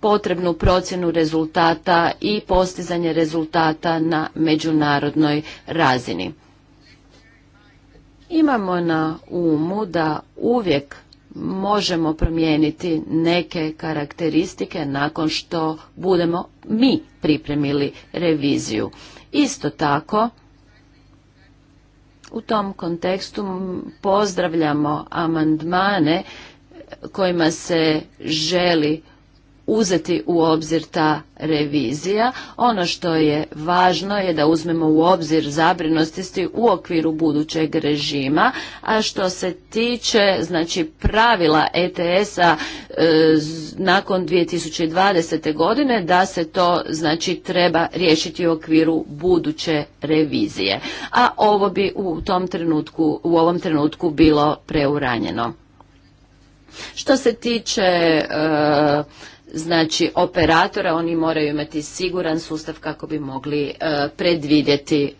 potrebnu procjenu rezultata i postizanje rezultata na međunarodnoj razini. Imamo na umu da uvijek možemo promijeniti neke karakteristike nakon što budemo mi pripremili reviziju. Isto tako u tom kontekstu pozdravljamo amandmane kojima se želi uzeti u obzir ta revizija. Ono što je važno je da uzmemo u obzir zabrinostisti u okviru budućeg režima, a što se tiče znači pravila ETS-a e, e nakon 2020. godine da se to znači treba riješiti u okviru buduće revizije. A ovo bi u tom trenutku u ovom trenutku bilo preuranjeno. Što se tiče e, znači operatora, oni moraju imati siguran sustav kako bi mogli e, predvidjeti e,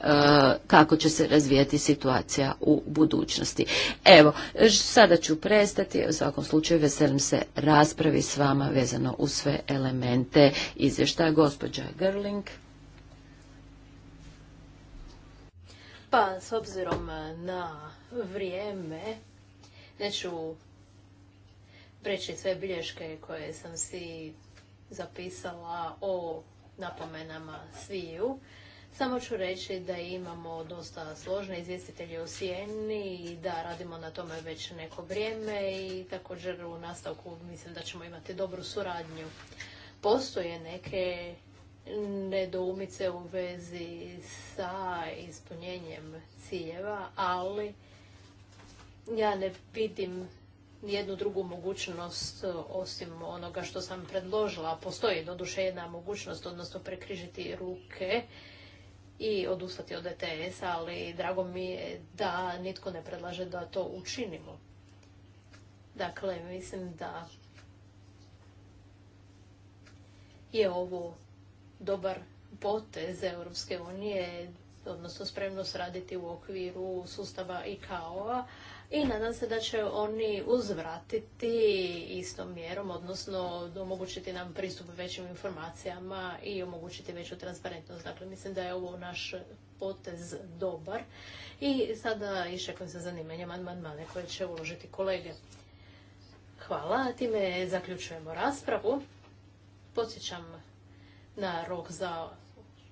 kako će se razvijati situacija u budućnosti. Evo, sada ću prestati, u svakom slučaju veselim se raspravi s vama vezano u sve elemente izvještaja. Gospođa Gerling. Pa, s obzirom na vrijeme, neću preći sve bilješke koje sam si zapisala o napomenama sviju. Samo ću reći da imamo dosta složne izvjestitelje u sjeni i da radimo na tome već neko vrijeme i također u nastavku mislim da ćemo imati dobru suradnju. Postoje neke nedoumice u vezi sa ispunjenjem ciljeva, ali ja ne vidim jednu drugu mogućnost e, osim onoga što sam predložila. Postoji doduše jedna mogućnost, odnosno prekrižiti ruke i odustati od ETS, ali drago mi je da nitko ne predlaže da to učinimo. Dakle, mislim da je ovo dobar potez Europske unije, odnosno spremnost raditi u okviru sustava ICAO-a, i nadam se da će oni uzvratiti istom mjerom, odnosno omogućiti nam pristup većim informacijama i omogućiti veću transparentnost. Dakle, mislim da je ovo naš potez dobar i sada iščekujem sa zanimanjem amandmane koje će uložiti kolege. Hvala, time zaključujemo raspravu. Podsjećam na rok za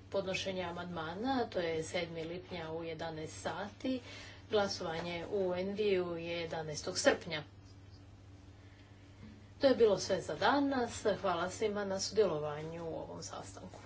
podnošenje amandmana, to je 7. lipnja u 11 sati. Glasovanje u Enviju je 11. srpnja. To je bilo sve za danas. Hvala svima na sudjelovanju u ovom sastanku.